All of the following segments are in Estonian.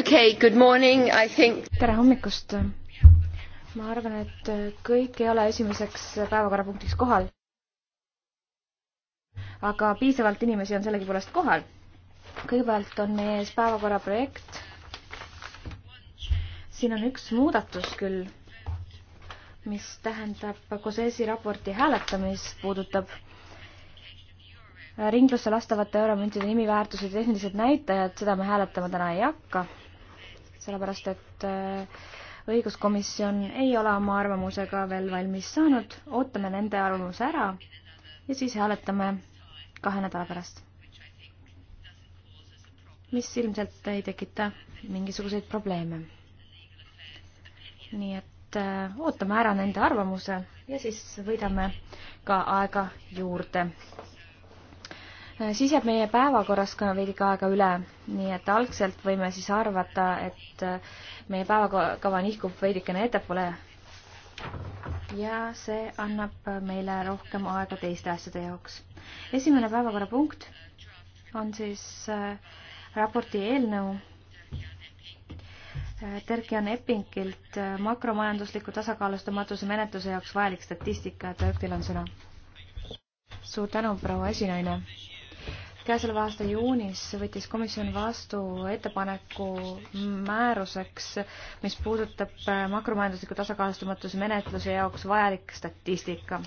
okay, think... tere hommikust. ma arvan, et kõik ei ole esimeseks päevakorrapunktiks kohal. aga piisavalt inimesi on sellegipoolest kohal. kõigepealt on meie ees päevakorra projekt. siin on üks muudatus küll, mis tähendab COSESi raporti hääletamist puudutab ringlusse lastavate euromüntide nimiväärtused ja tehnilised näitajad, seda me hääletama täna ei hakka sellepärast et äh, õiguskomisjon ei ole oma arvamusega veel valmis saanud, ootame nende arvamuse ära ja siis hääletame kahe nädala pärast. mis ilmselt ei tekita mingisuguseid probleeme. nii et äh, ootame ära nende arvamuse ja siis võidame ka aega juurde. Äh, siis jääb meie päevakorras ka veidike aega üle, nii et algselt võime siis arvata, et äh, meie päevakava nihkub veidikene ettepoole. ja see annab äh, meile rohkem aega teiste asjade jaoks. esimene päevakorrapunkt on siis raporti eelnõu Terkian Eppinkilt makromajandusliku tasakaalustamatuse menetluse jaoks vajalik statistika, Terkil on sõna. suur tänu, proua esinaine käesoleva aasta juunis võttis komisjon vastu ettepaneku määruseks, mis puudutab makromajandusliku tasakaalustamatuse menetluse jaoks vajalik statistika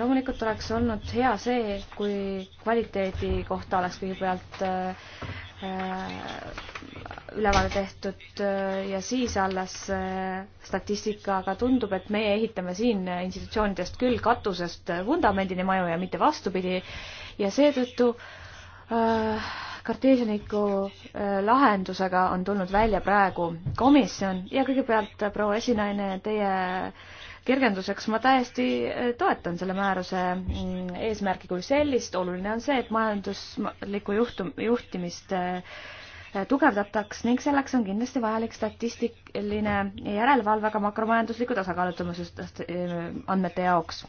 loomulikult oleks olnud hea see, kui kvaliteedi kohta oleks kõigepealt äh, Äh, ülevaade tehtud äh, ja siis alles äh, statistika, aga tundub, et meie ehitame siin institutsioonidest küll katusest vundamendini maju ja mitte vastupidi ja seetõttu äh, karteesianiku äh, lahendusega on tulnud välja praegu komisjon ja kõigepealt proua esinaine, teie äh, kergenduseks ma täiesti äh, toetan selle määruse mm, eesmärki kui sellist. oluline on see, et majanduslikku juhtum, juhtimist äh, äh, tugevdataks ning selleks on kindlasti vajalik statistiline järelevalve ka makromajandusliku tasakaalutamisest andmete jaoks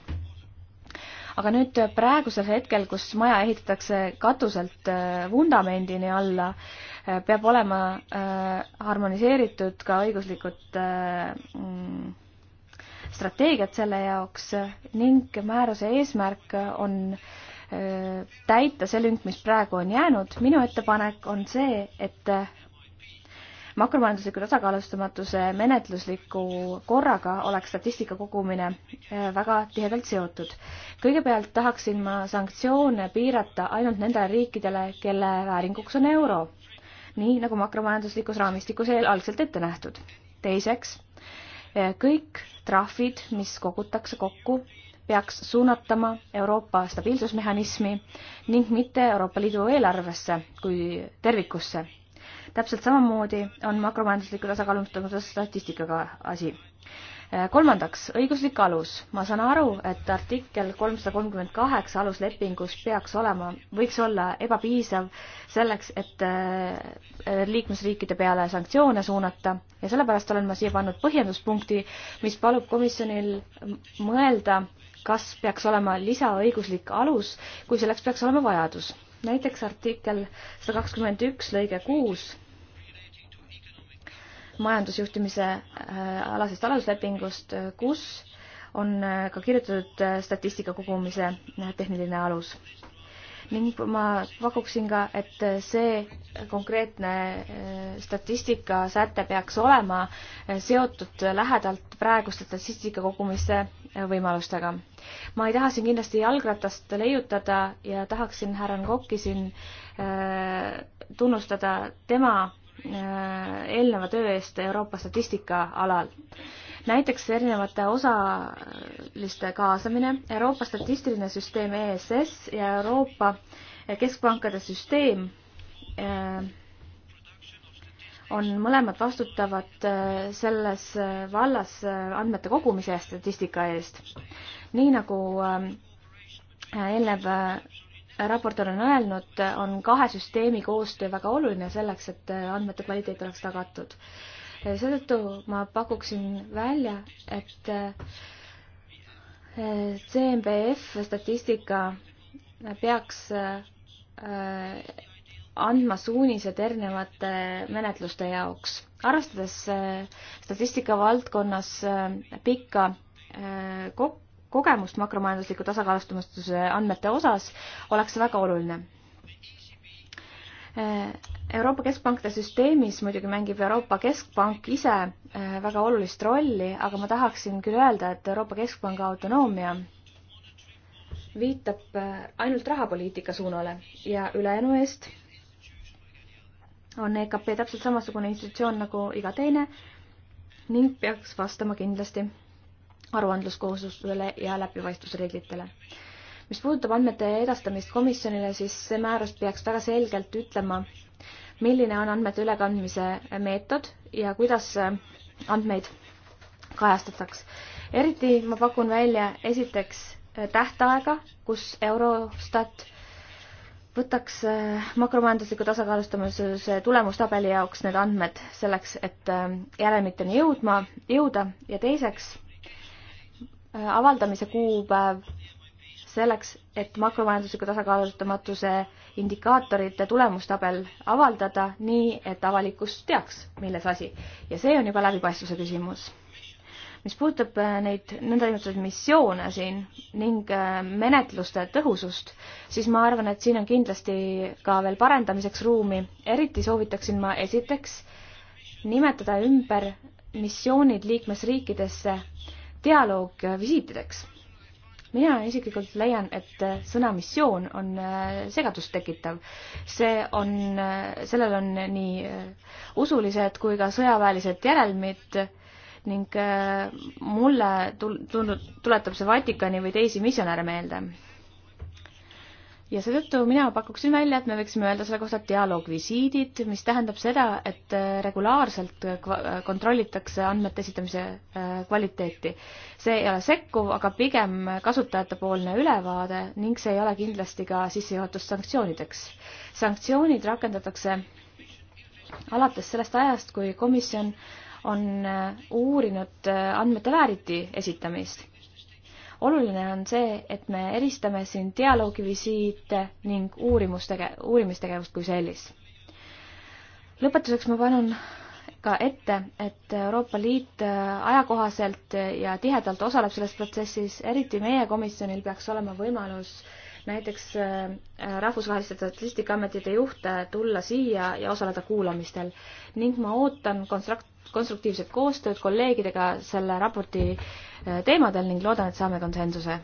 aga nüüd praegusel hetkel, kus maja ehitatakse katuselt vundamendini alla, peab olema harmoniseeritud ka õiguslikud mm, strateegiat selle jaoks ning määruse eesmärk on täita see lünk, mis praegu on jäänud. minu ettepanek on see, et makromajandusliku tasakaalustamatuse menetlusliku korraga oleks statistika kogumine väga tihedalt seotud. kõigepealt tahaksin ma sanktsioone piirata ainult nendele riikidele, kelle vääringuks on euro, nii nagu makromajanduslikus raamistikus algselt ette nähtud. teiseks, Eh, kõik trahvid, mis kogutakse kokku, peaks suunatama Euroopa stabiilsusmehhanismi ning mitte Euroopa Liidu eelarvesse kui tervikusse. täpselt samamoodi on makromajandusliku tasakaalustamatuse statistikaga asi. Äh, kolmandaks, õiguslik alus. ma saan aru, et artikkel kolmsada kolmkümmend kaheksa aluslepingus peaks olema, võiks olla ebapiisav selleks, et äh, liikmesriikide peale sanktsioone suunata ja sellepärast olen ma siia pannud põhjenduspunkti, mis palub komisjonil mõelda, kas peaks olema lisaõiguslik alus, kui selleks peaks olema vajadus. näiteks artikkel sada kakskümmend üks lõige kuus majandusjuhtimise äh, alasest aluslepingust, äh, kus on äh, ka kirjutatud statistika kogumise tehniline alus. ning ma pakuksin ka, et see konkreetne statistikasäte peaks olema seotud lähedalt praeguste statistika kogumise võimalustega. ma ei taha siin kindlasti jalgratast leiutada ja tahaksin härra Nkokki siin tunnustada tema Äh, eelneva töö eest Euroopa statistika alal. näiteks erinevate osaliste kaasamine, Euroopa statistiline süsteem ESS ja Euroopa keskpankade süsteem äh, on mõlemad vastutavad äh, selles vallas andmete kogumise ja statistika eest. nii nagu eelnev raportöör on öelnud, on kahe süsteemi koostöö väga oluline selleks, et andmete kvaliteet oleks tagatud. seetõttu ma pakuksin välja, et CMBF statistika peaks äh, andma suunised erinevate menetluste jaoks. arvestades äh, statistika valdkonnas äh, pikka kok-, kogemust makromajandusliku tasakaalustamatuse andmete osas, oleks see väga oluline. Euroopa Keskpankade süsteemis muidugi mängib Euroopa Keskpank ise eh, väga olulist rolli, aga ma tahaksin küll öelda, et Euroopa Keskpanga autonoomia viitab eh, ainult rahapoliitika suunale ja ülejäänu eest on EKP täpselt samasugune institutsioon nagu iga teine ning peaks vastama kindlasti aruandluskohustusele ja läbipaistvusreeglitele. mis puudutab andmete edastamist komisjonile, siis see määrus peaks väga selgelt ütlema, milline on andmete ülekandmise meetod ja kuidas andmeid kajastataks. eriti ma pakun välja esiteks tähtaega, kus Eurostat võtaks makromajandusliku tasakaalustamise tulemustabeli jaoks need andmed selleks, et järelmiteni jõudma, jõuda ja teiseks avaldamise kuupäev selleks, et makromajandusliku tasakaalustamatuse indikaatorite tulemustabel avaldada, nii et avalikkus teaks, milles asi. ja see on juba läbipaistvuse küsimus. mis puudutab äh, neid nõndanimetatud missioone siin ning äh, menetluste tõhusust, siis ma arvan, et siin on kindlasti ka veel parendamiseks ruumi, eriti soovitaksin ma esiteks nimetada ümber missioonid liikmesriikidesse dialoog visiitideks. mina isiklikult leian, et sõna missioon on äh, segadust tekitav. see on, äh, sellel on nii äh, usulised kui ka sõjaväelised järelmid ning mulle tul-, tuletab see Vatikani või teisi missionäre meelde ja seetõttu mina pakuksin välja, et me võiksime öelda selle kohta dialoogvisiidid, mis tähendab seda, et äh, regulaarselt äh, kontrollitakse andmete esitamise äh, kvaliteeti. see ei ole sekkuv, aga pigem kasutajatepoolne ülevaade ning see ei ole kindlasti ka sissejuhatus sanktsioonideks. sanktsioonid rakendatakse alates sellest ajast, kui komisjon on uurinud andmete vääriti esitamist oluline on see, et me eristame siin dialoogivisiite ning uurimustege-, uurimistegevust kui sellist. lõpetuseks ma palun ka ette, et Euroopa Liit ajakohaselt ja tihedalt osaleb selles protsessis, eriti meie komisjonil peaks olema võimalus näiteks äh, rahvusvaheliste statistikaametite juhte tulla siia ja osaleda kuulamistel ning ma ootan konstrukt-, konstruktiivset koostööd kolleegidega selle raporti äh, Äh, teemadel ning loodan, et saame konsensuse.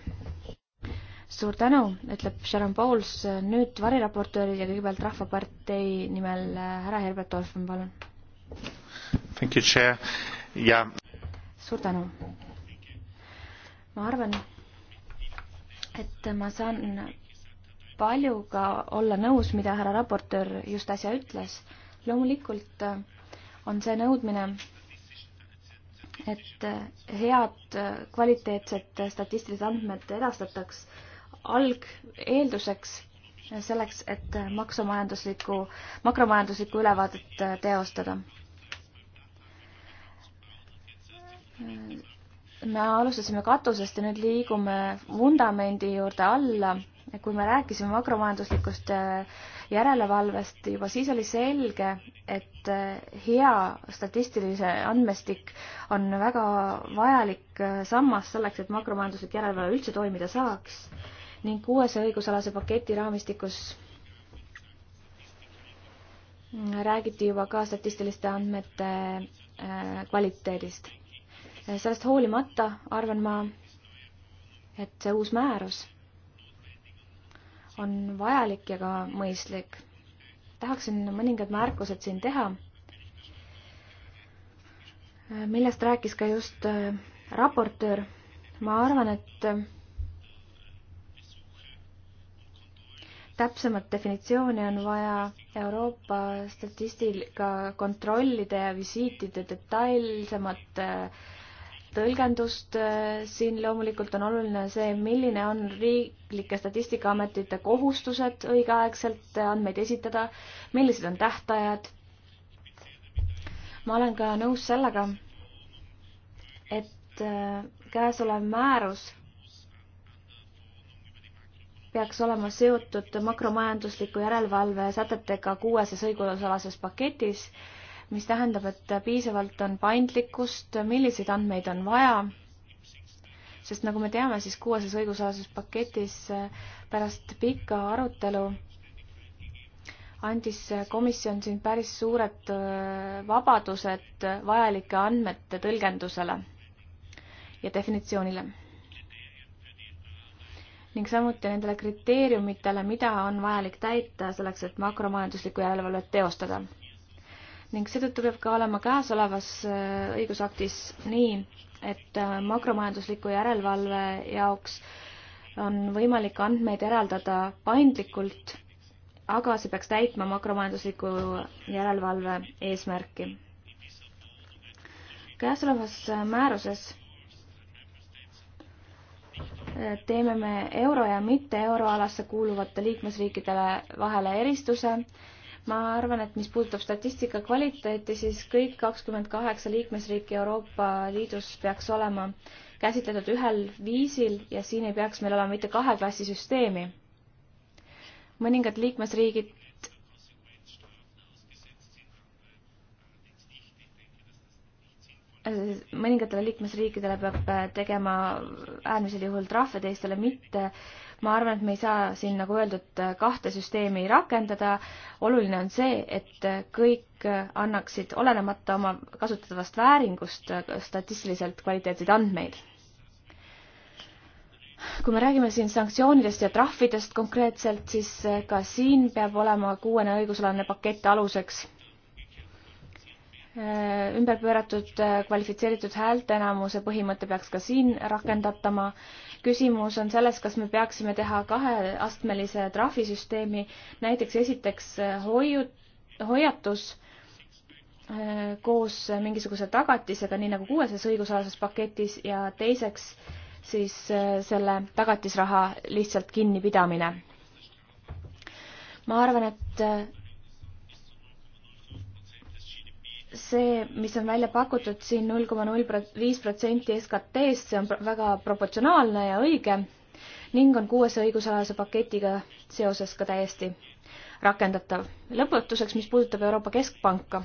suur tänu, ütleb Sharon Pauls nüüd variraportööril ja kõigepealt Rahvapartei nimel äh, härra Herbert Orfen, palun. Thank you, chair ja yeah.. suur tänu. ma arvan, et ma saan paljuga olla nõus, mida härra raportöör just äsja ütles. loomulikult äh, on see nõudmine et head kvaliteetsed statistilised andmed edastataks algeelduseks selleks, et maksumajanduslikku, makromajanduslikku ülevaadet teostada. me alustasime katusest ja nüüd liigume vundamendi juurde alla kui me rääkisime makromajanduslikust äh, järelevalvest, juba siis oli selge, et äh, hea statistilise andmestik on väga vajalik äh, sammas selleks, et makromajanduslik järelevalve üldse toimida saaks ning uues õigusalase paketi raamistikus mm, räägiti juba ka statistiliste andmete kvaliteedist. sellest hoolimata arvan ma, et see uus määrus on vajalik ja ka mõistlik. tahaksin mõningad märkused siin teha, millest rääkis ka just äh, raportöör. ma arvan, et äh, täpsemat definitsiooni on vaja Euroopa statistika kontrollide ja visiitide detailsemat äh, tõlgendust äh, siin loomulikult on oluline see, milline on riiklike statistikaametite kohustused õigeaegselt andmeid esitada, millised on tähtajad. ma olen ka nõus sellega, et äh, käesolev määrus peaks olema seotud makromajandusliku järelevalve sätetega kuueses õigusalases paketis mis tähendab, et piisavalt on paindlikkust, milliseid andmeid on vaja, sest nagu me teame, siis kuueses õigusasutuspaketis äh, pärast pikka arutelu andis äh, komisjon siin päris suured äh, vabadused vajalike andmete tõlgendusele ja definitsioonile. ning samuti nendele kriteeriumitele, mida on vajalik täita selleks, et makromajanduslikku järelevalvet teostada ning seetõttu peab ka olema käesolevas äh, õigusaktis nii, et äh, makromajandusliku järelevalve jaoks on võimalik andmeid eraldada paindlikult, aga see peaks täitma makromajandusliku järelevalve eesmärki. käesolevas äh, määruses teeme me euro ja mitte euroalasse kuuluvate liikmesriikidele vahele eristuse ma arvan, et mis puudutab statistika kvaliteeti, siis kõik kakskümmend kaheksa liikmesriiki Euroopa Liidus peaks olema käsitletud ühel viisil ja siin ei peaks meil olema mitte kahe klassi süsteemi. mõningad liikmesriigid mõningatele liikmesriikidele peab tegema äärmisel juhul trahve, teistele mitte ma arvan, et me ei saa siin, nagu öeldud, kahte süsteemi rakendada. oluline on see, et kõik annaksid, olenemata oma kasutatavast vääringust, statistiliselt kvaliteetseid andmeid. kui me räägime siin sanktsioonidest ja trahvidest konkreetselt, siis ka siin peab olema kuuene õigusalane pakett aluseks ümberpööratud kvalifitseeritud häälteenamuse põhimõte peaks ka siin rakendatama küsimus on selles, kas me peaksime teha kaheastmelise trahvisüsteemi, näiteks esiteks eh, hoiu-, hoiatus eh, koos mingisuguse tagatisega, nii nagu kuueses õigusalases paketis ja teiseks siis eh, selle tagatisraha lihtsalt kinnipidamine. ma arvan, et see, mis on välja pakutud siin null koma null viis protsenti SKT-st, see on väga proportsionaalne ja õige ning on kuuese õigusalase paketiga seoses ka täiesti rakendatav. lõpetuseks, mis puudutab Euroopa Keskpanka,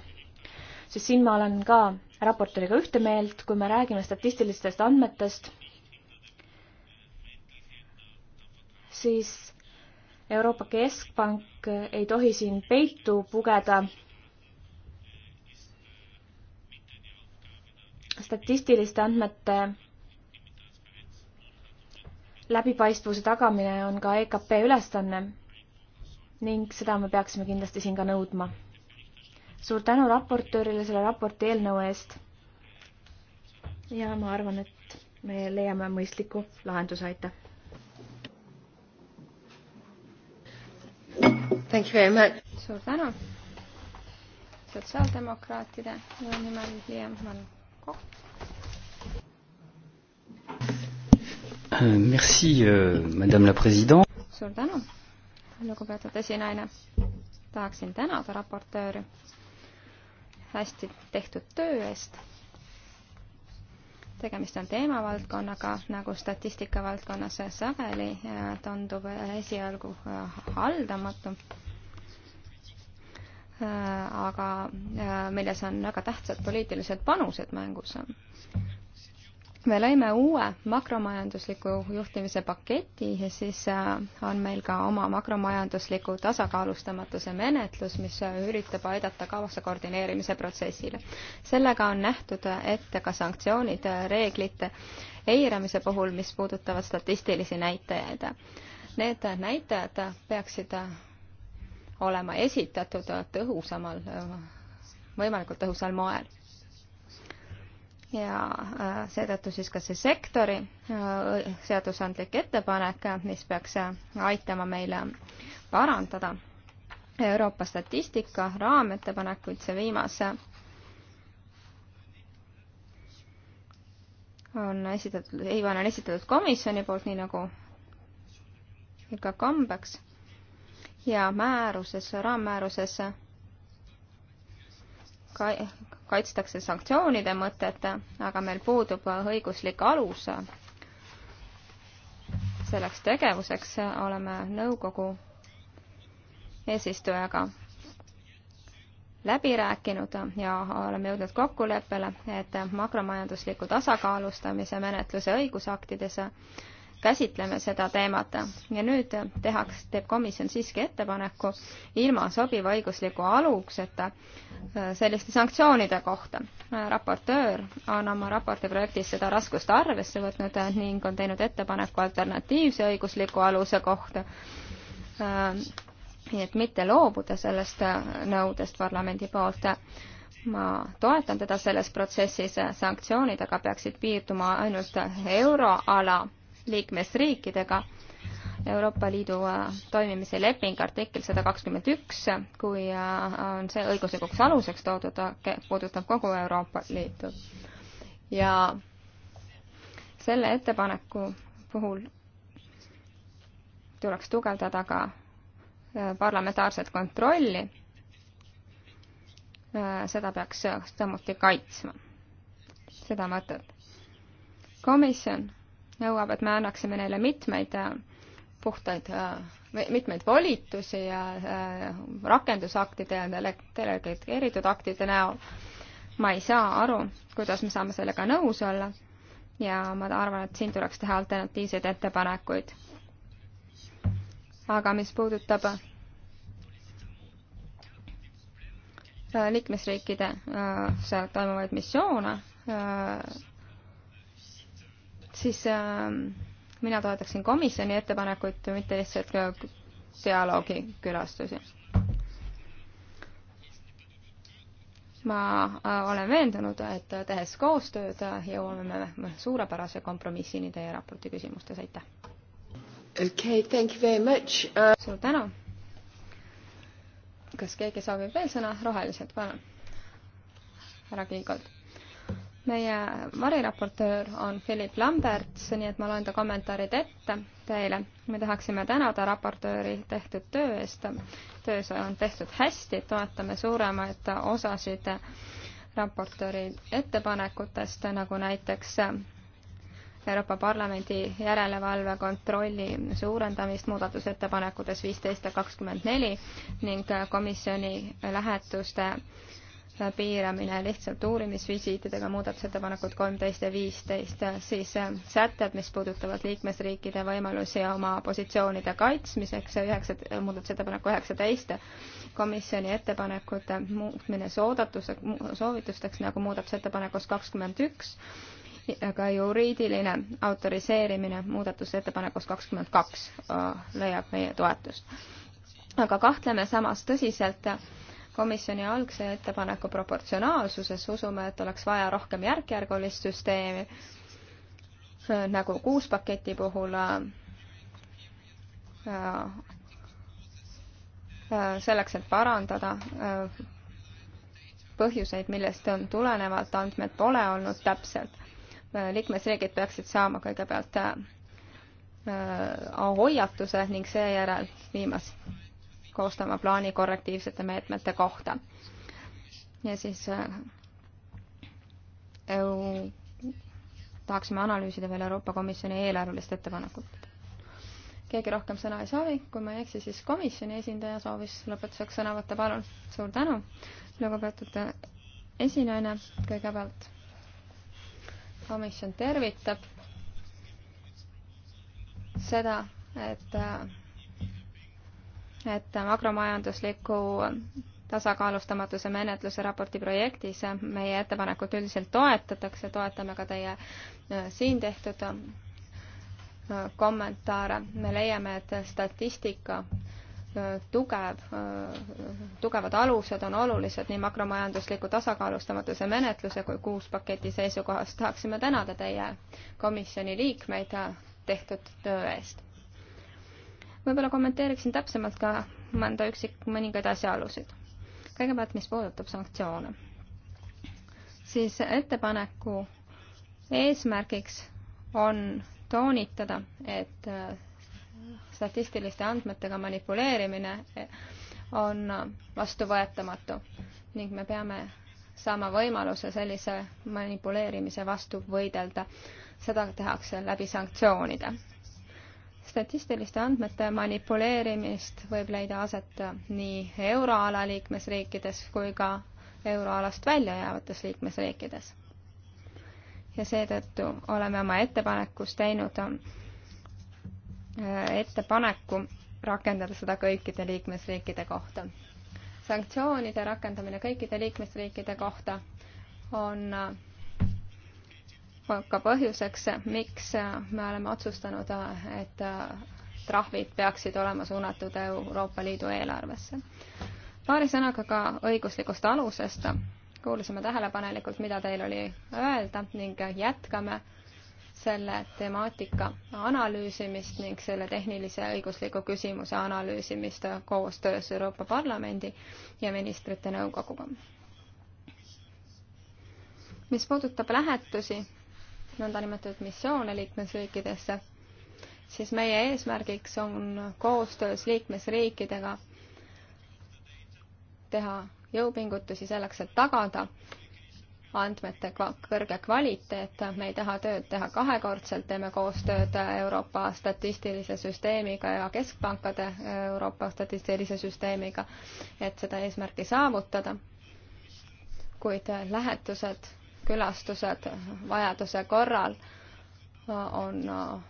siis siin ma olen ka raportööriga ühte meelt, kui me räägime statistilistest andmetest, siis Euroopa Keskpank ei tohi siin peitu pugeda statistiliste andmete läbipaistvuse tagamine on ka EKP ülesanne ning seda me peaksime kindlasti siin ka nõudma. suur tänu raportöörile selle raporti eelnõu eest. ja ma arvan, et me leiame mõistliku lahenduse, aitäh. Thank you very much. suur tänu sotsiaaldemokraatide nimel Liam Mann Euh, merci, euh, madame la président. suur tänu, lugupeetud esinaine. tahaksin tänada raportööri hästi tehtud töö eest. tegemist on teemavaldkonnaga, nagu statistika valdkonnas sageli tundub esialgu äh, haldamatu Äh, aga äh, milles on väga tähtsad poliitilised panused mängus. me lõime uue makromajandusliku juhtimise paketi ja siis äh, on meil ka oma makromajandusliku tasakaalustamatuse menetlus, mis üritab aidata kavasa koordineerimise protsessile. sellega on nähtud ette ka sanktsioonid reeglite eiramise puhul, mis puudutavad statistilisi näitajaid. Need näitajad peaksid olema esitatud tõhusamal, võimalikult tõhusal moel. ja äh, seetõttu siis ka see sektori äh, seadusandlik ettepanek, mis peaks äh, aitama meile parandada Euroopa statistika raamettepanekuid, see viimase on esitatud, Ivan on esitatud komisjoni poolt, nii nagu ikka kombeks ja määruses, raammääruses ka kaitstakse sanktsioonide mõtet, aga meil puudub õiguslik alus selleks tegevuseks, oleme nõukogu eesistujaga läbi rääkinud ja oleme jõudnud kokkuleppele, et makromajandusliku tasakaalustamise menetluse õigusaktides käsitleme seda teemat ja nüüd tehakse, teeb komisjon siiski ettepaneku ilma sobiva õigusliku aluseta äh, selliste sanktsioonide kohta. Äh, raportöör on oma raporti projektis seda raskust arvesse võtnud äh, ning on teinud ettepaneku alternatiivse õigusliku aluse kohta nii et mitte loobuda sellest nõudest parlamendi poolt. ma toetan teda selles protsessis, sanktsioonid aga peaksid piirduma ainult euroala liikmesriikidega Euroopa Liidu äh, toimimise leping artikkel sada kakskümmend üks, kui äh, on see õiguslikuks aluseks toodud, äh, puudutab kogu Euroopa Liitu. ja selle ettepaneku puhul tuleks tugevdada ka parlamentaarset kontrolli. seda peaks samuti kaitsma, seda mõtet. komisjon nõuab, et me annaksime neile mitmeid äh, puhtaid, äh, mitmeid volitusi ja äh, rakendusaktide ja delegeeritud aktide näol. ma ei saa aru, kuidas me saame sellega nõus olla ja ma arvan, et siin tuleks teha alternatiivseid ettepanekuid. aga mis puudutab liikmesriikide seal toimuvaid missioone, siis ähm, mina toetaksin komisjoni ettepanekuid, mitte lihtsalt dialoogi külastusi. ma äh, olen veendunud, et tehes koostööd äh, jõuame me suurepärase kompromissini teie raporti küsimustes, aitäh! okei okay,, thank you very much uh...! suur tänu! kas keegi soovib veel sõna? rohelised, palun! härra Kiigold meie variraportöör on Philip Lamberts, nii et ma loen ta kommentaarid ette teile. me tahaksime tänada raportööri tehtud töö eest. töö on tehtud hästi, toetame suuremaid osasid raportööri ettepanekutest, nagu näiteks Euroopa Parlamendi järelevalve kontrolli suurendamist muudatusettepanekutes viisteist ja kakskümmend neli ning komisjoni lähetuste piiramine lihtsalt uurimisvisiitidega, muudatusettepanekud kolmteist ja viisteist, siis äh, sätted, mis puudutavad liikmesriikide võimalusi oma positsioonide kaitsmiseks, üheksa, muudatusettepaneku üheksateist, komisjoni ettepanekute muutmine soodatuse, soovitusteks nagu muudatusettepanekus kakskümmend üks, ka juriidiline autoriseerimine muudatusettepanekus kakskümmend kaks äh, leiab meie toetust. aga kahtleme samas tõsiselt komisjoni algse ettepaneku proportsionaalsuses, usume, et oleks vaja rohkem järk-järgulist süsteemi, äh, nagu kuus paketi puhul äh, äh, selleks, et parandada põhjuseid, millest on tulenevalt andmed pole olnud täpselt. liikmesriigid peaksid saama kõigepealt hoiatuse ning seejärel viimast koostama plaani korrektiivsete meetmete kohta. ja siis äh, EU, tahaksime analüüsida veel Euroopa Komisjoni eelarvelist ettepanekut. keegi rohkem sõna ei soovi, kui ma ei eksi, siis komisjoni esindaja soovis lõpetuseks sõna võtta, palun. suur tänu, lugupeetud esinaine, kõigepealt komisjon tervitab seda, et äh, et makromajandusliku tasakaalustamatuse menetluse raporti projektis meie ettepanekut üldiselt toetatakse, toetame ka teie äh, siin tehtud äh, kommentaare. me leiame, et statistika äh, tugev, tugevad alused on olulised nii makromajandusliku tasakaalustamatuse menetluse kui kuus paketi seisukohast. tahaksime tänada teie komisjoni liikmeid tehtud töö eest võib-olla kommenteeriksin täpsemalt ka mõnda üksik, mõningaid asjaolusid. kõigepealt, mis puudutab sanktsioone, siis ettepaneku eesmärgiks on toonitada, et äh, statistiliste andmetega manipuleerimine äh, on vastuvõetamatu ning me peame saama võimaluse sellise manipuleerimise vastu võidelda. seda tehakse läbi sanktsioonide statistiliste andmete manipuleerimist võib leida aset nii euroala liikmesriikides kui ka euroalast välja jäävates liikmesriikides. ja seetõttu oleme oma ettepanekus teinud äh, ettepaneku rakendada seda kõikide liikmesriikide kohta. sanktsioonide rakendamine kõikide liikmesriikide kohta on äh, ka põhjuseks, miks me oleme otsustanud, et trahvid peaksid olema suunatud Euroopa Liidu eelarvesse. paari sõnaga ka õiguslikust alusest. kuulasime tähelepanelikult, mida teil oli öelda ning jätkame selle temaatika analüüsimist ning selle tehnilise õigusliku küsimuse analüüsimist koostöös Euroopa Parlamendi ja ministrite nõukoguga. mis puudutab lähetusi, nõndanimetatud missioone liikmesriikidesse, siis meie eesmärgiks on koostöös liikmesriikidega teha jõupingutusi selleks, et tagada andmete kõrge kvaliteet, me ei taha tööd teha kahekordselt, teeme koostööd Euroopa statistilise süsteemiga ja keskpankade Euroopa statistilise süsteemiga, et seda eesmärki saavutada. kuid lähetused külastused vajaduse korral äh, on äh,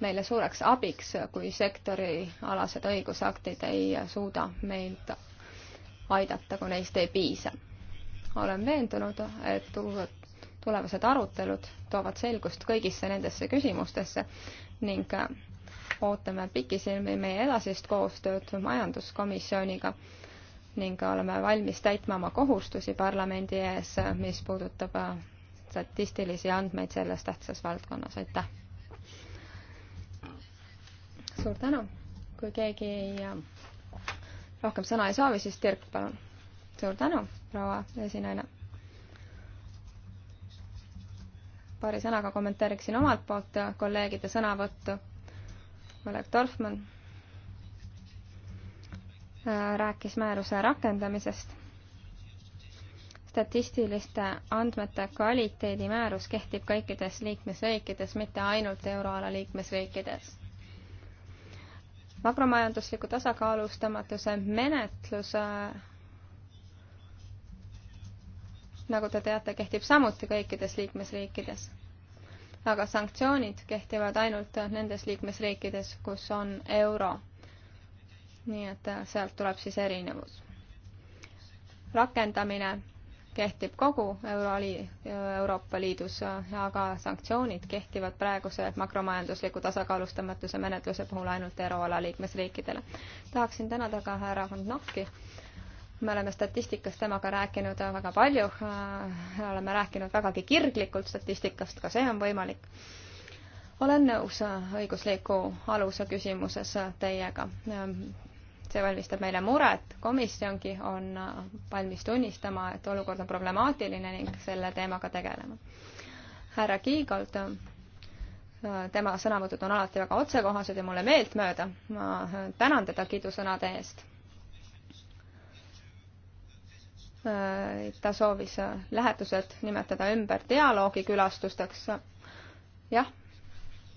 meile suureks abiks, kui sektorialased õigusaktid ei suuda meid aidata, kui neist ei piisa. olen veendunud, et tulevased arutelud toovad selgust kõigisse nendesse küsimustesse ning äh, ootame pikisilmi meie edasist koostööd majanduskomisjoniga ning oleme valmis täitma oma kohustusi parlamendi ees, mis puudutab äh, statistilisi andmeid selles tähtsas valdkonnas, aitäh! suur tänu, kui keegi ei, äh, rohkem sõna ei soovi, siis Dirk, palun. suur tänu, proua esinaine. paari sõnaga kommenteeriksin omalt poolt äh, kolleegide sõnavõttu. Oleg Dorfmann rääkis määruse rakendamisest. statistiliste andmete kvaliteedi määrus kehtib kõikides liikmesriikides, mitte ainult euroala liikmesriikides. makromajandusliku tasakaalustamatuse menetlus nagu te teate, kehtib samuti kõikides liikmesriikides aga sanktsioonid kehtivad ainult nendes liikmesriikides, kus on euro nii et äh, sealt tuleb siis erinevus. rakendamine kehtib kogu Euroli-, Euroopa Liidus, äh, aga sanktsioonid kehtivad praeguse makromajandusliku tasakaalustamatuse menetluse puhul ainult euroala liikmesriikidele. tahaksin tänada ka härra Vondnoki, me oleme statistikast temaga rääkinud äh, väga palju, oleme rääkinud vägagi kirglikult statistikast, ka see on võimalik. olen nõus õigusliku aluse küsimuses teiega see valmistab meile muret, komisjongi on valmis tunnistama, et olukord on problemaatiline ning selle teemaga tegelema. härra Kiigolt, tema sõnavõtud on alati väga otsekohased ja mulle meeltmööda, ma tänan teda kidusõnade eest. ta soovis lähetused nimetada ümber dialoogikülastusteks. jah,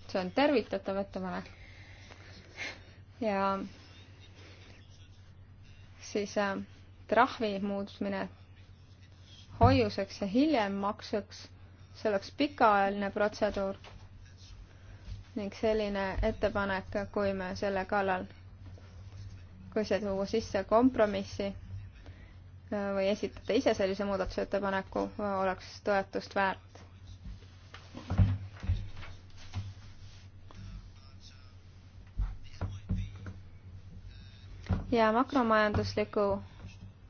see on tervitatav ettepanek. ja siis äh, trahvi muutmine hoiuseks ja hiljem makseks, see oleks pikaajaline protseduur ning selline ettepanek, kui me selle kallal, kui see tuua sisse kompromissi äh, või esitada ise sellise muudatusettepaneku, äh, oleks toetust väärt. ja makromajandusliku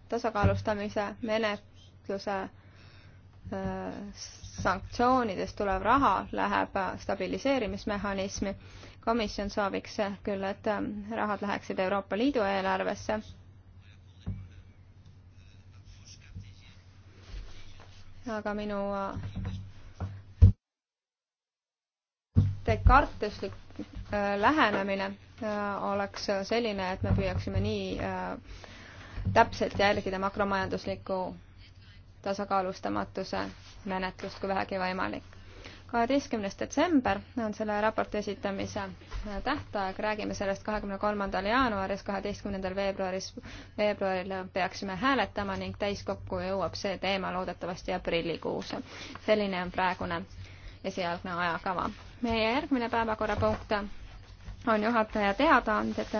tasakaalustamise menetluse äh, sanktsioonidest tulev raha läheb stabiliseerimismehhanismi. komisjon sooviks küll, et äh, rahad läheksid Euroopa Liidu eelarvesse. aga minu äh, Descarteslik äh, lähenemine äh, oleks selline, et me püüaksime nii äh, täpselt jälgida makromajandusliku tasakaalustamatuse menetlust kui vähegi võimalik. kaheteistkümnes detsember on selle raporti esitamise tähtaeg, räägime sellest kahekümne kolmandal jaanuaris, kaheteistkümnendal veebruaris, veebruaril peaksime hääletama ning täiskokku jõuab see teema loodetavasti aprillikuus. selline on praegune esialgne ajakava. meie järgmine päevakorrapunkt on juhataja teadaanded.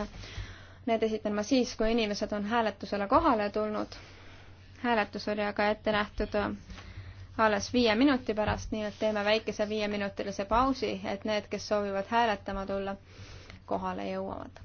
Need esitan ma siis, kui inimesed on hääletusele kohale tulnud. hääletus oli aga ette nähtud alles viie minuti pärast, nii et teeme väikese viieminutilise pausi, et need, kes soovivad hääletama tulla, kohale jõuavad.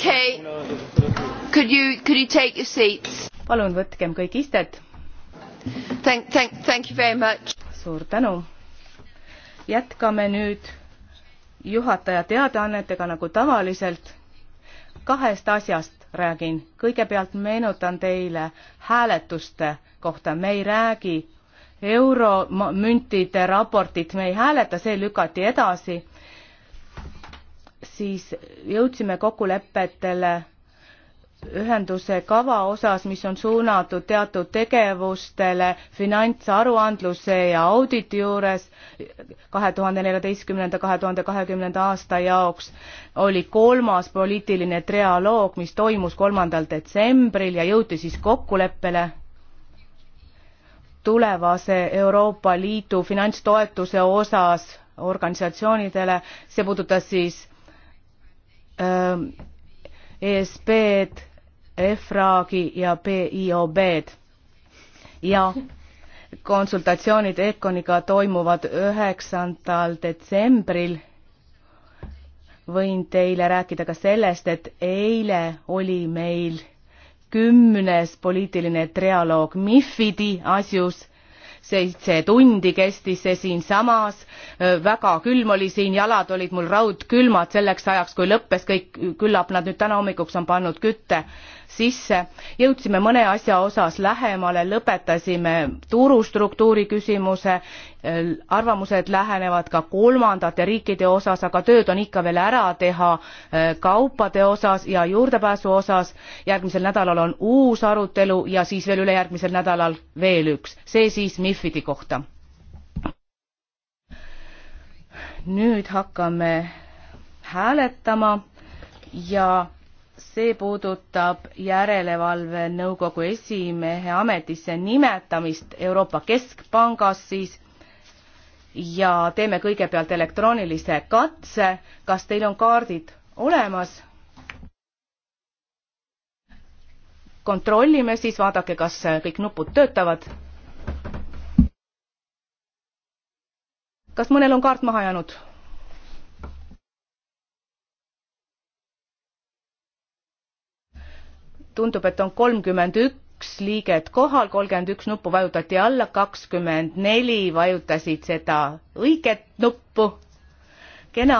Okay. Could you, could you take your seats? palun võtkem kõik istet. Thank, thank, thank you very much. suur tänu. jätkame nüüd juhataja teadaannetega nagu tavaliselt. kahest asjast räägin. kõigepealt meenutan teile hääletuste kohta. me ei räägi euromüntide raportit, me ei hääleta, see lükati edasi siis jõudsime kokkulepetele ühenduse kava osas, mis on suunatud teatud tegevustele finantsaruandluse ja auditi juures kahe tuhande neljateistkümnenda, kahe tuhande kahekümnenda aasta jaoks oli kolmas poliitiline trialoog, mis toimus kolmandal detsembril ja jõuti siis kokkuleppele tulevase Euroopa Liidu finantstoetuse osas organisatsioonidele, see puudutas siis Ähm, ESB-d, EFRAG-i ja PIOB-d ja konsultatsioonid EKONiga toimuvad üheksandal detsembril. võin teile rääkida ka sellest, et eile oli meil kümnes poliitiline trialoog MIFIDi asjus seitse tundi kestis see siinsamas, äh, väga külm oli siin, jalad olid mul raudkülmad selleks ajaks, kui lõppes kõik, küllap nad nüüd täna hommikuks on pannud kütte sisse. jõudsime mõne asja osas lähemale, lõpetasime turustruktuuri küsimuse, äh, arvamused lähenevad ka kolmandate riikide osas, aga tööd on ikka veel ära teha äh, kaupade osas ja juurdepääsu osas. järgmisel nädalal on uus arutelu ja siis veel ülejärgmisel nädalal veel üks, see siis MIFIDi kohta. nüüd hakkame hääletama ja see puudutab järelevalve nõukogu esimehe ametisse nimetamist Euroopa Keskpangas siis ja teeme kõigepealt elektroonilise katse. kas teil on kaardid olemas? kontrollime siis, vaadake, kas kõik nupud töötavad. kas mõnel on kaart maha jäänud? tundub, et on kolmkümmend üks liiget kohal, kolmkümmend üks nuppu vajutati alla, kakskümmend neli vajutasid seda õiget nuppu. kena.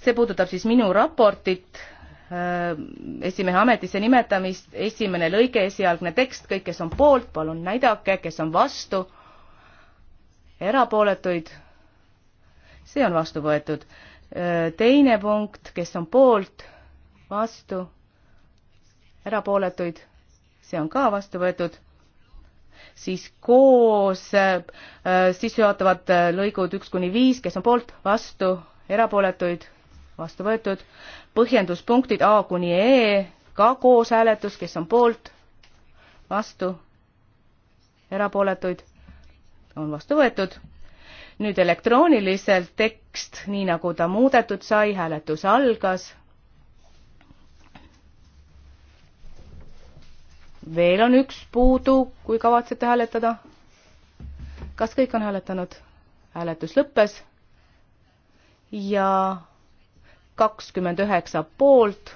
see puudutab siis minu raportit, äh, esimehe ametisse nimetamist, esimene lõige, esialgne tekst, kõik, kes on poolt, palun näidake, kes on vastu, erapooletuid, see on vastu võetud. Äh, teine punkt, kes on poolt, vastu erapooletuid, see on ka vastu võetud, siis koos äh, sissejuhatavad äh, lõigud üks kuni viis, kes on poolt, vastu, erapooletuid, vastu võetud, põhjenduspunktid A kuni E, ka koos hääletus, kes on poolt, vastu, erapooletuid, on vastu võetud. nüüd elektrooniliselt tekst, nii nagu ta muudetud sai, hääletus algas veel on üks puudu, kui kavatsete hääletada. kas kõik on hääletanud? hääletus lõppes ja kakskümmend üheksa poolt,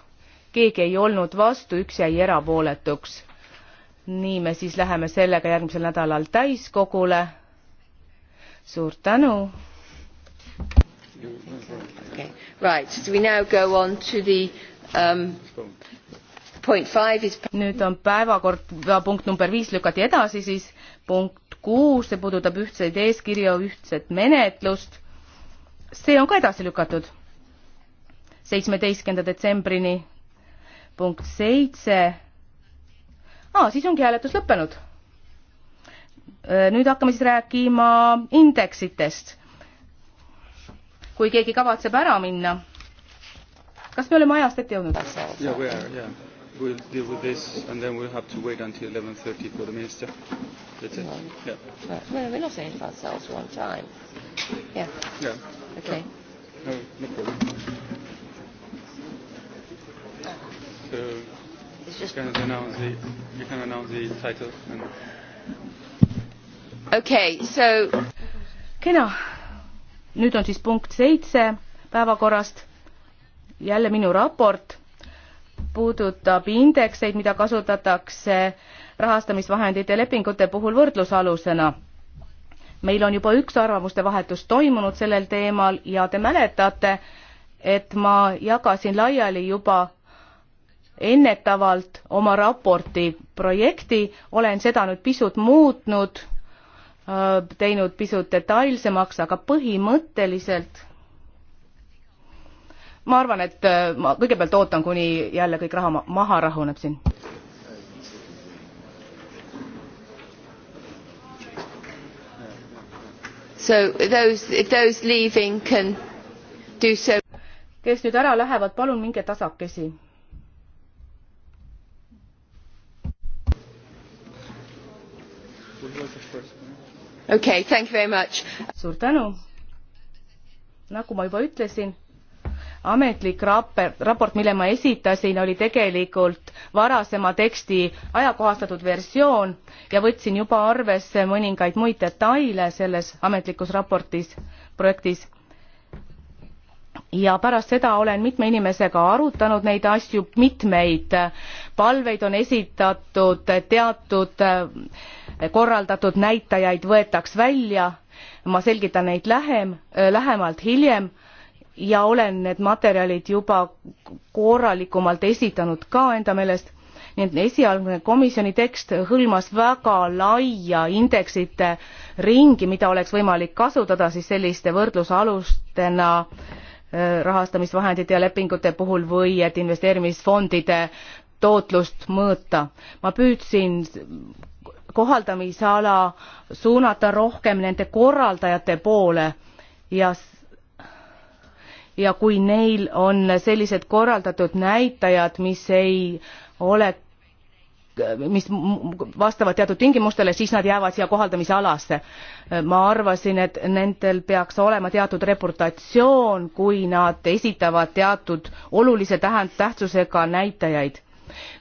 keegi ei olnud vastu, üks jäi erapooletuks. nii me siis läheme sellega järgmisel nädalal täiskogule. suur tänu. Okay. Right, so we now go on to the um, nüüd on päevakord, punkt number viis lükati edasi, siis punkt kuus, see puudutab ühtseid eeskirju, ühtset menetlust. see on ka edasi lükatud seitsmeteistkümnenda detsembrini. punkt seitse. aa, siis ongi hääletus lõppenud. nüüd hakkame siis rääkima indeksitest. kui keegi kavatseb ära minna. kas me oleme ajast ette jõudnud? we'll deal with this, and then we'll have to wait until 11.30 for the minister. That's it. Um, yeah. Right. Well, we're not saying to ourselves one time. Yeah. Yeah. Okay. No, no problem. So, it's just you, can announce the, you can announce the title. And okay, so... kena, nüüd on siis punkt seitse päevakorrast, jälle minu raport puudutab indekseid, mida kasutatakse rahastamisvahendite lepingute puhul võrdlusalusena. meil on juba üks arvamuste vahetus toimunud sellel teemal ja te mäletate, et ma jagasin laiali juba ennetavalt oma raporti projekti, olen seda nüüd pisut muutnud, teinud pisut detailsemaks, aga põhimõtteliselt ma arvan, et äh, ma kõigepealt ootan, kuni jälle kõik raha maha rahuneb siin. So those, if those leaving can do so. kes nüüd ära lähevad, palun minge tasakesi. okei okay,, thank you very much. suur tänu. nagu ma juba ütlesin ametlik raport, raport, mille ma esitasin, oli tegelikult varasema teksti ajakohastatud versioon ja võtsin juba arvesse mõningaid muid detaile selles ametlikus raportis, projektis. ja pärast seda olen mitme inimesega arutanud neid asju, mitmeid palveid on esitatud, teatud eh, korraldatud näitajaid võetaks välja, ma selgitan neid lähem, lähemalt hiljem ja olen need materjalid juba korralikumalt esitanud ka enda meelest nii et esialgne komisjoni tekst hõlmas väga laia indeksite ringi mida oleks võimalik kasutada siis selliste võrdlusalustena äh, rahastamisvahendite ja lepingute puhul või et investeerimisfondide tootlust mõõta. ma püüdsin kohaldamisala suunata rohkem nende korraldajate poole ja ja kui neil on sellised korraldatud näitajad, mis ei ole mis vastavad teatud tingimustele siis nad jäävad siia kohaldamise alasse ma arvasin et nendel peaks olema teatud reputatsioon kui nad esitavad teatud olulise tähtsusega näitajaid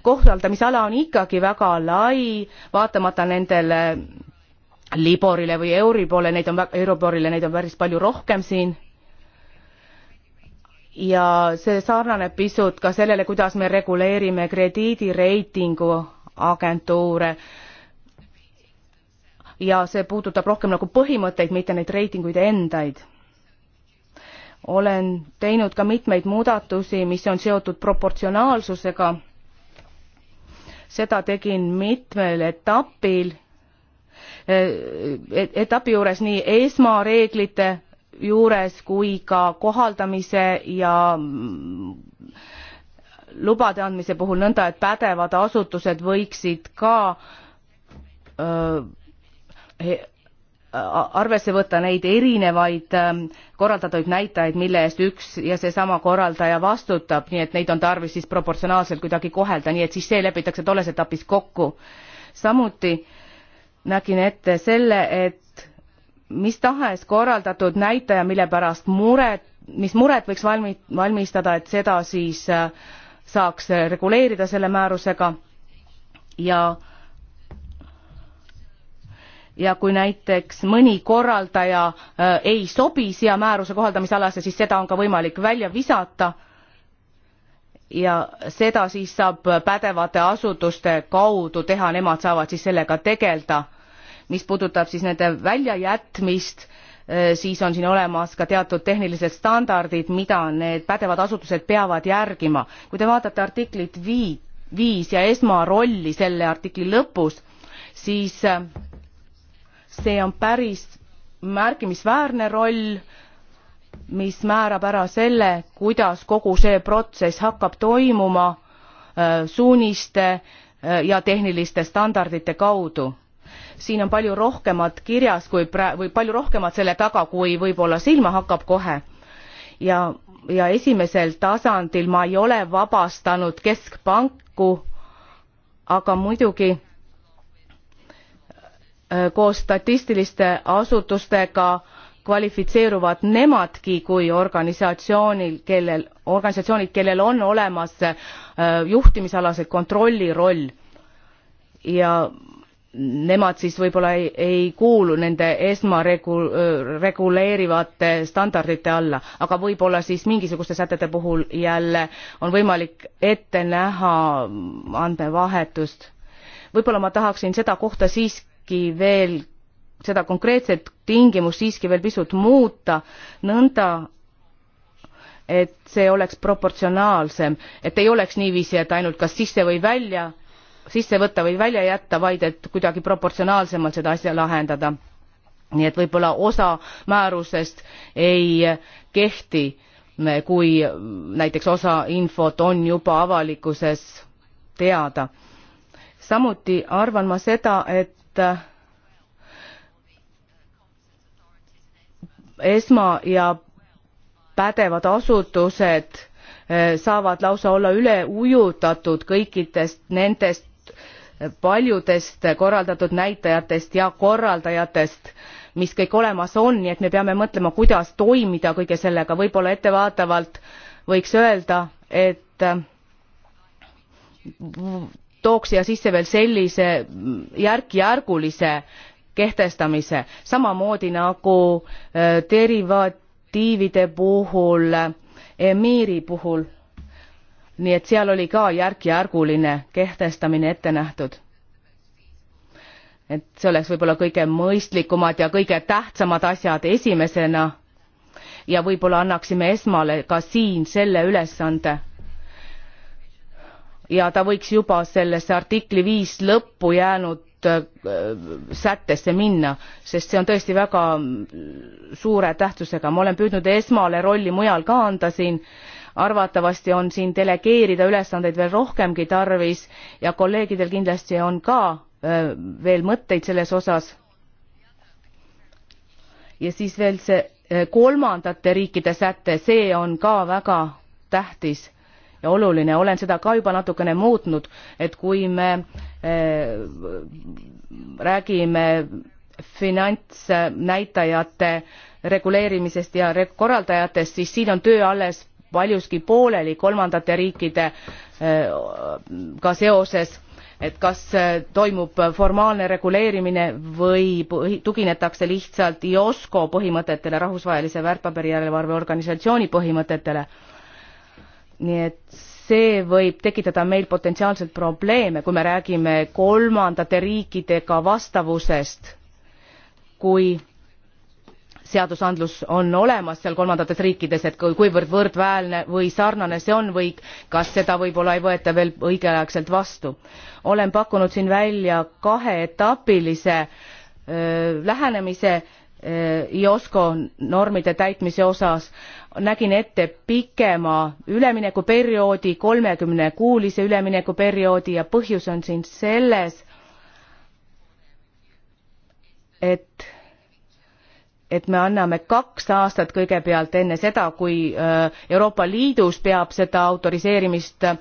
kohaldamisala on ikkagi väga lai vaatamata nendele liborile või euribole neid on euroborile neid on päris palju rohkem siin ja see sarnaneb pisut ka sellele, kuidas me reguleerime krediidireitingu agentuure. ja see puudutab rohkem nagu põhimõtteid, mitte neid reitinguid endaid. olen teinud ka mitmeid muudatusi, mis on seotud proportsionaalsusega. seda tegin mitmel etapil, e-, etapi juures nii esmareeglite juures kui ka kohaldamise ja lubade andmise puhul nõnda, et pädevad asutused võiksid ka öö, arvesse võtta neid erinevaid korraldatud näitajaid, mille eest üks ja seesama korraldaja vastutab, nii et neid on tarvis siis proportsionaalselt kuidagi kohelda, nii et siis see lepitakse tolles etapis kokku. samuti nägin ette selle, et mis tahes korraldatud näitaja, mille pärast muret, mis muret võiks valmi-, valmistada, et seda siis äh, saaks reguleerida selle määrusega ja ja kui näiteks mõni korraldaja äh, ei sobi siia määruse kohaldamisalasse, siis seda on ka võimalik välja visata ja seda siis saab pädevate asutuste kaudu teha, nemad saavad siis sellega tegeleda mis puudutab siis nende väljajätmist, eh, siis on siin olemas ka teatud tehnilised standardid, mida need pädevad asutused peavad järgima. kui te vaatate artiklit vii-, viis ja esmarolli selle artikli lõpus, siis eh, see on päris märkimisväärne roll, mis määrab ära selle, kuidas kogu see protsess hakkab toimuma eh, suuniste ja tehniliste standardite kaudu siin on palju rohkemat kirjas kui pra- või palju rohkemat selle taga kui võib-olla silma hakkab kohe ja ja esimesel tasandil ma ei ole vabastanud keskpanku aga muidugi äh, koos statistiliste asutustega kvalifitseeruvad nemadki kui organisatsioonil kellel organisatsioonid kellel on olemas äh, juhtimisalase kontrolli roll ja nemad siis võib-olla ei, ei kuulu nende esmaregu-, reguleerivate standardite alla, aga võib-olla siis mingisuguste sätete puhul jälle on võimalik ette näha andmevahetust. võib-olla ma tahaksin seda kohta siiski veel, seda konkreetset tingimust siiski veel pisut muuta, nõnda et see oleks proportsionaalsem, et ei oleks niiviisi, et ainult kas sisse või välja sisse võtta või välja jätta, vaid et kuidagi proportsionaalsemalt seda asja lahendada. nii et võib-olla osa määrusest ei kehti, kui näiteks osa infot on juba avalikkuses teada. samuti arvan ma seda, et esma ja pädevad asutused eh, saavad lausa olla üle ujutatud kõikidest nendest paljudest korraldatud näitajatest ja korraldajatest mis kõik olemas on nii et me peame mõtlema kuidas toimida kõige sellega võib-olla ettevaatavalt võiks öelda et mm, tooks siia sisse veel sellise järk-järgulise kehtestamise samamoodi nagu äh, derivatiivide puhul äh, emiiri puhul nii et seal oli ka järk-järguline kehtestamine ette nähtud. et see oleks võib-olla kõige mõistlikumad ja kõige tähtsamad asjad esimesena ja võib-olla annaksime esmale ka siin selle ülesande ja ta võiks juba sellesse artikli viis lõppu jäänud äh, sättesse minna sest see on tõesti väga suure tähtsusega ma olen püüdnud esmale rolli mujal ka anda siin äh, arvatavasti on siin delegeerida ülesandeid veel rohkemgi tarvis ja kolleegidel kindlasti on ka veel mõtteid selles osas. ja siis veel see kolmandate riikide säte, see on ka väga tähtis ja oluline, olen seda ka juba natukene muutnud, et kui me äh, räägime finantsnäitajate reguleerimisest ja korraldajatest, siis siin on töö alles paljuski pooleli kolmandate riikidega äh, seoses et kas äh, toimub formaalne reguleerimine või tuginetakse lihtsalt iosco põhimõtetele rahvusvahelise väärtpaberijärelevalve organisatsiooni põhimõtetele nii et see võib tekitada meil potentsiaalselt probleeme kui me räägime kolmandate riikidega vastavusest kui seadusandlus on olemas seal kolmandates riikides et kuivõrd võrdväärne või sarnane see on või kas seda võibolla ei võeta veel õigeaegselt vastu olen pakkunud siin välja kaheetapilise äh, lähenemise äh, IOSCO normide täitmise osas nägin ette pikema üleminekuperioodi kolmekümne kuulise üleminekuperioodi ja põhjus on siin selles et et me anname kaks aastat kõigepealt enne seda kui äh, euroopa liidus peab seda autoriseerimist äh,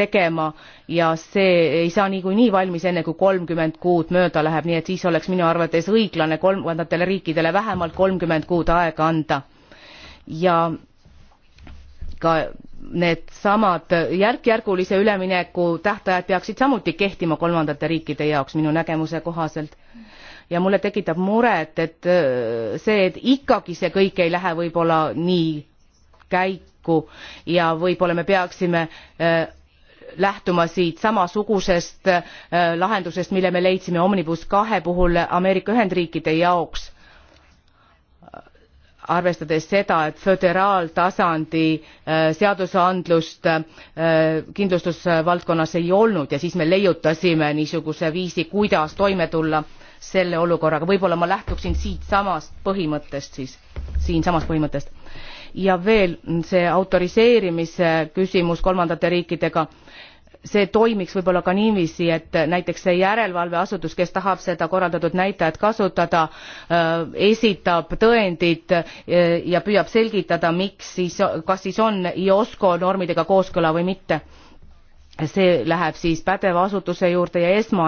tegema ja see ei saa niikuinii valmis enne kui kolmkümmend kuud mööda läheb nii et siis oleks minu arvates õiglane kolmandatele riikidele vähemalt kolmkümmend kuud aega anda ja ka needsamad järkjärgulise ülemineku tähtajad peaksid samuti kehtima kolmandate riikide jaoks minu nägemuse kohaselt ja mulle tekitab muret, et äh, see, et ikkagi see kõik ei lähe võib-olla nii käiku ja võib-olla me peaksime äh, lähtuma siit samasugusest äh, lahendusest, mille me leidsime Omnibus kahe puhul Ameerika Ühendriikide jaoks arvestades seda et föderaaltasandi seadusandlust kindlustusvaldkonnas ei olnud ja siis me leiutasime niisuguse viisi kuidas toime tulla selle olukorraga, võib-olla ma lähtuksin siitsamast põhimõttest siis, siinsamast põhimõttest. ja veel see autoriseerimise küsimus kolmandate riikidega, see toimiks võib-olla ka niiviisi, et näiteks see järelevalveasutus, kes tahab seda korraldatud näitajat kasutada, äh, esitab tõendid äh, ja püüab selgitada, miks siis, kas siis on IOSCO normidega kooskõla või mitte see läheb siis pädeva asutuse juurde ja ESMA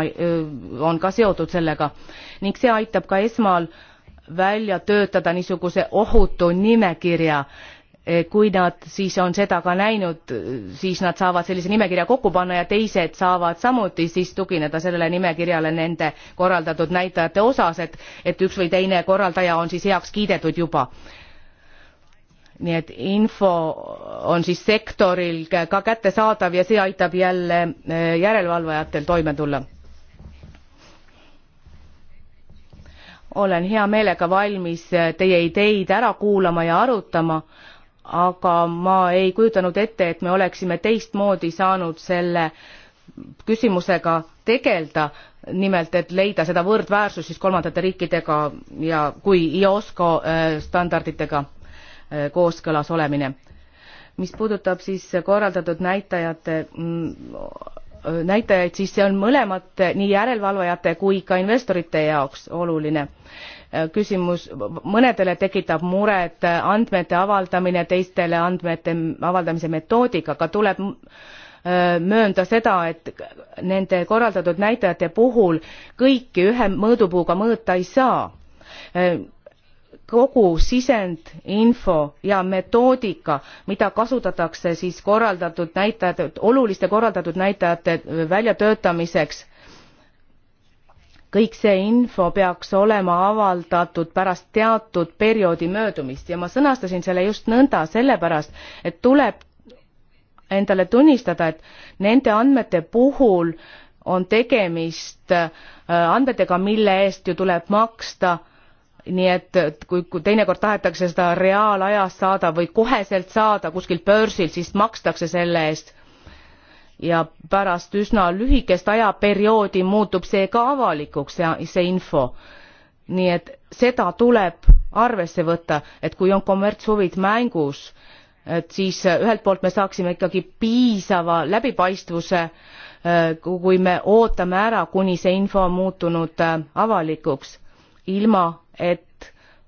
on ka seotud sellega ning see aitab ka ESMA-l välja töötada niisuguse ohutu nimekirja. E, kui nad siis on seda ka näinud, siis nad saavad sellise nimekirja kokku panna ja teised saavad samuti siis tugineda sellele nimekirjale nende korraldatud näitajate osas, et, et üks või teine korraldaja on siis heaks kiidetud juba nii et info on siis sektoril ka kättesaadav ja see aitab jälle eh, järelevalvajatel toime tulla. olen hea meelega valmis eh, teie ideid ära kuulama ja arutama, aga ma ei kujutanud ette, et me oleksime teistmoodi saanud selle küsimusega tegeleda, nimelt et leida seda võrdväärsust siis kolmandate riikidega ja kui IOSCO eh, standarditega Äh, kooskõlas olemine. mis puudutab siis korraldatud näitajate mm, äh, näitajaid, siis see on mõlemate, nii järelevalvajate kui ka investorite jaoks oluline äh, küsimus. mõnedele tekitab muret andmete avaldamine, teistele andmete avaldamise metoodika, aga tuleb möönda seda, et nende korraldatud näitajate puhul kõiki ühe mõõdupuuga mõõta ei saa kogu sisend, info ja metoodika, mida kasutatakse siis korraldatud näitajate, oluliste korraldatud näitajate väljatöötamiseks, kõik see info peaks olema avaldatud pärast teatud perioodi möödumist ja ma sõnastasin selle just nõnda sellepärast, et tuleb endale tunnistada, et nende andmete puhul on tegemist äh, andmetega, mille eest ju tuleb maksta äh, nii et kui, kui teinekord tahetakse seda reaalajas saada või koheselt saada kuskilt börsilt, siis makstakse selle eest. ja pärast üsna lühikest ajaperioodi muutub see ka avalikuks, see, see info. nii et seda tuleb arvesse võtta, et kui on kommertshuvid mängus, et siis äh, ühelt poolt me saaksime ikkagi piisava läbipaistvuse, äh, kui me ootame ära, kuni see info on muutunud äh, avalikuks ilma et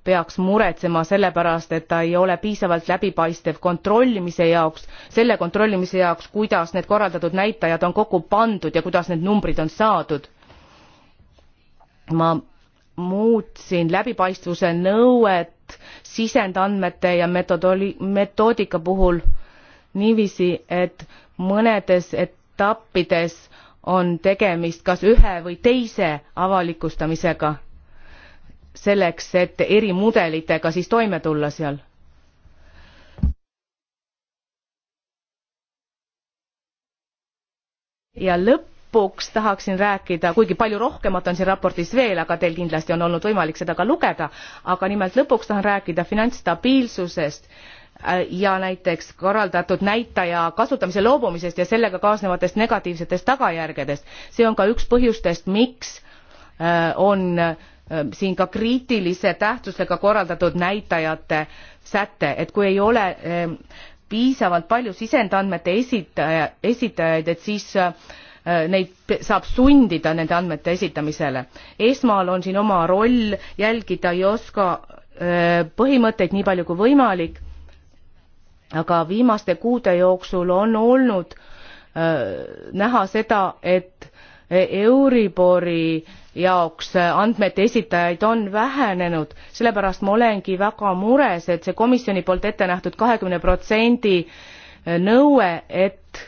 peaks muretsema selle pärast et ta ei ole piisavalt läbipaistev kontrollimise jaoks selle kontrollimise jaoks kuidas need korraldatud näitajad on kokku pandud ja kuidas need numbrid on saadud ma muutsin läbipaistvuse nõuet sisendandmete ja metodoli- metoodika puhul niiviisi et mõnedes etappides on tegemist kas ühe või teise avalikustamisega selleks, et eri mudelitega siis toime tulla seal? ja lõpuks tahaksin rääkida, kuigi palju rohkemat on siin raportis veel, aga teil kindlasti on olnud võimalik seda ka lugeda, aga nimelt lõpuks tahan rääkida finantsstabiilsusest äh, ja näiteks korraldatud näitaja kasutamise loobumisest ja sellega kaasnevatest negatiivsetest tagajärgedest see on ka üks põhjustest miks äh, on siin ka kriitilise tähtsusega korraldatud näitajate säte, et kui ei ole piisavalt palju sisendandmete esitaja, esitajaid, et siis neid saab sundida nende andmete esitamisele. esmal on siin oma roll jälgida JOSKA põhimõtteid nii palju kui võimalik, aga viimaste kuude jooksul on olnud näha seda, et Euribori jaoks andmete esitajaid on vähenenud, sellepärast ma olengi väga mures, et see komisjoni poolt ette nähtud kahekümne protsendi nõue, et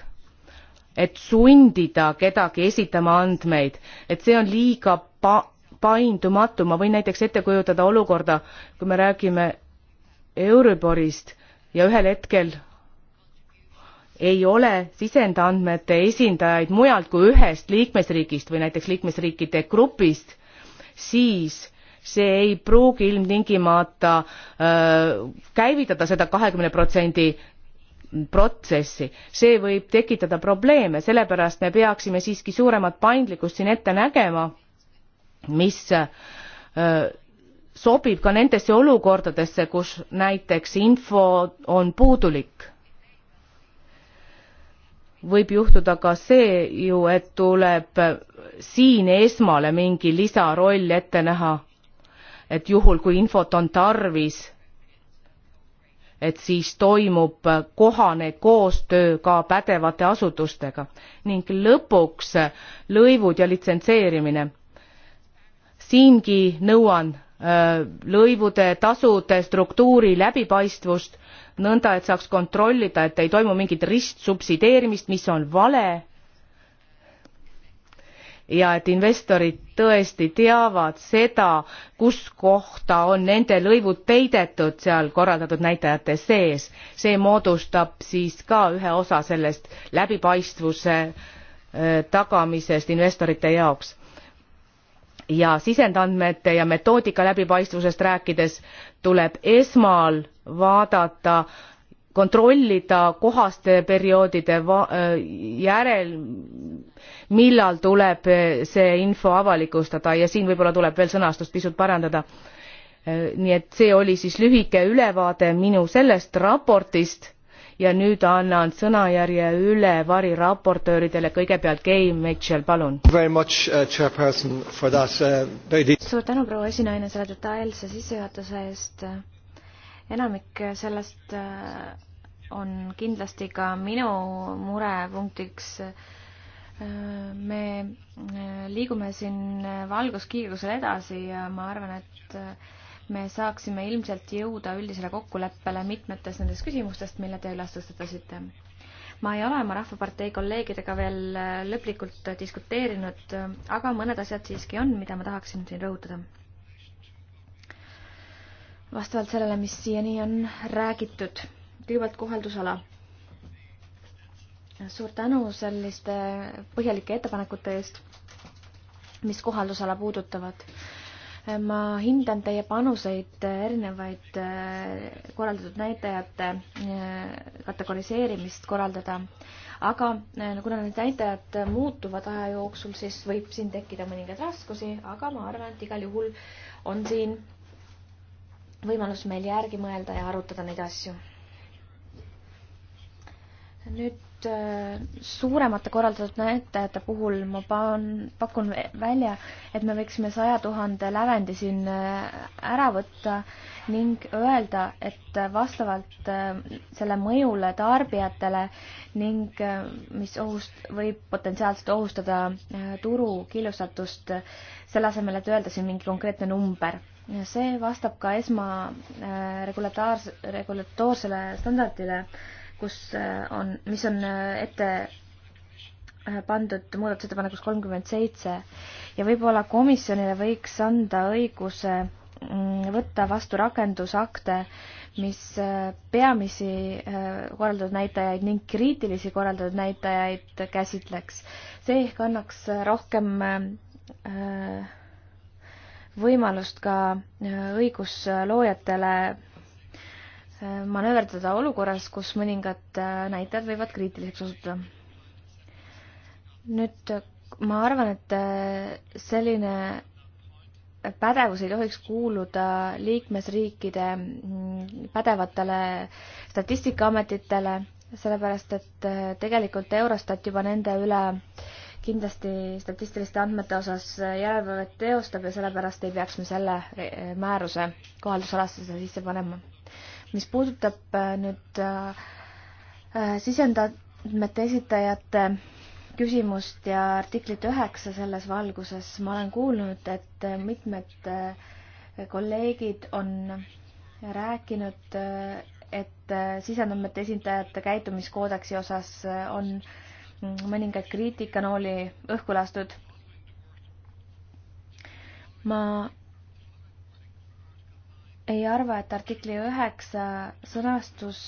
et sundida kedagi esitama andmeid, et see on liiga pa-, paindumatu, ma võin näiteks ette kujutada olukorda, kui me räägime Euriborist ja ühel hetkel ei ole sisendandmete esindajaid mujalt kui ühest liikmesriigist või näiteks liikmesriikide grupist, siis see ei pruugi ilmtingimata äh, käivitada seda kahekümne protsendi protsessi, see võib tekitada probleeme, sellepärast me peaksime siiski suuremat paindlikkust siin ette nägema, mis äh, sobib ka nendesse olukordadesse, kus näiteks info on puudulik võib juhtuda ka see ju, et tuleb siin esmale mingi lisaroll ette näha, et juhul, kui infot on tarvis, et siis toimub kohane koostöö ka pädevate asutustega ning lõpuks lõivud ja litsenseerimine. siingi nõuan Äh, lõivude, tasude struktuuri läbipaistvust, nõnda et saaks kontrollida, et ei toimu mingit ristsubsideerimist, mis on vale. ja et investorid tõesti teavad seda, kus kohta on nende lõivud peidetud seal korraldatud näitajate sees. see moodustab siis ka ühe osa sellest läbipaistvuse äh, tagamisest investorite jaoks ja sisendandmete ja metoodika läbipaistvusest rääkides tuleb esmal vaadata kontrollida kohaste perioodide äh, järel millal tuleb äh, see info avalikustada ja siin võib olla tuleb veel sõnastust pisut parandada äh, nii et see oli siis lühike ülevaade minu sellest raportist ja nüüd annan sõnajärje üle variraportööridele, kõigepealt Gay Mitchell, palun. Uh, uh, suur tänu, proua esinaine, selle detailse sissejuhatuse eest. enamik sellest uh, on kindlasti ka minu murepunktiks me liigume siin valguskiirgusel edasi ja ma arvan, et me saaksime ilmselt jõuda üldisele kokkuleppele mitmetes nendest küsimustest, mille te üles tõstatasite. ma ei ole oma Rahvapartei kolleegidega veel äh, lõplikult äh, diskuteerinud, äh, aga mõned asjad siiski on, mida ma tahaksin siin rõhutada. vastavalt sellele, mis siiani on räägitud, kõigepealt kohaldusala suur tänu selliste põhjalike ettepanekute eest, mis kohaldusala puudutavad ma hindan teie panuseid erinevaid äh, korraldatud näitajate äh, kategoriseerimist korraldada, aga äh, kuna need näitajad muutuvad aja jooksul, siis võib siin tekkida mõningaid raskusi, aga ma arvan, et igal juhul on siin võimalus meil järgi mõelda ja arutada neid asju. nüüd nüüd äh, suuremate korraldatud näitajate puhul ma pan-, pakun välja, et me võiksime saja tuhande lävendi siin äh, ära võtta ning öelda, et vastavalt äh, selle mõjule tarbijatele ning mis ohust, võib potentsiaalselt ohustada turu killustatust, selle asemel, et öelda siin mingi konkreetne number see vastab ka esma äh, regulataars-, regulatoorsele standardile äh, kus äh, on, mis on äh, ette äh, pandud muudatusettepanekus kolmkümmend seitse ja võib-olla komisjonile võiks anda õiguse mm, võtta vastu rakendusakte, mis peamisi korraldatud näitajaid ning kriitilisi korraldatud näitajaid käsitleks. see ehk annaks rohkem võimalust ka õigusloojatele manööverdada olukorras, kus mõningad äh, näitajad võivad kriitiliseks osutuda. nüüd ma arvan, et äh, selline pädevus ei tohiks kuuluda liikmesriikide mm, pädevatele statistikaametitele, sellepärast et äh, tegelikult Eurostat juba nende üle kindlasti statistiliste andmete osas järelevalvet teostab ja sellepärast ei peaks me selle määruse kohaldusalasse seda sisse panema mis puudutab äh, nüüd äh, äh, sisendandmete esitajate küsimust ja artiklit üheksa selles valguses, ma olen kuulnud, et mitmed kolleegid on rääkinud, et sisendandmete esindajate käitumiskoodeksi osas on mm, mõningaid kriitikanooli õhku lastud. ma ei arva, et artikli üheksa sõnastus,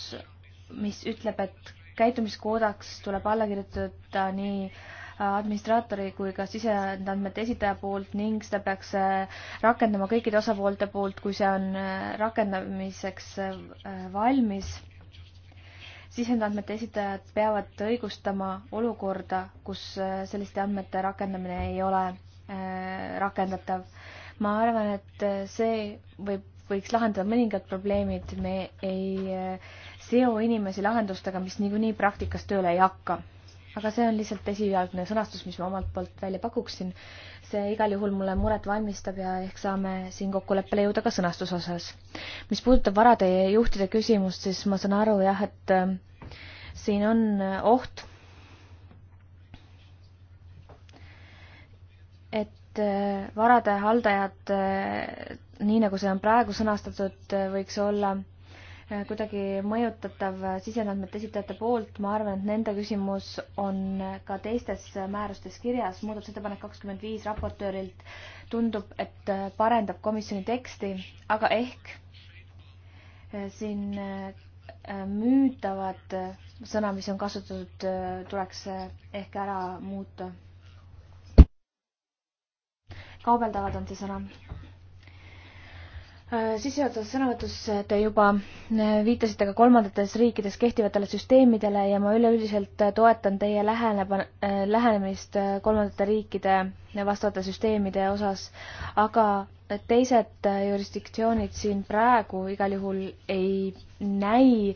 mis ütleb, et käitumiskoodaks tuleb alla kirjutada nii äh, administraatori kui ka siseandmete esitaja poolt ning seda peaks äh, rakendama kõikide osapoolte poolt, kui see on äh, rakendamiseks valmis. siseandmete esitajad peavad õigustama olukorda, kus selliste andmete rakendamine ei ole rakendatav. ma arvan, et see võib võiks lahendada mõningad probleemid, me ei eh, seo inimesi lahendustega, mis niikuinii praktikas tööle ei hakka. aga see on lihtsalt esialgne sõnastus, mis ma omalt poolt välja pakuksin. see igal juhul mulle muret valmistab ja ehk saame siin kokkuleppele jõuda ka sõnastuse osas. mis puudutab varade juhtide küsimust, siis ma saan aru jah, et eh, siin on eh, oht, et varade haldajad nii nagu see on praegu sõnastatud, äh, võiks olla äh, kuidagi mõjutatav äh, sisendandmete esitajate poolt, ma arvan, et nende küsimus on ka teistes määrustes kirjas, muudatusettepanek kakskümmend viis raportöörilt tundub, et parendab komisjoni teksti, aga ehk siin müüdavad sõna, mis on kasutatud, tuleks ehk ära muuta. kaubeldavad on see sõna Äh, sissejuhatavas sõnavõtus te juba äh, viitasite ka kolmandates riikides kehtivatele süsteemidele ja ma üleüldiselt äh, toetan teie läheneb-, lähenemist kolmandate riikide vastavate süsteemide osas, aga teised jurisdiktsioonid siin praegu igal juhul ei näi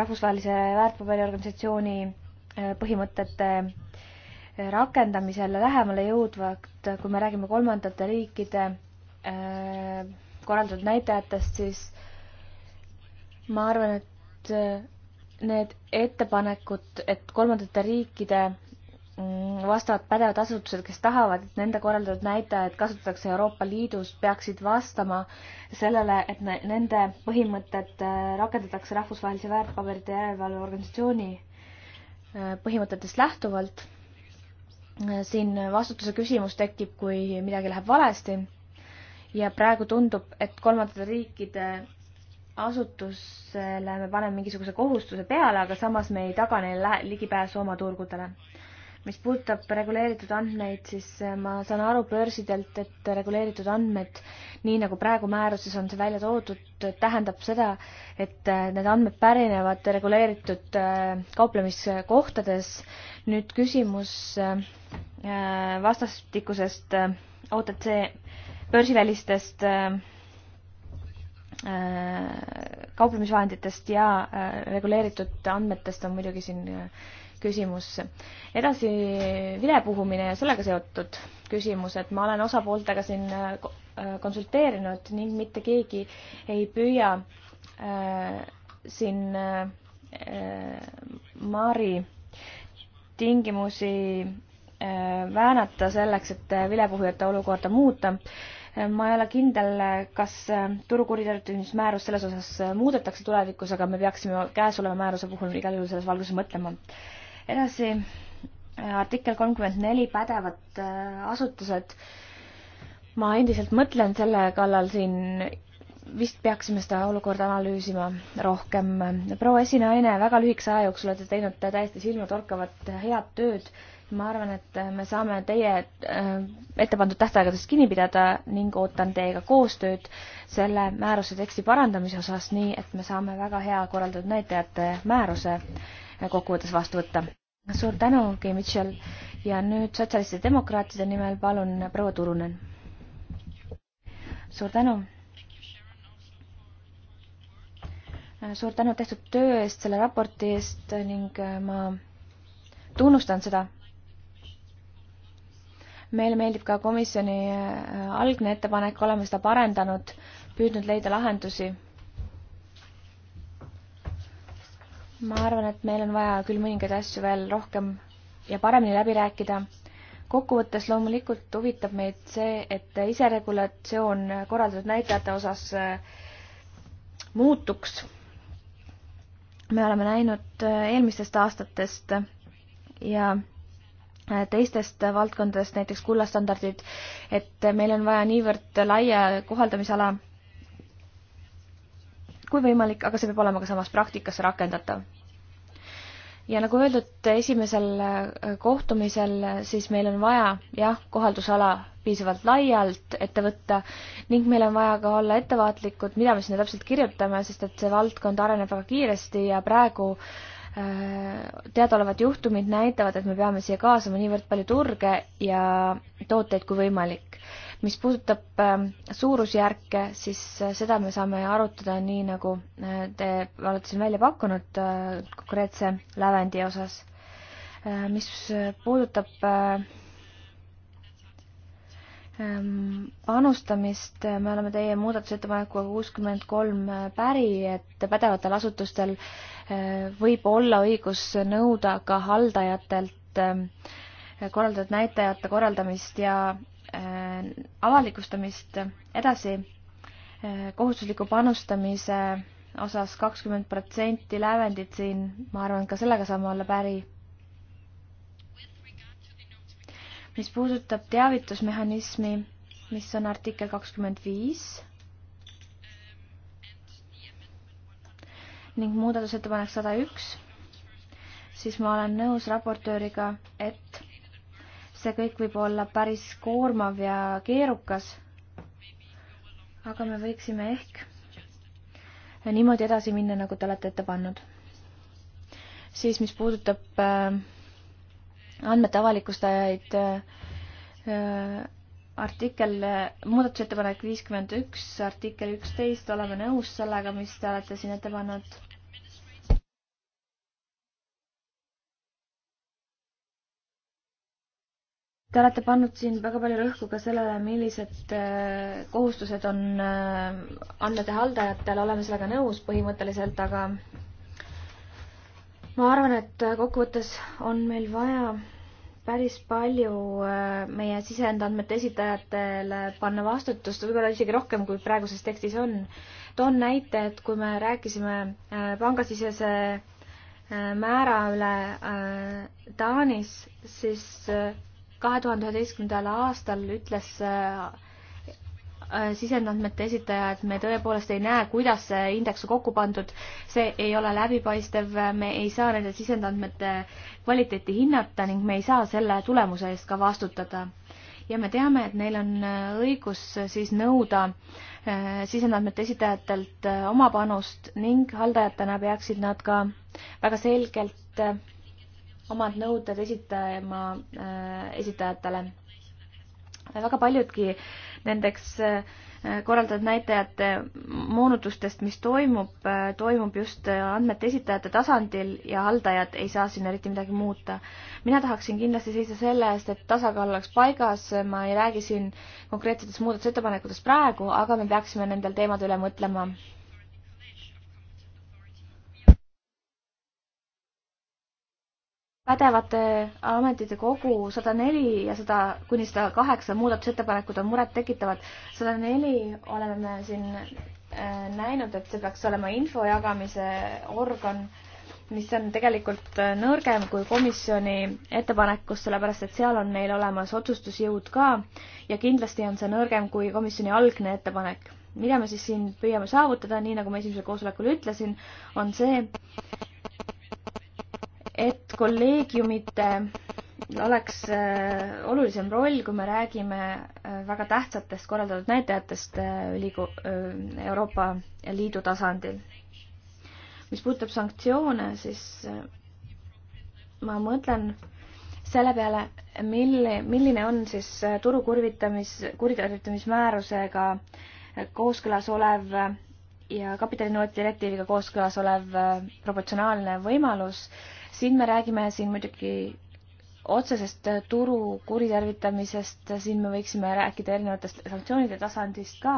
rahvusvahelise väärtpaberiorganisatsiooni põhimõtete rakendamisele lähemale jõudvat, kui me räägime kolmandate riikide äh, korraldatud näitajatest, siis ma arvan, et äh, need ettepanekud, et kolmandate riikide mm, vastavad pädevad asutused, kes tahavad, et nende korraldatud näitajaid kasutatakse Euroopa Liidus, peaksid vastama sellele, et nende põhimõtted äh, rakendatakse rahvusvahelise väärtpaberite järelevalve organisatsiooni äh, põhimõtetest lähtuvalt. siin vastutuse küsimus tekib, kui midagi läheb valesti ja praegu tundub, et kolmandate riikide asutusele me paneme mingisuguse kohustuse peale, aga samas me ei taga neile ligipääsu oma turgudele. mis puudutab reguleeritud andmeid, siis äh, ma saan aru börsidelt, et reguleeritud andmed, nii nagu praegu määruses on see välja toodud, tähendab seda, et äh, need andmed pärinevad reguleeritud äh, kauplemiskohtades. nüüd küsimus vastastikusest OTC börsivälistest äh, äh, kauplemisvahenditest ja äh, reguleeritud andmetest on muidugi siin küsimus. edasi vilepuhumine ja sellega seotud küsimused. ma olen osapooltega siin konsulteerinud ning mitte keegi ei püüa äh, siin äh, Mari tingimusi äh, väänata selleks, et vilepuhujate olukorda muuta äh, ma ei ole kindel, kas turukuritarvitamismäärus selles osas muudetakse tulevikus, aga me peaksime käesoleva määruse puhul igal juhul selles valguses mõtlema. edasi, artikkel kolmkümmend neli, pädevad äh, asutused. ma endiselt mõtlen selle kallal siin, vist peaksime seda olukorda analüüsima rohkem. proua esinaine, väga lühikese aja jooksul olete teinud täiesti silmatorkavat head tööd ma arvan, et äh, me saame teie äh, ette pandud tähtaegadest kinni pidada ning ootan teiega koostööd selle määruse teksti parandamise osas, nii et me saame väga hea korraldatud näitajate määruse äh, kokkuvõttes vastu võtta. suur tänu, Kei Mitchell ja nüüd sotsialistide demokraatide nimel palun proua Turunen. suur tänu. suur tänu tehtud töö eest, selle raporti eest ning ma tunnustan seda meile meeldib ka komisjoni äh, algne ettepanek, oleme seda parendanud, püüdnud leida lahendusi. ma arvan, et meil on vaja küll mõningaid asju veel rohkem ja paremini läbi rääkida. kokkuvõttes loomulikult huvitab meid see, et iseregulatsioon korraldatud näitajate osas äh, muutuks. me oleme näinud äh, eelmistest aastatest ja teistest valdkondadest, näiteks kullastandardid, et meil on vaja niivõrd laia kohaldamisala kui võimalik, aga see peab olema ka samas praktikas rakendatav. ja nagu öeldud, esimesel äh, kohtumisel äh, siis meil on vaja jah, kohaldusala piisavalt laialt ette võtta ning meil on vaja ka olla ettevaatlikud, mida me sinna täpselt kirjutame, sest et see valdkond areneb väga kiiresti ja praegu äh, teadaolevad juhtumid näitavad, et me peame siia kaasama niivõrd palju turge ja tooteid kui võimalik. mis puudutab ähm, suurusjärke, siis äh, seda me saame arutada nii, nagu äh, te olete siin välja pakkunud äh, konkreetse lävendi osas. mis puudutab Ehm, panustamist, eh, me oleme teie muudatusettepanekuga kuuskümmend kolm eh, päri, et pädevatel asutustel eh, võib olla õigus nõuda ka haldajatelt korraldatud näitajate korraldamist ja avalikustamist edasi kohustusliku panustamise osas kakskümmend protsenti lävendit siin, ma arvan, ka sellega saame olla päri mis puudutab teavitusmehhanismi, mis on artikkel kakskümmend viis ning muudatusettepanek sada üks, siis ma olen nõus raportööriga, et see kõik võib olla päris koormav ja keerukas. aga me võiksime ehk niimoodi edasi minna, nagu te olete ette pannud. siis, mis puudutab äh, andmete avalikustajaid äh, artikkel, muudatusettepanek viiskümmend üks, artikkel üksteist, oleme nõus sellega, mis te olete siin ette pannud. Te olete pannud siin väga palju rõhku ka sellele, millised äh, kohustused on äh, andmete haldajatel, oleme sellega nõus põhimõtteliselt, aga ma arvan, et äh, kokkuvõttes on meil vaja päris palju äh, meie sisendandmete esitajatele panna vastutust, võib-olla isegi rohkem, kui praeguses tekstis on. toon näite, et kui me rääkisime äh, pangasisese määra üle Taanis, siis kahe tuhande üheteistkümnendal aastal ütles Äh, sisendandmete esitajad, me tõepoolest ei näe, kuidas see indeks on kokku pandud, see ei ole läbipaistev, me ei saa nende sisendandmete kvaliteeti hinnata ning me ei saa selle tulemuse eest ka vastutada. ja me teame, et neil on äh, õigus siis nõuda äh, sisendandmete esitajatelt oma panust ning haldajatena peaksid nad ka väga selgelt omad nõuded esitama esitajatele. väga paljudki äh, nendeks äh, korraldatud näitajate moonutustest, mis toimub, äh, toimub just äh, andmete esitajate tasandil ja haldajad ei saa siin eriti midagi muuta. mina tahaksin kindlasti seista selle eest, et tasakaal oleks paigas, ma ei räägi siin konkreetsetest muudatusettepanekutest praegu, aga me peaksime nendel teemadel üle mõtlema pädevate ametite kogu sada neli ja sada kuni sada kaheksa muudatusettepanekud on murettekitavad. sada neli oleme me siin äh, näinud, et see peaks olema info jagamise organ, mis on tegelikult äh, nõrgem kui komisjoni ettepanekus, sellepärast et seal on meil olemas otsustusjõud ka ja kindlasti on see nõrgem kui komisjoni algne ettepanek. mida me siis siin püüame saavutada, nii nagu ma esimesel koosolekul ütlesin, on see, et kolleegiumitel oleks äh, olulisem roll, kui me räägime äh, väga tähtsatest korraldatud näitajatest äh, liigu-, Euroopa Liidu tasandil. mis puudutab sanktsioone, siis ma mõtlen selle peale, mille, milline on siis turu kurvitamis, kuritarvitamismäärusega kooskõlas olev ja kapitalinõuete direktiiviga kooskõlas olev proportsionaalne võimalus äh, siin me räägime siin muidugi otsesest turu kuritarvitamisest, siin me võiksime rääkida erinevatest sanktsioonide tasandist ka,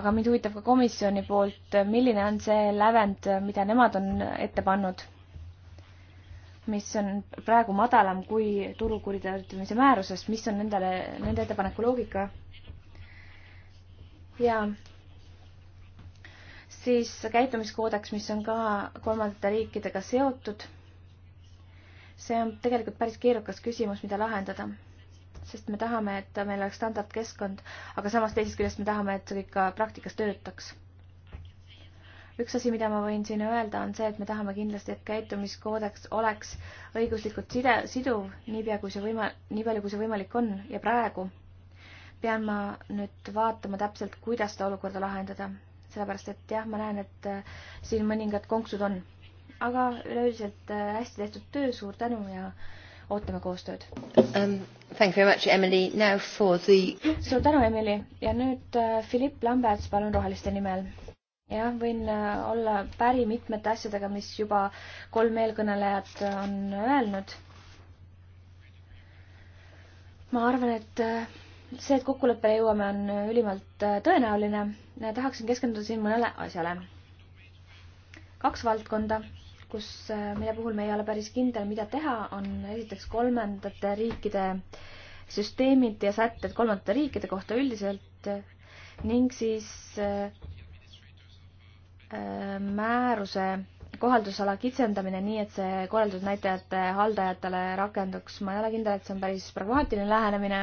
aga mind huvitab ka komisjoni poolt, milline on see lävend, mida nemad on ette pannud, mis on praegu madalam kui turu kuritarvitamise määrusest, mis on nendele, nende ettepaneku loogika? ja siis käitumiskoodeks, mis on ka kolmandate riikidega seotud see on tegelikult päris keerukas küsimus, mida lahendada. sest me tahame, et meil oleks standardkeskkond, aga samas teisest küljest me tahame, et see kõik ka praktikas töötaks. üks asi, mida ma võin siin öelda, on see, et me tahame kindlasti, et käitumiskoodeks oleks õiguslikult side, siduv niipea kui see võima-, nii palju, kui see võimalik on ja praegu pean ma nüüd vaatama täpselt, kuidas seda olukorda lahendada, sellepärast et jah, ma näen, et äh, siin mõningad konksud on aga üleüldiselt äh, hästi tehtud töö, suur tänu ja ootame koostööd um,. Thank you very much, Emily, now for the. suur tänu, Emily ja nüüd äh, Philipp Lamberts, palun roheliste nimel. jah, võin äh, olla päri mitmete asjadega, mis juba kolm eelkõnelejat on öelnud. ma arvan, et see, et kokkuleppele jõuame, on ülimalt tõenäoline. tahaksin keskenduda siin mõnele asjale. kaks valdkonda kus, äh, mille puhul me ei ole päris kindel, mida teha, on esiteks kolmandate riikide süsteemid ja sätted kolmandate riikide kohta üldiselt ning siis äh, äh, määruse kohaldusala kitsendamine nii, et see korraldusnäitajate haldajatele rakenduks, ma ei ole kindel, et see on päris pragmaatiline lähenemine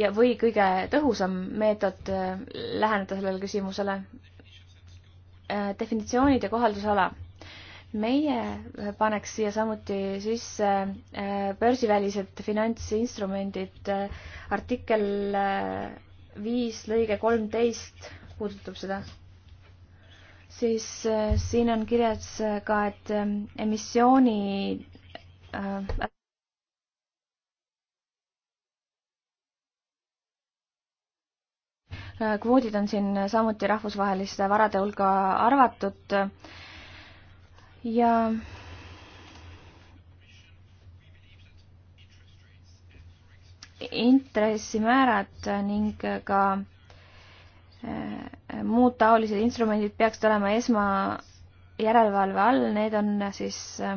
ja, või kõige tõhusam meetod läheneda sellele küsimusele. Äh, definitsioonid ja kohaldusala. meie äh, paneks siia samuti sisse äh, börsivälised finantsinstrumendid. artikkel viis lõige kolmteist puudutab seda. siis siin on kirjas ka, et emissiooni Äh, kvoodid on siin samuti rahvusvaheliste varade hulga arvatud ja intressimäärad ning ka äh, muud taolised instrumendid peaksid olema esmajärelevalve all, need on siis äh,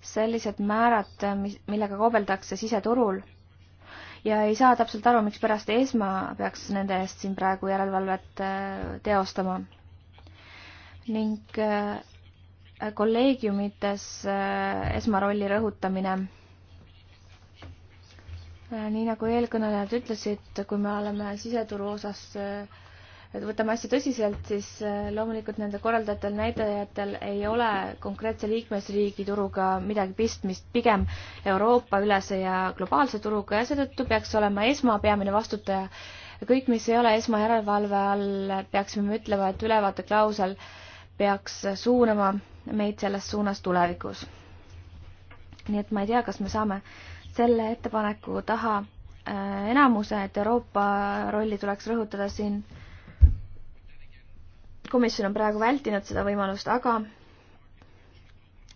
sellised määrad, mis, millega kaubeldakse siseturul ja ei saa täpselt aru, mikspärast ESMA peaks nende eest siin praegu järelevalvet äh, teostama. ning äh, kolleegiumites äh, ESMA rolli rõhutamine nii nagu eelkõnelejad ütlesid, kui me oleme siseturu osas võtame asja tõsiselt, siis äh, loomulikult nendel korraldajatel, näitajatel ei ole konkreetse liikmesriigi turuga midagi pistmist, pigem Euroopa-ülese ja globaalse turuga ja seetõttu peaks olema esmapeamine vastutaja. kõik, mis ei ole esmajärelevalve all, peaksime me ütlema, et ülevaateklausel peaks suunama meid selles suunas tulevikus. nii et ma ei tea, kas me saame selle ettepaneku taha äh, enamuse, et Euroopa rolli tuleks rõhutada siin äh, komisjon on praegu vältinud seda võimalust, aga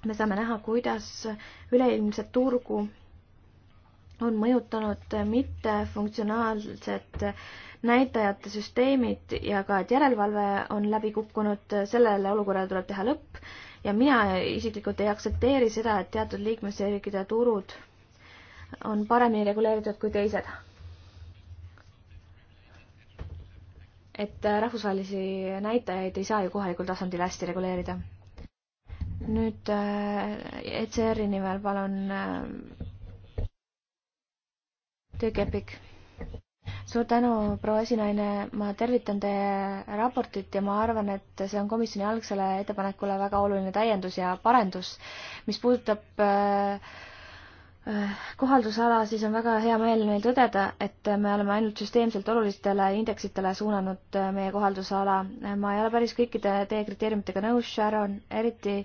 me saame näha, kuidas üleilmset turgu on mõjutanud mittefunktsionaalsed näitajate süsteemid ja ka, et järelevalve on läbi kukkunud, sellele olukorrale tuleb teha lõpp ja mina isiklikult ei aktsepteeri seda, et teatud liikmesriikide turud on paremini reguleeritud kui teised et rahvusvahelisi näitajaid ei saa ju kohalikul tasandil hästi reguleerida. nüüd äh, ECR-i nimel palun Tüüki äh, Epik. suur tänu, proua esinaine, ma tervitan teie raportit ja ma arvan, et see on komisjoni algsele ettepanekule väga oluline täiendus ja parendus, mis puudutab äh, Äh, kohaldusala, siis on väga hea meel meil tõdeda, et me oleme ainult süsteemselt olulistele indeksitele suunanud äh, meie kohaldusala. Äh, ma ei ole päris kõikide teie kriteeriumitega nõus, Sharon, eriti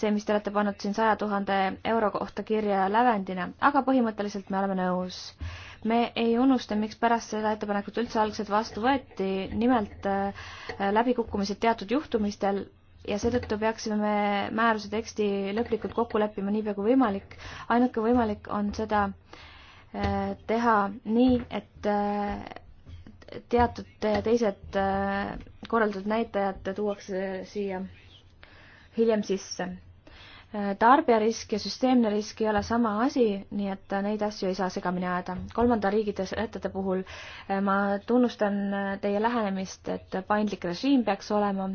see, mis te olete pannud siin saja tuhande euro kohta kirja lävendina, aga põhimõtteliselt me oleme nõus. me ei unusta, mikspärast seda ettepanekut üldse algselt vastu võeti, nimelt läbikukkumised teatud juhtumistel ja seetõttu peaksime me määruse teksti lõplikult kokku leppima niipea kui võimalik. ainuke võimalik on seda äh, teha nii, et äh, teatud teised äh, korraldatud näitajad tuuakse siia hiljem sisse. tarbijarisk ja süsteemne risk ei ole sama asi, nii et neid asju ei saa segamini ajada. kolmanda riigi ettede puhul ma tunnustan teie lähenemist, et paindlik režiim peaks olema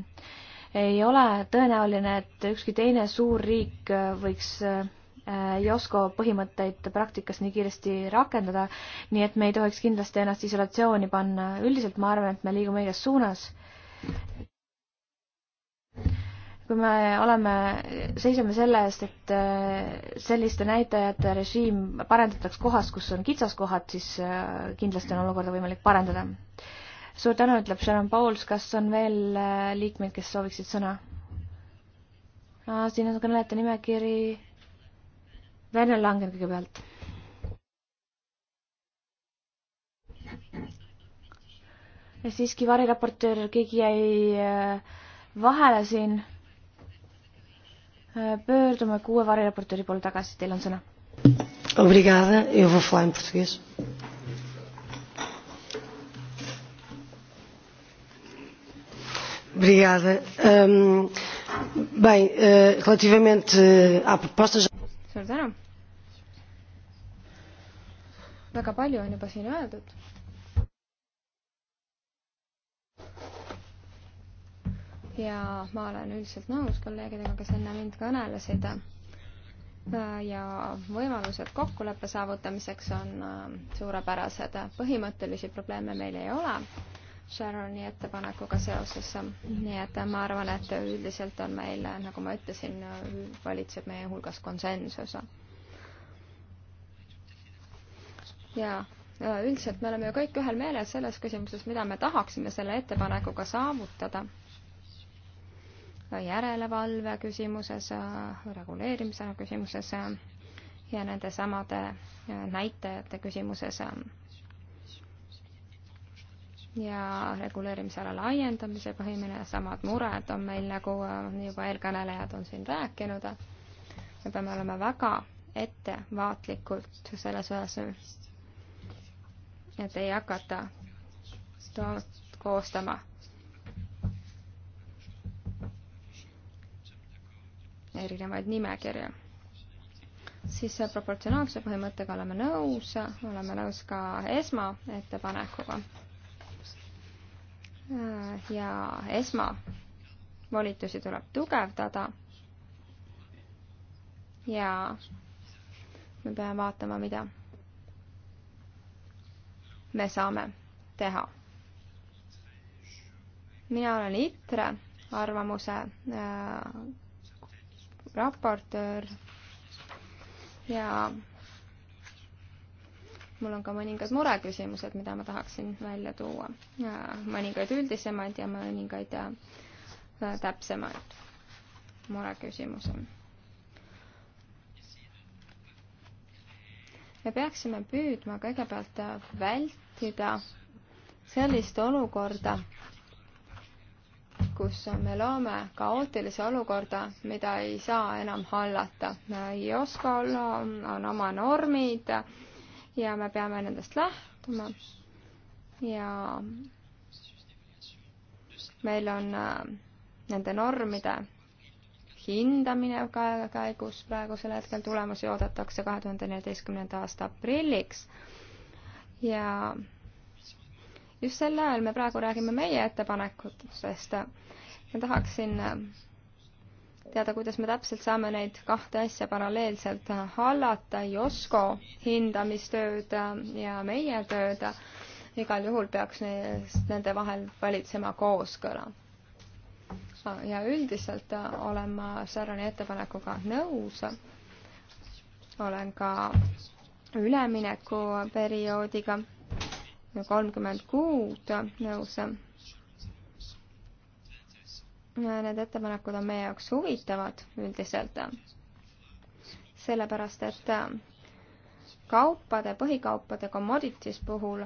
ei ole tõenäoline, et ükski teine suur riik äh, võiks äh, Josko põhimõtteid praktikas nii kiiresti rakendada, nii et me ei tohiks kindlasti ennast isolatsiooni panna. üldiselt ma arvan, et me liigume õiges suunas. kui me oleme, seisame selle eest, et äh, selliste näitajate režiim parendataks kohas, kus on kitsaskohad, siis kindlasti on olukorda võimalik parandada suur tänu, ütleb Sharon Pauls, kas on veel äh, liikmeid, kes sooviksid sõna? siin on kõnelejate nimekiri. Venel Langen kõigepealt. siiski variraportöör, keegi jäi äh, vahele siin. Äh, pöördume kuue variraportööri poole tagasi, teil on sõna. Obrigada, eu vou falar em português. Obrigada. Um, bem, uh, relativamente eh, à proposta. suur tänu. väga palju on juba siin öeldud. ja ma olen üldiselt nõus kolleegidega, kes enne mind kõnelesid. Äh, ja võimalused kokkuleppe saavutamiseks on äh, suurepärased. põhimõttelisi probleeme meil ei ole Sharoni ettepanekuga seoses, nii et ma arvan, et üldiselt on meil, nagu ma ütlesin, valitseb meie hulgas konsensus. ja üldiselt me oleme ju kõik ühel meelel selles küsimuses, mida me tahaksime selle ettepanekuga saavutada. järelevalve küsimuses, reguleerimise küsimuses ja nendesamade näitajate küsimuses ja reguleerimisala laiendamise põhimine, samad mured on meil nagu äh, juba eelkõnelejad on siin rääkinud. me peame olema väga ettevaatlikult selles osas, et ei hakata koostama erinevaid nimekirju siis proportsionaalsuse põhimõttega oleme nõus, oleme nõus ka esmaettepanekuga Äh, ja esmavolitusi tuleb tugevdada. ja me peame vaatama, mida me saame teha. mina olen ITRE arvamuse äh, raportöör ja mul on ka mõningad mureküsimused, mida ma tahaksin välja tuua. mõningaid üldisemaid ja mõningaid äh, täpsemaid mureküsimusi. me peaksime püüdma kõigepealt äh, vältida sellist olukorda, kus me loome kaootilise olukorda, mida ei saa enam hallata. Äh, ei oska olla, on oma normid ja me peame nendest lähtuma ja meil on äh, nende normide hindamine käigus praegusel hetkel tulemusi oodatakse kahe tuhande neljateistkümnenda aasta aprilliks ja just sel ajal me praegu räägime meie ettepanekutest. ma tahaksin teada, kuidas me täpselt saame neid kahte asja paralleelselt hallata, Josko hindamistööd ja meie tööd. igal juhul peaks nende vahel valitsema kooskõla. ja üldiselt olen ma Sarani ettepanekuga nõus. olen ka üleminekuperioodiga kolmkümmend kuud nõus Need ettepanekud on meie jaoks huvitavad üldiselt, sellepärast et kaupade, põhikaupade commodities puhul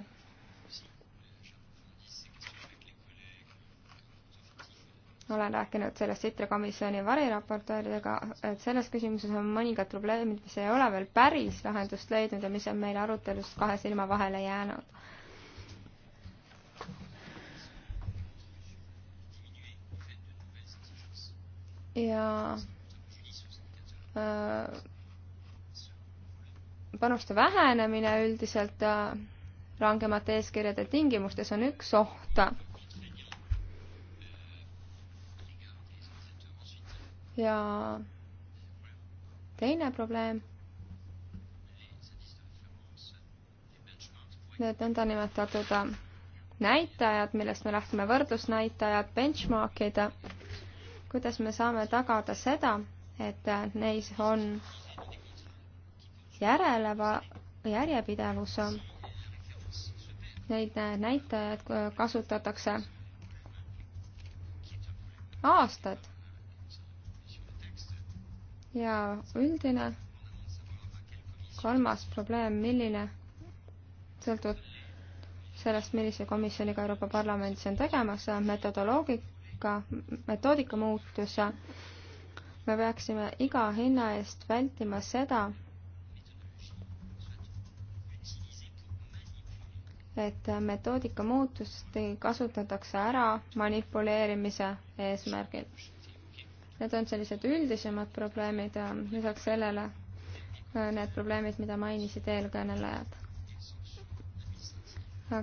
olen rääkinud sellest ITRE komisjoni variraportööridega, et selles küsimuses on mõningad probleemid, mis ei ole veel päris lahendust leidnud ja mis on meil arutelust kahe silma vahele jäänud. ja äh, panuste vähenemine üldiselt äh, rangemate eeskirjade tingimustes on üks oht. ja teine probleem. Need nõndanimetatud äh, näitajad, millest me lähtume, võrdlusnäitajad, benchmarkid kuidas me saame tagada seda, et neis on järeleva, järjepidevus. Neid näitajaid kasutatakse aastad. ja üldine kolmas probleem, milline sõltub sellest, millise komisjoniga Euroopa Parlamendis on tegemas, metodoloogid metoodika, metoodika muutus. me peaksime iga hinna eest vältima seda, et metoodika muutust kasutatakse ära manipuleerimise eesmärgil. Need on sellised üldisemad probleemid, lisaks sellele äh, need probleemid, mida mainisid eelkõnelejad.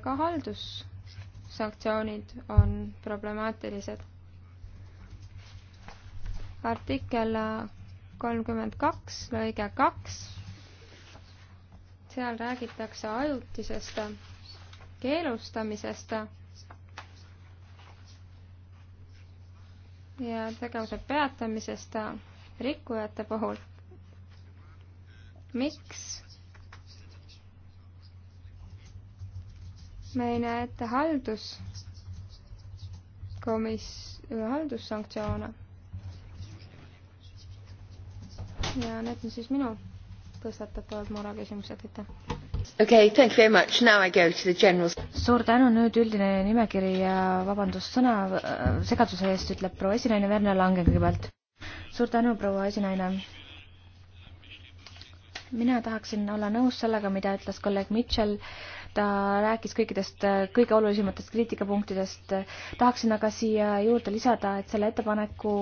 ka haldus sanktsioonid on problemaatilised. artikkel kolmkümmend kaks, lõige kaks, seal räägitakse ajutisest keelustamisest ja tegevuse peatamisest rikkujate puhul. miks me ei näe ette halduskomis-, haldussanktsioone. ja need on siis minu tõstatatavad mureküsimused, aitäh. Okay, thank you very much. Now I go to the general. suur tänu, nüüd üldine nimekiri ja vabandust sõna äh, segaduse eest, ütleb proua esinaine Verne Lange kõigepealt. suur tänu, proua esinaine. mina tahaksin olla nõus sellega, mida ütles kolleeg Mitchell äh, ta rääkis kõikidest kõige olulisematest kriitikapunktidest. tahaksin aga siia juurde lisada, et selle ettepaneku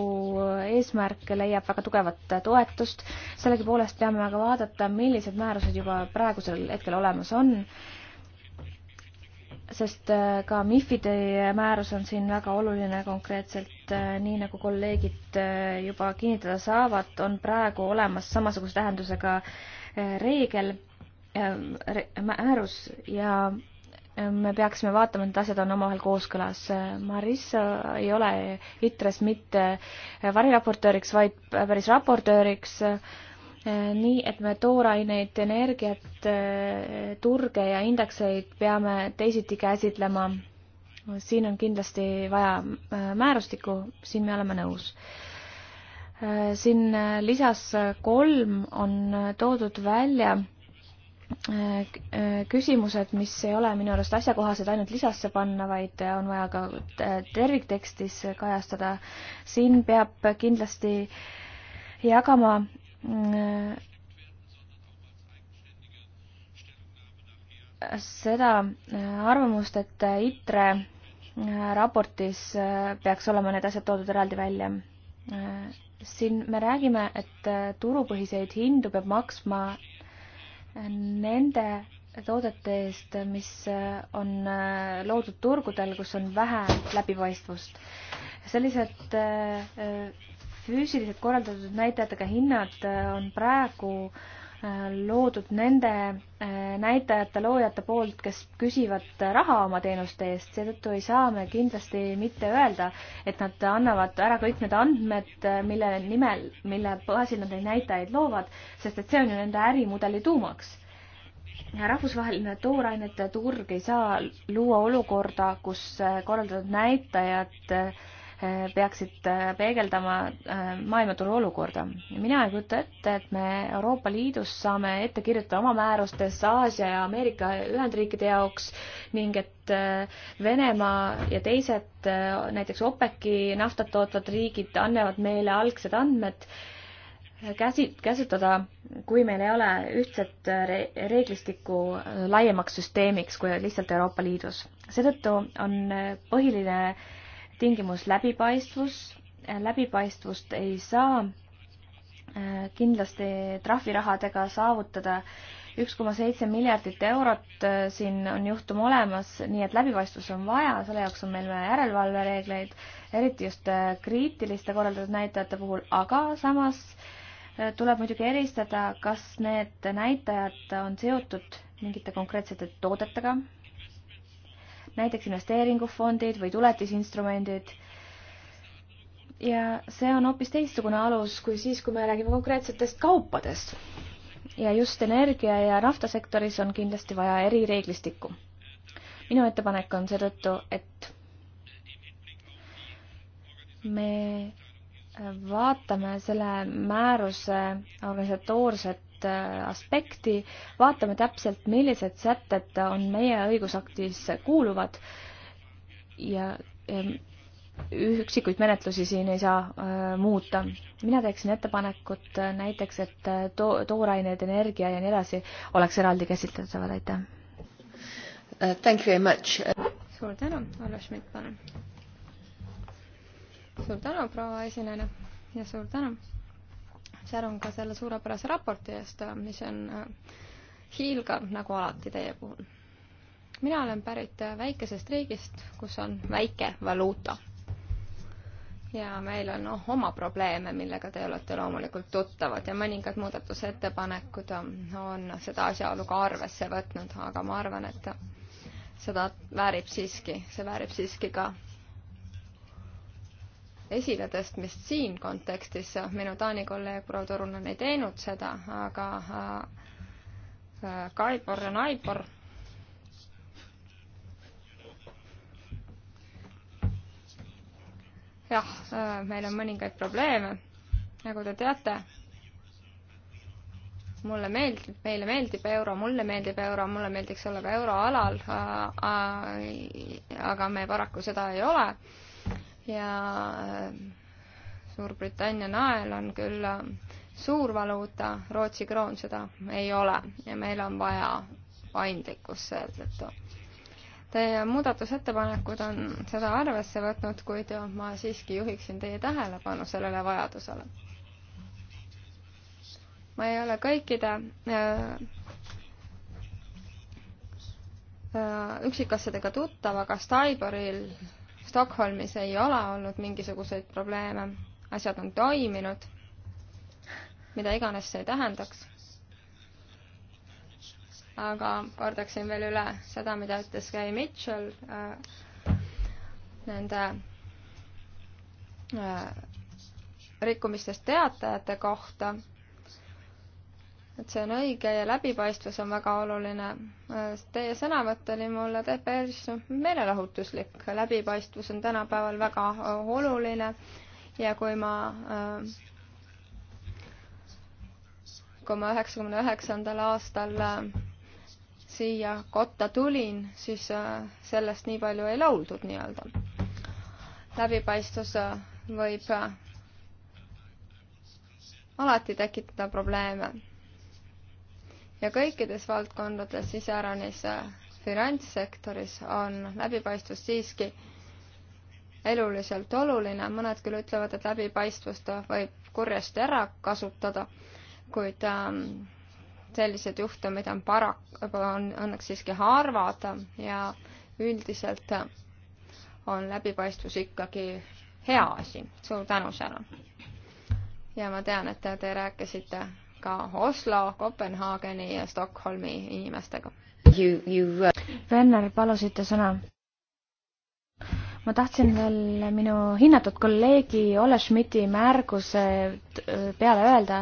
eesmärk leiab väga tugevat toetust. sellegipoolest peame aga vaadata, millised määrused juba praegusel hetkel olemas on. sest äh, ka MIFID-i määrus on siin väga oluline konkreetselt, äh, nii nagu kolleegid äh, juba kinnitada saavad, on praegu olemas samasuguse tähendusega reegel Ähm, määrus ja ähm, me peaksime vaatama, et asjad on omavahel kooskõlas. Marissa ei ole ITRES mitte variraportööriks, vaid päris raportööriks, nii et me tooraineid, energiat, turge ja indekseid peame teisiti käsitlema. siin on kindlasti vaja äh, määrustikku, siin me oleme nõus äh, siin äh, lisas kolm on toodud välja Äh, äh, küsimused, mis ei ole minu arust asjakohased ainult lisasse panna, vaid äh, on vaja ka terviktekstis kajastada. siin peab kindlasti jagama seda arvamust, et ITRE raportis peaks olema need asjad toodud eraldi välja siin me räägime, et turupõhiseid hindu peab maksma nende toodete eest, mis on loodud turgudel, kus on vähe läbipaistvust. sellised äh, füüsiliselt korraldatud näitajatega hinnad äh, on praegu äh, loodud nende eh, näitajate loojate poolt, kes küsivad raha oma teenuste eest, seetõttu ei saa me kindlasti mitte öelda, et nad annavad ära kõik need andmed, mille nimel, mille baasil nad neid näitajaid loovad, sest et see on ju nende ärimudeli tuumaks rahvusvaheline toorainete turg ei saa luua olukorda, kus eh, korraldatud näitajad eh, peaksid äh, peegeldama äh, maailmaturu olukorda. mina ei kujuta ette, et me Euroopa Liidus saame ette kirjutada oma määrustes Aasia ja Ameerika Ühendriikide jaoks ning et äh, Venemaa ja teised, näiteks OPEC-i naftat tootvad riigid annavad meile algsed andmed käsi, käsutada, kui meil ei ole ühtset reeglistikku laiemaks süsteemiks kui lihtsalt Euroopa Liidus. seetõttu on põhiline tingimus läbipaistvus, äh, läbipaistvust ei saa äh, kindlasti trahvirahadega saavutada üks koma seitse miljardit eurot, äh, siin on juhtum olemas, nii et läbipaistvus on vaja, selle jaoks on meil vaja järelevalvereegleid, eriti just kriitiliste korraldatud näitajate puhul, aga samas tuleb muidugi eristada, kas need näitajad on seotud mingite konkreetsete toodetega näiteks investeeringufondid või tuletisinstrumendid. ja see on hoopis teistsugune alus kui siis, kui me räägime konkreetsetest kaupadest. ja just energia ja naftasektoris on kindlasti vaja erireeglistikku. minu ettepanek on seetõttu, et me vaatame selle määruse organisatoorset Äh, aspekti, vaatame täpselt, millised sätted on meie õigusaktis kuuluvad ja ähm, üksikuid menetlusi siin ei saa äh, muuta. mina teeksin ettepanekut äh, näiteks, et äh, to-, toorained, energia ja nii edasi oleks eraldi käsitletavad, aitäh uh,. Thank you very much uh.... suur tänu, Arvo Schmidt, palun. suur tänu, proua esinejana ja suur tänu tänan ka selle suurepärase raporti eest, mis on äh, hiilgav nagu alati teie puhul. mina olen pärit äh, väikesest riigist, kus on väike valuuta. ja meil on noh, oma probleeme, millega te olete loomulikult tuttavad ja mõningad muudatusettepanekud äh, on seda asjaolu ka arvesse võtnud, aga ma arvan, et seda väärib siiski, see väärib siiski ka esiletõstmist siin kontekstis, minu Taani kolleeg proua Turunen ei teinud seda, aga äh, Kaibor ja Naibor jah, äh, meil on mõningaid probleeme, nagu te teate. mulle meeldib, meile meeldib euro, mulle meeldib euro, mulle meeldiks olla ka euroalal, äh, aga me paraku seda ei ole ja äh, Suurbritannia nael on küll äh, suur valuuta, Rootsi kroon seda ei ole ja meil on vaja paindlikkust seetõttu. Teie muudatusettepanekud on seda arvesse võtnud, kuid ma siiski juhiksin teie tähelepanu sellele vajadusele. ma ei ole kõikide äh, üksikasjadega tuttav, aga Staiboril Stockholmis ei ole olnud mingisuguseid probleeme, asjad on toiminud, mida iganes see tähendaks. aga kordaksin veel üle seda, mida ütles Gay Mitchell äh, nende äh, rikkumistest teatajate kohta et see on õige ja läbipaistvus on väga oluline. Teie sõnavõtt oli mulle päris meelelahutuslik, läbipaistvus on tänapäeval väga oluline ja kui ma äh, kui ma üheksakümne üheksandal aastal äh, siia kotta tulin, siis äh, sellest nii palju ei lauldud nii-öelda. läbipaistvus võib alati tekitada probleeme ja kõikides valdkondades, iseäranis äh, finantssektoris, on läbipaistvus siiski eluliselt oluline, mõned küll ütlevad, et läbipaistvust võib kurjasti ära kasutada, kuid ähm, sellised juhtumid on parak-, on õnneks siiski harvad ja üldiselt on läbipaistvus ikkagi hea asi. suur tänu, Sharon! ja ma tean, et te rääkisite ka Oslo, Kopenhaageni ja Stockholmi inimestega. Uh, Venner, palusite sõna? ma tahtsin veel minu hinnatud kolleegi Ole Schmidti märguse äh, peale öelda,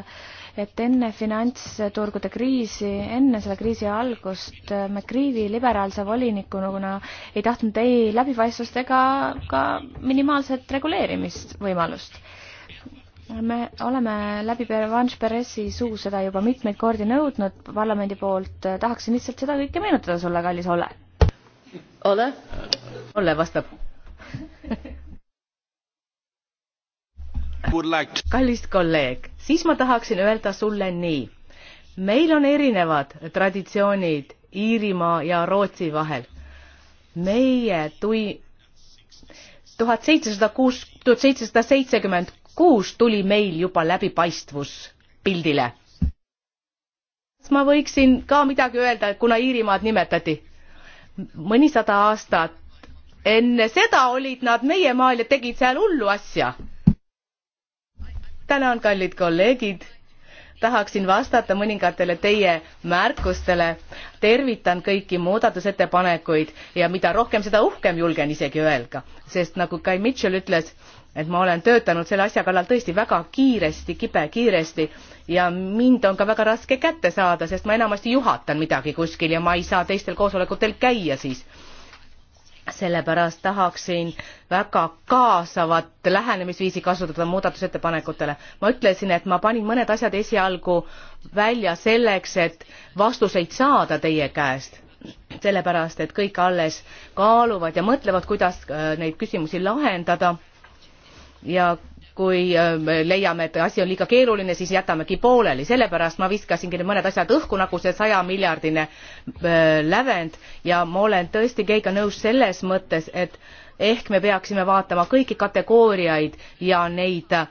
et enne finantsturgude kriisi, enne selle kriisi algust äh, McCreevy liberaalse volinikuna ei tahtnud ei läbipaistvust ega ka minimaalset reguleerimisvõimalust me oleme läbi Pervanche Peresi suu seda juba mitmeid kordi nõudnud parlamendi poolt, tahaksin lihtsalt seda kõike meenutada sulle, kallis Olle. Olle? Äh. Olle vastab kallis kolleeg, siis ma tahaksin öelda sulle nii. meil on erinevad traditsioonid Iirimaa ja Rootsi vahel. meie tui-, tuhat seitsesada kuus, tuhat seitsesada seitsekümmend kuus tuli meil juba läbipaistvus pildile. kas ma võiksin ka midagi öelda, kuna Iirimaad nimetati? mõnisada aastat enne seda olid nad meie maal ja tegid seal hullu asja. tänan, kallid kolleegid tahaksin vastata mõningatele teie märkustele tervitan kõiki muudatusettepanekuid ja mida rohkem seda uhkem julgen isegi öelda sest nagu kai mitchell ütles et ma olen töötanud selle asja kallal tõesti väga kiiresti, kibekiiresti ja mind on ka väga raske kätte saada, sest ma enamasti juhatan midagi kuskil ja ma ei saa teistel koosolekutel käia siis. sellepärast tahaksin väga kaasavat lähenemisviisi kasutada muudatusettepanekutele. ma ütlesin, et ma panin mõned asjad esialgu välja selleks, et vastuseid saada teie käest sellepärast, et kõik alles kaaluvad ja mõtlevad, kuidas äh, neid küsimusi lahendada ja kui äh, me leiame, et asi on liiga keeruline, siis jätamegi pooleli, sellepärast ma viskasingi mõned asjad õhku, nagu see saja miljardine äh, lävend ja ma olen tõesti Keiga nõus selles mõttes, et ehk me peaksime vaatama kõiki kategooriaid ja neid äh,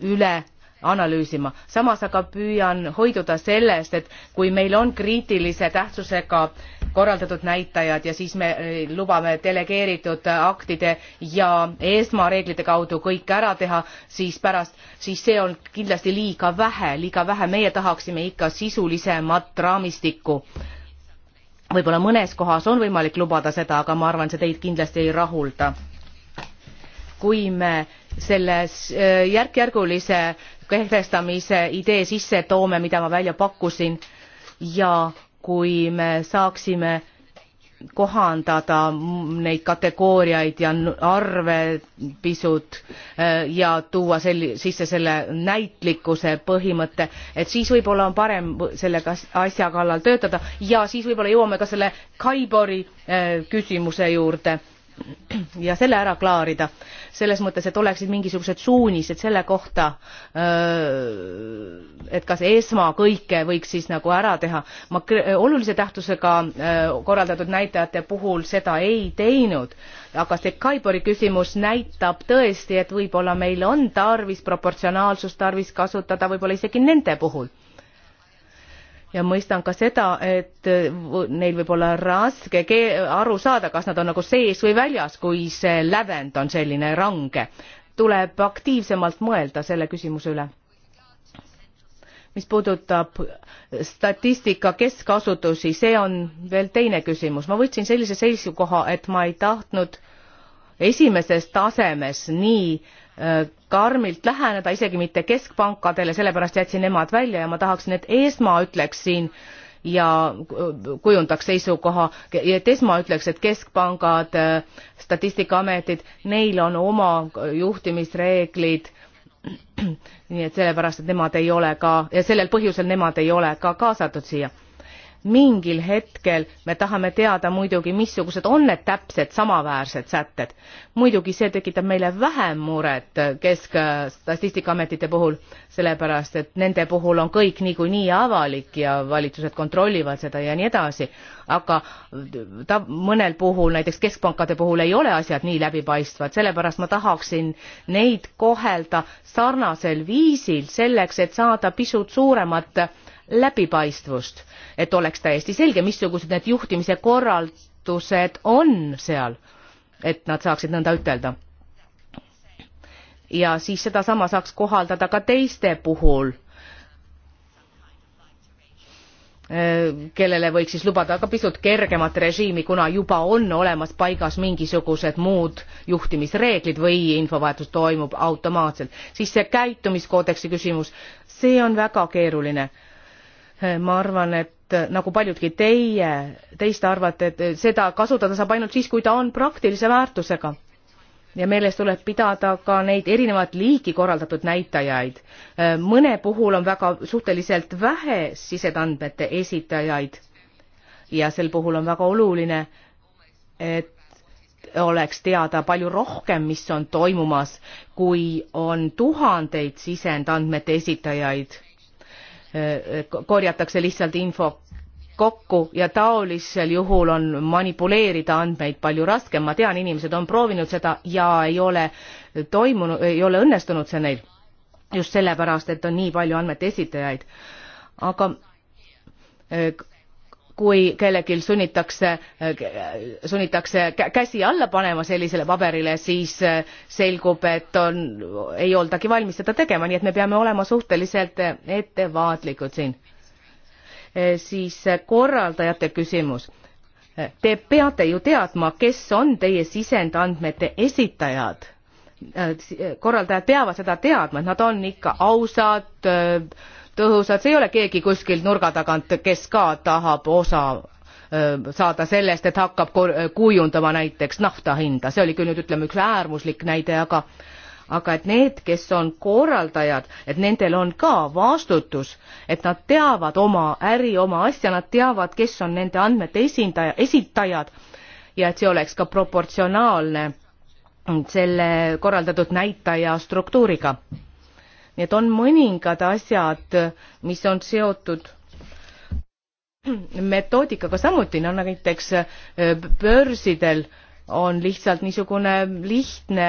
üle analüüsima. samas aga püüan hoiduda sellest, et kui meil on kriitilise tähtsusega korraldatud näitajad ja siis me eh, lubame delegeeritud aktide ja esma reeglite kaudu kõik ära teha, siis pärast, siis see on kindlasti liiga vähe, liiga vähe, meie tahaksime ikka sisulisemat raamistikku võib-olla mõnes kohas on võimalik lubada seda, aga ma arvan, see teid kindlasti ei rahulda. kui me selles äh, järk-järgulise kehtestamise idee sisse toome, mida ma välja pakkusin ja kui me saaksime kohandada neid kategooriaid ja arve pisut äh, ja tuua selli, sisse selle näitlikkuse põhimõtte, et siis võib-olla on parem selle asja kallal töötada ja siis võib-olla jõuame ka selle Kaibori äh, küsimuse juurde ja selle ära klaarida, selles mõttes, et oleksid mingisugused suunised selle kohta, et kas esma kõike võiks siis nagu ära teha. ma olulise tähtsusega korraldatud näitajate puhul seda ei teinud, aga see Kaibori küsimus näitab tõesti, et võib-olla meil on tarvis proportsionaalsust tarvis kasutada, võib-olla isegi nende puhul ja mõistan ka seda, et äh, neil võib olla raske aru saada, kas nad on nagu sees või väljas, kui see lävend on selline range. tuleb aktiivsemalt mõelda selle küsimuse üle. mis puudutab statistika keskasutusi, see on veel teine küsimus. ma võtsin sellise seisukoha, et ma ei tahtnud esimeses tasemes nii Äh, karmilt läheneda, isegi mitte keskpankadele, sellepärast jätsin nemad välja ja ma tahaksin, et ESMA ütleks siin ja kujundaks seisukoha, et ESMA ütleks, et keskpangad, äh, statistikaametid, neil on oma juhtimisreeglid nii et sellepärast, et nemad ei ole ka ja sellel põhjusel nemad ei ole ka kaasatud siia mingil hetkel me tahame teada muidugi, missugused on need täpsed samaväärsed sätted. muidugi see tekitab meile vähem muret keskstatistikaametite puhul, sellepärast et nende puhul on kõik niikuinii avalik ja valitsused kontrollivad seda ja nii edasi, aga ta mõnel puhul, näiteks keskpankade puhul ei ole asjad nii läbipaistvad, sellepärast ma tahaksin neid kohelda sarnasel viisil selleks, et saada pisut suuremat läbipaistvust, et oleks täiesti selge, missugused need juhtimise korraldused on seal, et nad saaksid nõnda ütelda. ja siis sedasama saaks kohaldada ka teiste puhul, äh, kellele võiks siis lubada ka pisut kergemat režiimi, kuna juba on olemas paigas mingisugused muud juhtimisreeglid või infovahetus toimub automaatselt, siis see käitumiskoodeksi küsimus, see on väga keeruline ma arvan, et nagu paljudki teie, teist arvate, et seda kasutada saab ainult siis, kui ta on praktilise väärtusega. ja meeles tuleb pidada ka neid erinevat liiki korraldatud näitajaid. mõne puhul on väga suhteliselt vähe sisedandmete esitajaid ja sel puhul on väga oluline, et oleks teada palju rohkem, mis on toimumas, kui on tuhandeid sisendandmete esitajaid Äh, korjatakse lihtsalt info kokku ja taolisel juhul on manipuleerida andmeid palju raskem. ma tean, inimesed on proovinud seda ja ei ole toimunud, ei ole õnnestunud see neil just sellepärast, et on nii palju andmete esitajaid. aga äh, kui kellelgi sunnitakse, sunnitakse käsi alla panema sellisele paberile, siis eh, selgub, et on, ei oldagi valmis seda tegema, nii et me peame olema suhteliselt ettevaatlikud siin. Eh, siis eh, korraldajate küsimus. Te peate ju teadma, kes on teie sisendandmete esitajad korraldajad peavad seda teadma, et nad on ikka ausad, tõhusad, see ei ole keegi kuskilt nurga tagant, kes ka tahab osa saada sellest, et hakkab kujundama näiteks nafta hinda, see oli küll nüüd ütleme üks äärmuslik näide, aga aga et need, kes on korraldajad, et nendel on ka vastutus, et nad teavad oma äri, oma asja, nad teavad, kes on nende andmete esindaja, esitajad ja et see oleks ka proportsionaalne selle korraldatud näitaja struktuuriga nii et on mõningad asjad, mis on seotud metoodikaga samuti, no näiteks e, börsidel on lihtsalt niisugune lihtne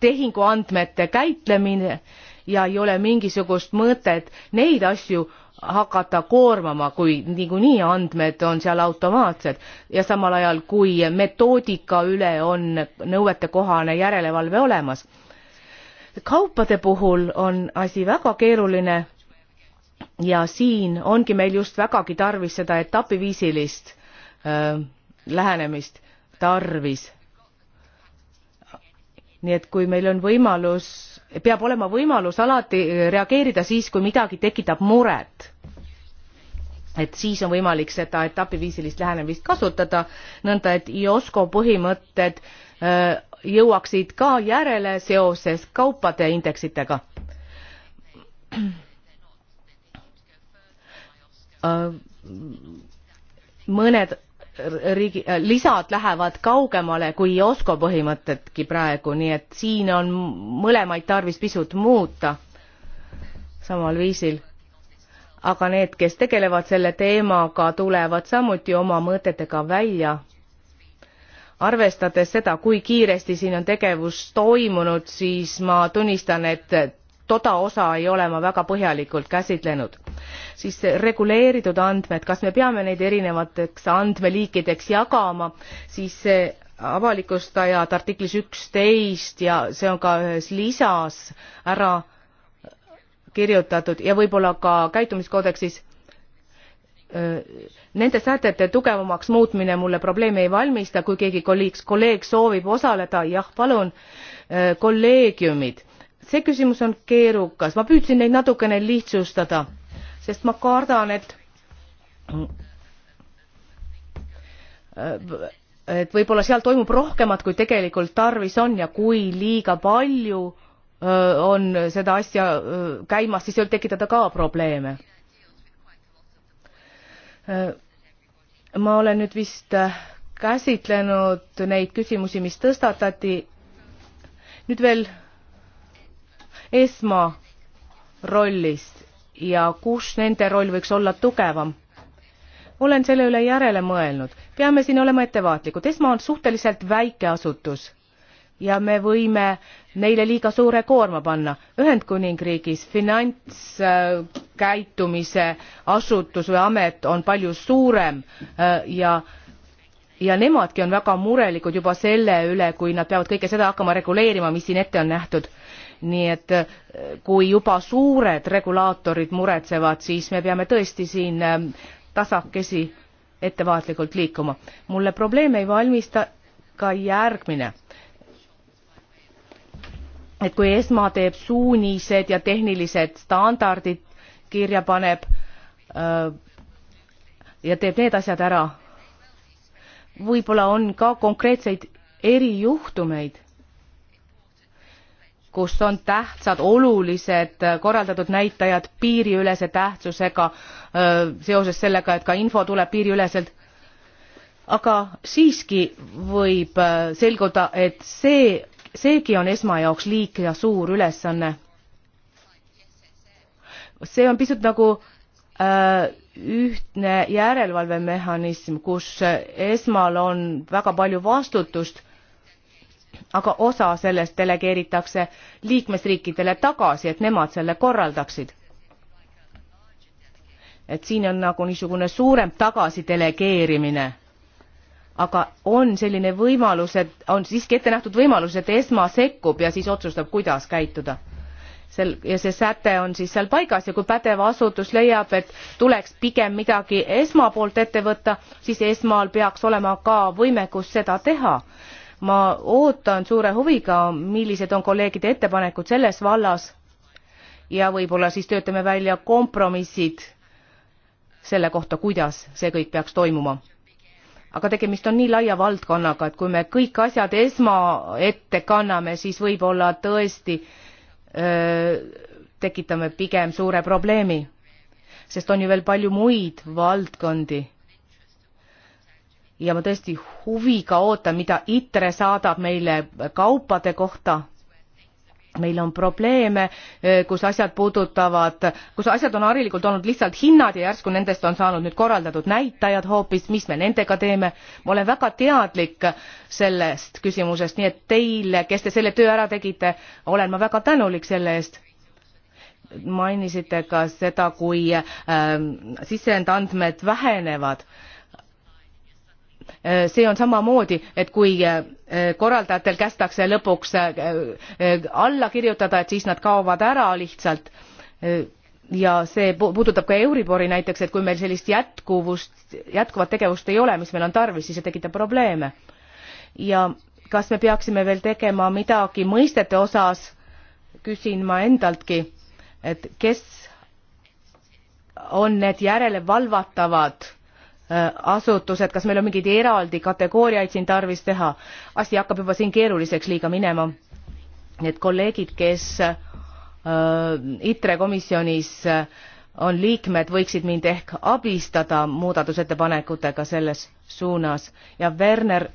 tehinguandmete käitlemine ja ei ole mingisugust mõtet neid asju hakata koormama, kui niikuinii andmed on seal automaatsed ja samal ajal, kui metoodika üle on nõuetekohane järelevalve olemas kaupade puhul on asi väga keeruline ja siin ongi meil just vägagi tarvis seda etapiviisilist äh, lähenemist tarvis. nii et kui meil on võimalus, peab olema võimalus alati reageerida siis, kui midagi tekitab muret. et siis on võimalik seda etapiviisilist lähenemist kasutada, nõnda et IOSCO põhimõtted äh, jõuaksid ka järele seoses kaupade indeksitega. mõned riigi, lisad lähevad kaugemale kui Osko põhimõtetki praegu, nii et siin on mõlemaid tarvis pisut muuta samal viisil. aga need, kes tegelevad selle teemaga, tulevad samuti oma mõtetega välja arvestades seda, kui kiiresti siin on tegevus toimunud, siis ma tunnistan, et toda osa ei ole ma väga põhjalikult käsitlenud. siis reguleeritud andmed, kas me peame neid erinevateks andmeliikideks jagama, siis avalikustajad artiklis üksteist ja see on ka ühes lisas ära kirjutatud ja võib-olla ka käitumiskoodeksis nende sätete tugevamaks muutmine mulle probleemi ei valmista kui keegi kolleeg, kolleeg soovib osaleda jah palun kolleegiumid see küsimus on keerukas ma püüdsin neid natukene lihtsustada sest ma kardan et et võib-olla seal toimub rohkemat kui tegelikult tarvis on ja kui liiga palju on seda asja käimas siis võib tekitada ka probleeme Äh, ma olen nüüd vist äh, käsitlenud neid küsimusi, mis tõstatati. nüüd veel esmarollist ja kus nende roll võiks olla tugevam. olen selle üle järele mõelnud. peame siin olema ettevaatlikud. esma on suhteliselt väike asutus ja me võime neile liiga suure koorma panna. Ühendkuningriigis finantskäitumise asutus või amet on palju suurem äh, ja ja nemadki on väga murelikud juba selle üle, kui nad peavad kõike seda hakkama reguleerima, mis siin ette on nähtud nii et äh, kui juba suured regulaatorid muretsevad, siis me peame tõesti siin ähm, tasakesi ettevaatlikult liikuma. mulle probleeme ei valmista ka järgmine et kui esma teeb suunised ja tehnilised standardid kirja paneb öö, äh, ja teeb need asjad ära võib-olla on ka konkreetseid erijuhtumeid kus on tähtsad olulised korraldatud näitajad piiriülese tähtsusega öö, äh, seoses sellega et ka info tuleb piiriüleselt aga siiski võib äh, selguda et see seegi on esma jaoks liik ja suur ülesanne. see on pisut nagu äh, ühtne järelevalvemehhanism, kus esmal on väga palju vastutust, aga osa sellest delegeeritakse liikmesriikidele tagasi, et nemad selle korraldaksid. et siin on nagu niisugune suurem tagasi delegeerimine aga on selline võimalus, et on siiski ette nähtud võimalus, et ESMA sekkub ja siis otsustab, kuidas käituda. sel- ja see säte on siis seal paigas ja kui pädev asutus leiab, et tuleks pigem midagi ESMA poolt ette võtta, siis ESMA-l peaks olema ka võimekus seda teha. ma ootan suure huviga, millised on kolleegide ettepanekud selles vallas ja võib-olla siis töötame välja kompromissid selle kohta, kuidas see kõik peaks toimuma aga tegemist on nii laia valdkonnaga, et kui me kõik asjad esmaette kanname, siis võib-olla tõesti öö, tekitame pigem suure probleemi, sest on ju veel palju muid valdkondi. ja ma tõesti huviga ootan, mida ITRE saadab meile kaupade kohta meil on probleeme, eh, kus asjad puudutavad, kus asjad on harilikult olnud lihtsalt hinnad ja järsku nendest on saanud nüüd korraldatud näitajad hoopis, mis me nendega teeme. ma olen väga teadlik sellest küsimusest, nii et teile, kes te selle töö ära tegite, olen ma väga tänulik selle eest. mainisite ka seda, kui äh, sisendandmed vähenevad äh, Eh, see on samamoodi, et kui eh, eh, korraldajatel kästakse lõpuks alla kirjutada, et siis nad kaovad ära lihtsalt. ja see puudutab ka Euribori näiteks, et kui meil sellist jätkuvust, jätkuvat tegevust ei ole, mis meil on tarvis, siis see tekitab probleeme. ja kas me peaksime veel tegema midagi mõistete osas, küsin ma endaltki, et kes on need järelevalvatavad Äh, asutused, kas meil on mingeid eraldi kategooriaid siin tarvis teha? asi hakkab juba siin keeruliseks liiga minema. Need kolleegid, kes äh, ITRE komisjonis äh, on liikmed, võiksid mind ehk abistada muudatusettepanekutega selles suunas ja Werner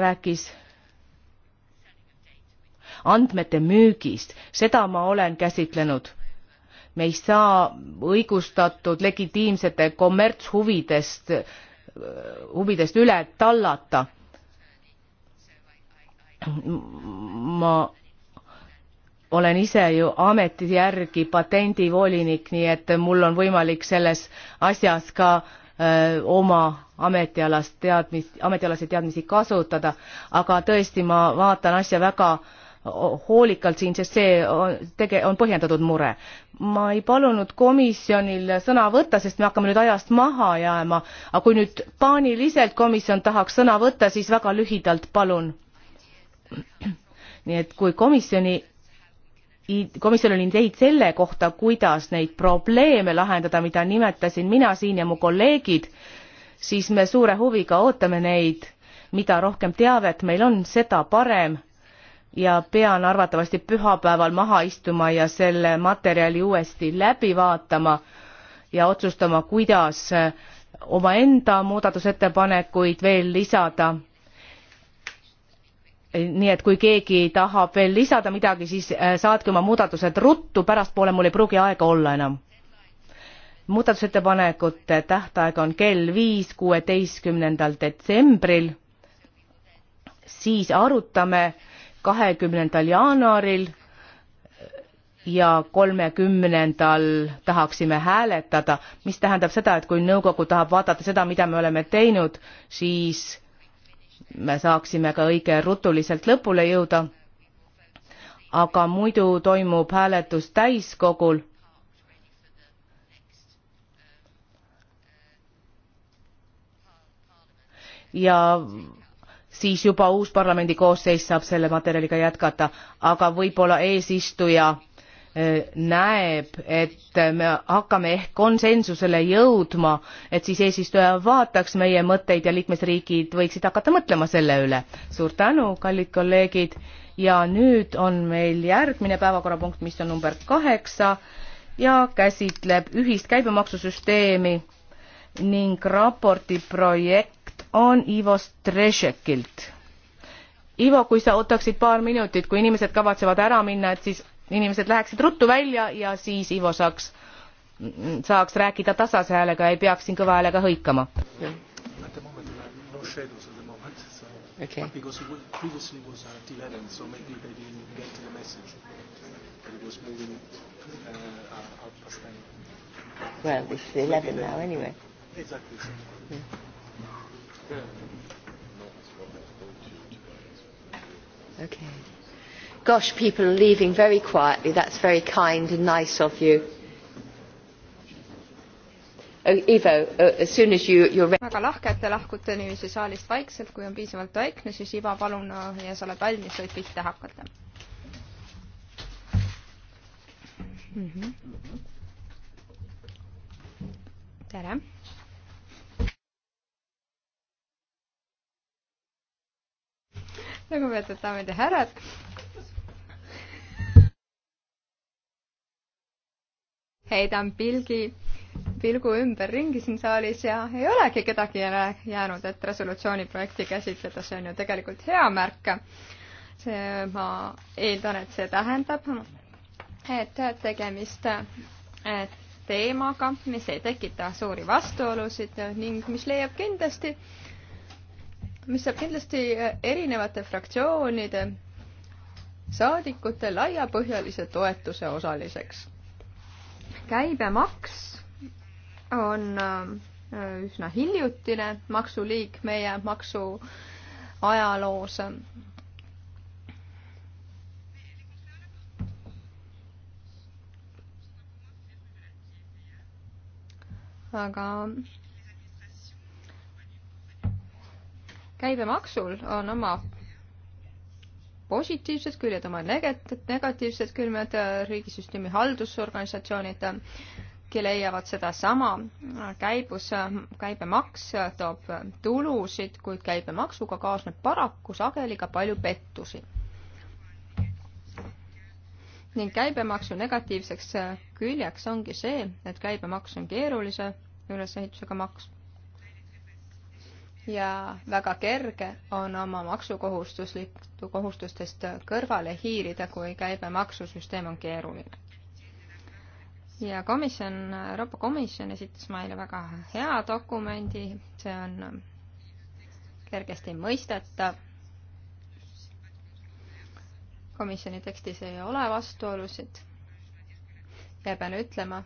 rääkis andmete müügist, seda ma olen käsitlenud me ei saa õigustatud legitiimsete kommertshuvidest, huvidest üle tallata. ma olen ise ju ameti järgi patendivolinik, nii et mul on võimalik selles asjas ka öö, oma ametialast teadmist, ametialaseid teadmisi kasutada, aga tõesti, ma vaatan asja väga öö, hoolikalt siin, sest see on, tege-, on põhjendatud mure. ma ei palunud komisjonil sõna võtta, sest me hakkame nüüd ajast maha jääma, aga kui nüüd paaniliselt komisjon tahaks sõna võtta, siis väga lühidalt palun. nii et kui komisjoni komisjon oli ideid selle kohta, kuidas neid probleeme lahendada, mida nimetasin mina siin ja mu kolleegid, siis me suure huviga ootame neid. mida rohkem teavet meil on, seda parem ja pean arvatavasti pühapäeval maha istuma ja selle materjali uuesti läbi vaatama ja otsustama, kuidas äh, omaenda muudatusettepanekuid veel lisada. nii et kui keegi tahab veel lisada midagi, siis äh, saatke oma muudatused ruttu, pärastpoole mul ei pruugi aega olla enam. muudatusettepanekute tähtaeg on kell viis, kuueteistkümnendal detsembril. siis arutame kahekümnendal jaanuaril ja kolmekümnendal tahaksime hääletada, mis tähendab seda, et kui nõukogu tahab vaadata seda, mida me oleme teinud, siis me saaksime ka õige rutuliselt lõpule jõuda. aga muidu toimub hääletus täiskogul. ja siis juba uus parlamendi koosseis saab selle materjaliga jätkata, aga võib-olla eesistuja äh, näeb, et me hakkame ehk konsensusele jõudma, et siis eesistuja vaataks meie mõtteid ja liikmesriigid võiksid hakata mõtlema selle üle. suur tänu, kallid kolleegid, ja nüüd on meil järgmine päevakorrapunkt, mis on number kaheksa ja käsitleb ühist käibemaksusüsteemi ning raporti projekt on Ivo Strešekilt. Ivo, kui sa ootaksid paar minutit, kui inimesed kavatsevad ära minna, et siis inimesed läheksid ruttu välja ja siis Ivo saaks, saaks rääkida tasase häälega ja ei peaks siin kõva häälega hõikama. Okay. Because it was, previously was at 11, so maybe they didn't get the message. It was moving uh, out past 10. Well, it's 11 now anyway. Exactly. Yeah. Okay. Gosh, people are leaving very quietly. That's very kind and nice of you. Oh, Ivo, uh, as soon as you, you're ready. väga lahke, et te lahkute niiviisi saalist vaikselt, kui on piisavalt vaikne, siis Ivo, palun uh, ja sa oled valmis, võid pihta hakata mm. -hmm. tere lugupeetud daamid ja härrad. heidan pilgi, pilgu ümberringi siin saalis ja ei olegi kedagi jäänud, et resolutsiooni projekti käsitleda, see on ju tegelikult hea märk. see, ma eeldan, et see tähendab, et tegemist et teemaga, mis ei tekita suuri vastuolusid ning mis leiab kindlasti äh, mis saab kindlasti äh, erinevate fraktsioonide saadikute laiapõhjalise toetuse osaliseks. käibemaks on äh, üsna hiljutine maksuliik meie maksuajaloos. aga käibemaksul on oma positiivsed küljed, oma negatiivsed küljed, äh, riigisüsteemi haldusorganisatsioonid, äh, kelle leiavad sedasama, äh, käibus, käibemaks toob tulusid, kuid käibemaksuga kaasneb paraku sageli ka palju pettusi. ning käibemaksu negatiivseks küljeks ongi see, et käibemaks on keerulise ülesehitusega maks ja väga kerge on oma maksukohustuslikku kohustustest kõrvale hiirida, kui käibemaksusüsteem on keeruline. ja komisjon, Euroopa Komisjon esitas meile väga hea dokumendi, see on kergesti mõistetav. komisjoni tekstis ei ole vastuolusid ja pean ütlema,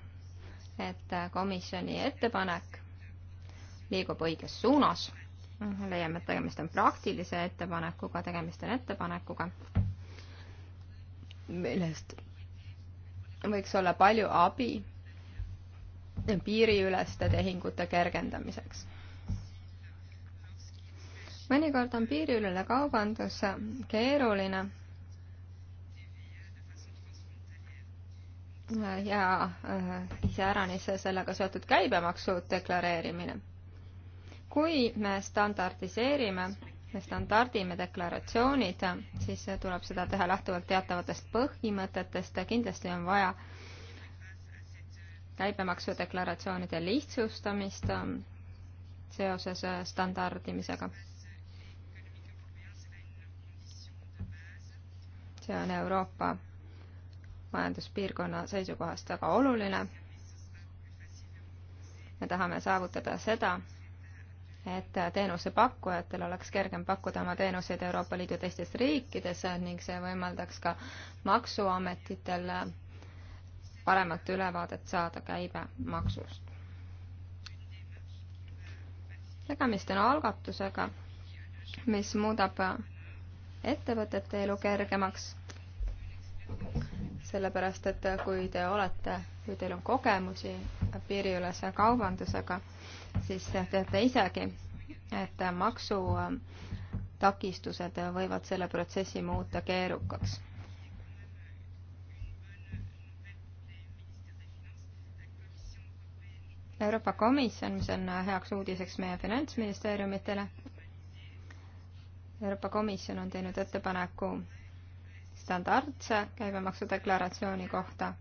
et komisjoni ettepanek liigub õiges suunas Mhm, leiame, et tegemist on praktilise ettepanekuga, tegemist on ettepanekuga, millest võiks olla palju abi piiriüleste tehingute kergendamiseks. mõnikord on piiriülene kaubandus keeruline ja äh, iseäranis sellega seotud käibemaksu deklareerimine kui me standardiseerime, me standardime deklaratsioonid, siis tuleb seda teha lähtuvalt teatavatest põhimõtetest, kindlasti on vaja käibemaksudeklaratsioonide lihtsustamist seoses standardimisega. see on Euroopa majanduspiirkonna seisukohast väga oluline. me tahame saavutada seda, et teenusepakkujatel oleks kergem pakkuda oma teenuseid Euroopa Liidu teistes riikides ning see võimaldaks ka maksuametitel paremat ülevaadet saada käibemaksust. tegemist on algatusega, mis muudab ettevõtete elu kergemaks, sellepärast et kui te olete, kui teil on kogemusi piiriülese kaubandusega, siis teate isegi, et maksutakistused võivad selle protsessi muuta keerukaks. Euroopa Komisjon, mis on heaks uudiseks meie finantsministeeriumitele, Euroopa Komisjon on teinud ettepaneku standardse käibemaksudeklaratsiooni kohta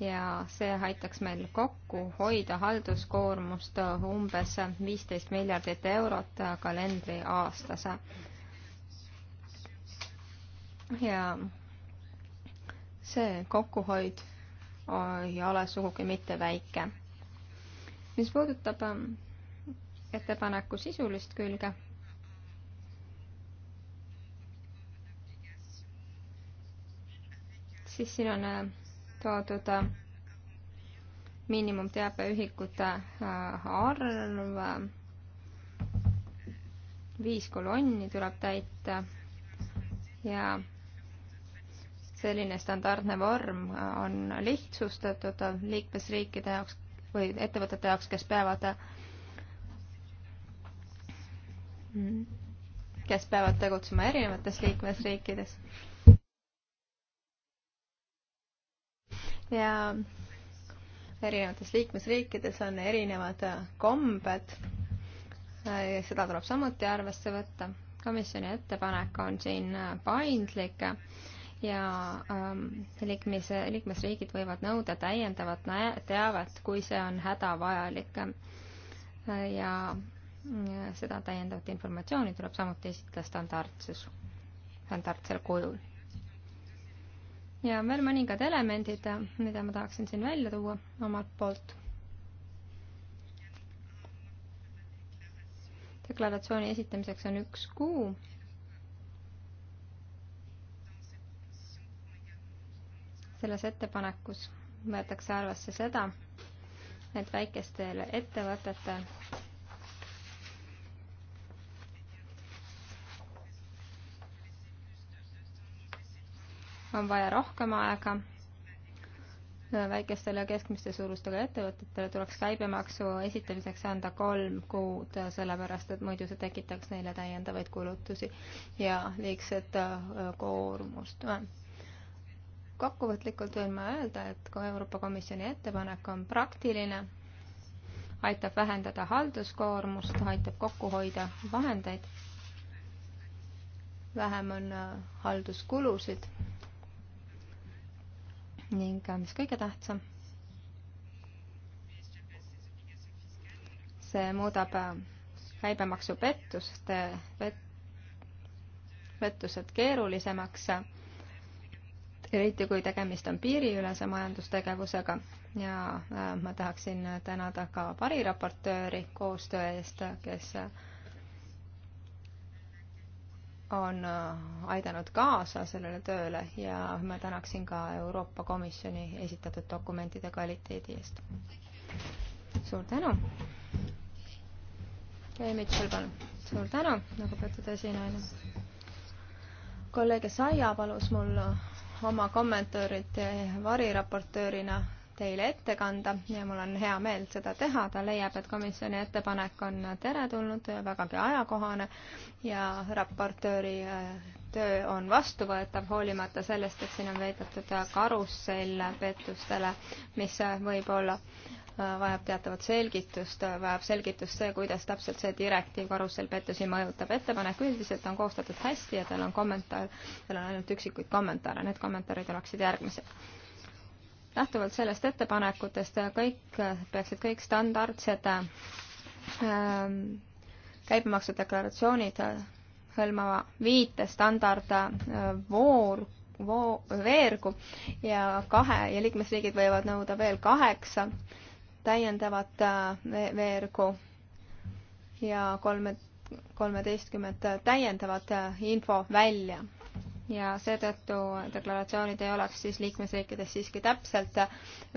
ja see aitaks meil kokku hoida halduskoormust äh, umbes viisteist miljardit eurot äh, kalendriaastas. ja see kokkuhoid äh, ei ole sugugi mitte väike. mis puudutab ähm, ettepaneku sisulist külge, siis siin on toodud miinimumteabeühikute äh, arv, viis kolonni tuleb täita ja selline standardne vorm äh, on lihtsustatud liikmesriikide jaoks või ettevõtete jaoks, kes peavad, mm, kes peavad tegutsema erinevates liikmesriikides ja erinevates liikmesriikides on erinevad kombed. seda tuleb samuti arvesse võtta. komisjoni ettepanek on siin paindlik ja ähm, liikmes, liikmesriigid võivad nõuda täiendavat teavet, kui see on hädavajalik. ja seda täiendavat informatsiooni tuleb samuti esitada standardses, standardsel kujul ja on veel mõningad elemendid, mida ma tahaksin siin välja tuua omalt poolt. deklaratsiooni esitamiseks on üks kuu. selles ettepanekus võetakse arvesse seda, et väikestel ettevõtetel on vaja rohkem aega. väikestele ja keskmiste suurustega ettevõtetele tuleks käibemaksu esitamiseks anda kolm kuud, sellepärast et muidu see tekitaks neile täiendavaid kulutusi ja liigset äh, koormust kokkuvõtlikult võin ma öelda, et ka Euroopa Komisjoni ettepanek on praktiline, aitab vähendada halduskoormust, aitab kokku hoida vahendeid, vähem on äh, halduskulusid ning mis kõige tähtsam, see muudab äh, käibemaksupettuste, äh, pettused keerulisemaks, eriti kui tegemist on piiriülese majandustegevusega ja äh, ma tahaksin tänada ka variraportööri koostöö eest, kes on äh, aidanud kaasa sellele tööle ja ma tänaksin ka Euroopa Komisjoni esitatud dokumentide kvaliteedi eest. suur tänu. Mitchell, palun. suur tänu, lugupeetud esinaine. kolleeg Saia palus mul oma kommentaarid variraportöörina teile ette kanda ja mul on hea meel seda teha. ta leiab, et komisjoni ettepanek on teretulnud, vägagi ajakohane ja raportööri äh, töö on vastuvõetav, hoolimata sellest, et siin on veedetud karussell pettustele, mis võib-olla äh, vajab teatavat selgitust, vajab selgitust see, kuidas täpselt see direktiiv karussellpettusi mõjutab. ettepanek üldiselt on koostatud hästi ja tal on kommentaar, tal on ainult üksikuid kommentaare, need kommentaarid oleksid järgmised lähtuvalt sellest ettepanekutest kõik, peaksid kõik standardsed ähm, käibemaksudeklaratsioonid hõlmava viite standard äh, voor, voo, veergu ja kahe ja liikmesriigid võivad nõuda veel kaheksa täiendavat äh, veergu ja kolme, kolmeteistkümmet täiendavat äh, info välja ja seetõttu deklaratsioonid ei oleks siis liikmesriikides siiski täpselt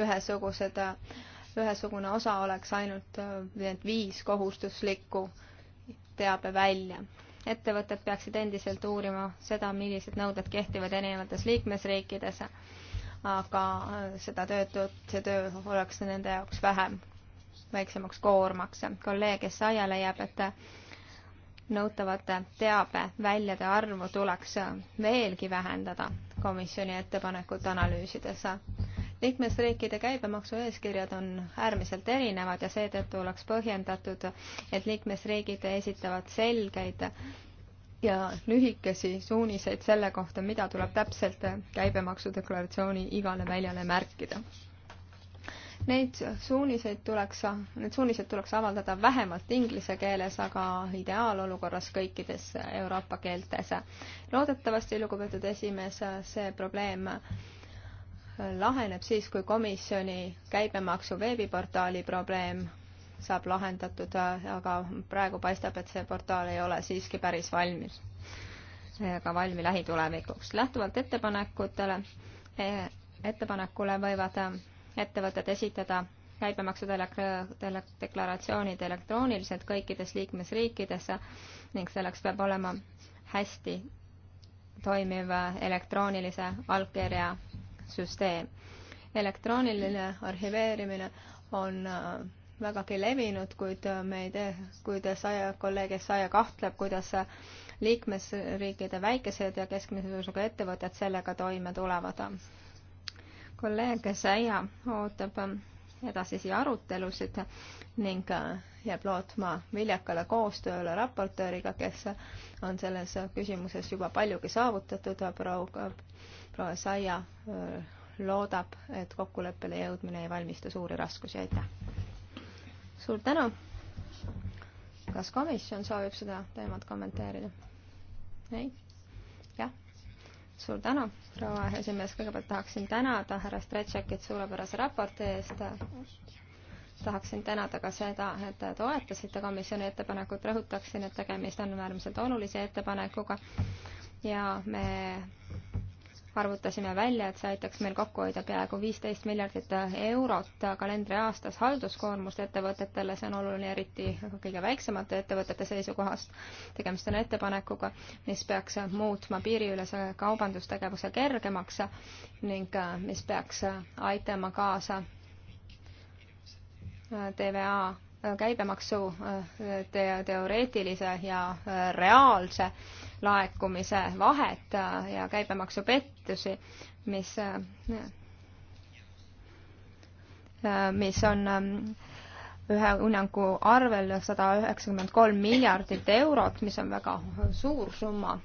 ühesugused, ühesugune osa oleks ainult äh, need viis kohustuslikku teabevälja. ettevõtted peaksid endiselt uurima seda, millised nõuded kehtivad erinevates liikmesriikides, aga äh, seda tööd, see töö oleks nende jaoks vähem, väiksemaks koormaks. kolleeg Essayale jääb, et nõutavate teabeväljade arvu tuleks veelgi vähendada komisjoni ettepanekut analüüsides. liikmesriikide käibemaksueeskirjad on äärmiselt erinevad ja seetõttu oleks põhjendatud, et liikmesriigid esitavad selgeid ja lühikesi suuniseid selle kohta, mida tuleb täpselt käibemaksudeklaratsiooni igale väljale märkida Neid suuniseid tuleks, need suunised tuleks avaldada vähemalt inglise keeles, aga ideaalolukorras kõikides Euroopa keeltes. loodetavasti, lugupeetud esimees, see probleem laheneb siis, kui komisjoni käibemaksu veebiportaali probleem saab lahendatud, aga praegu paistab, et see portaal ei ole siiski päris valmis ega valmi lähitulevikuks. lähtuvalt ettepanekutele, e-, ettepanekule võivad ettevõtted esitada käibemaksu deklaratsioonid elektrooniliselt kõikides liikmesriikides ning selleks peab olema hästi toimiv elektroonilise allkirja süsteem. elektrooniline arhiveerimine on äh, vägagi levinud, kuid äh, me ei tea, kuidas Saia, kolleeg Saia kahtleb, kuidas liikmesriikide väikesed ja keskmise suurusega ettevõtted sellega toime tulevad kolleeg Saia ootab edasisi arutelusid ning äh, jääb lootma viljakale koostööle raportööriga, kes on selles küsimuses juba paljugi saavutatud. proua, proua Saia äh, loodab, et kokkuleppele jõudmine ei valmista suuri raskusi ette. suur tänu. kas komisjon soovib seda teemat kommenteerida? ei suur tänu, proua esimees, kõigepealt tahaksin tänada härra Stretšekit suurepärase raporti eest. tahaksin tänada ka seda, et te toetasite komisjoni ettepanekut, rõhutaksin, et tegemist on äärmiselt olulise ettepanekuga ja me arvutasime välja, et see aitaks meil kokku hoida peaaegu viisteist miljardit eurot kalendriaastas halduskoormust ettevõtetele, see on oluline eriti kõige väiksemate ettevõtete seisukohast. tegemist on ettepanekuga, mis peaks muutma piiriülese kaubandustegevuse kergemaks ning äh, mis peaks äh, aitama kaasa äh, TVA käibemaksu te teoreetilise ja reaalse laekumise vahet ja käibemaksupettusi, mis, mis on ühe hinnangu arvel sada üheksakümmend kolm miljardit eurot, mis on väga suur summa.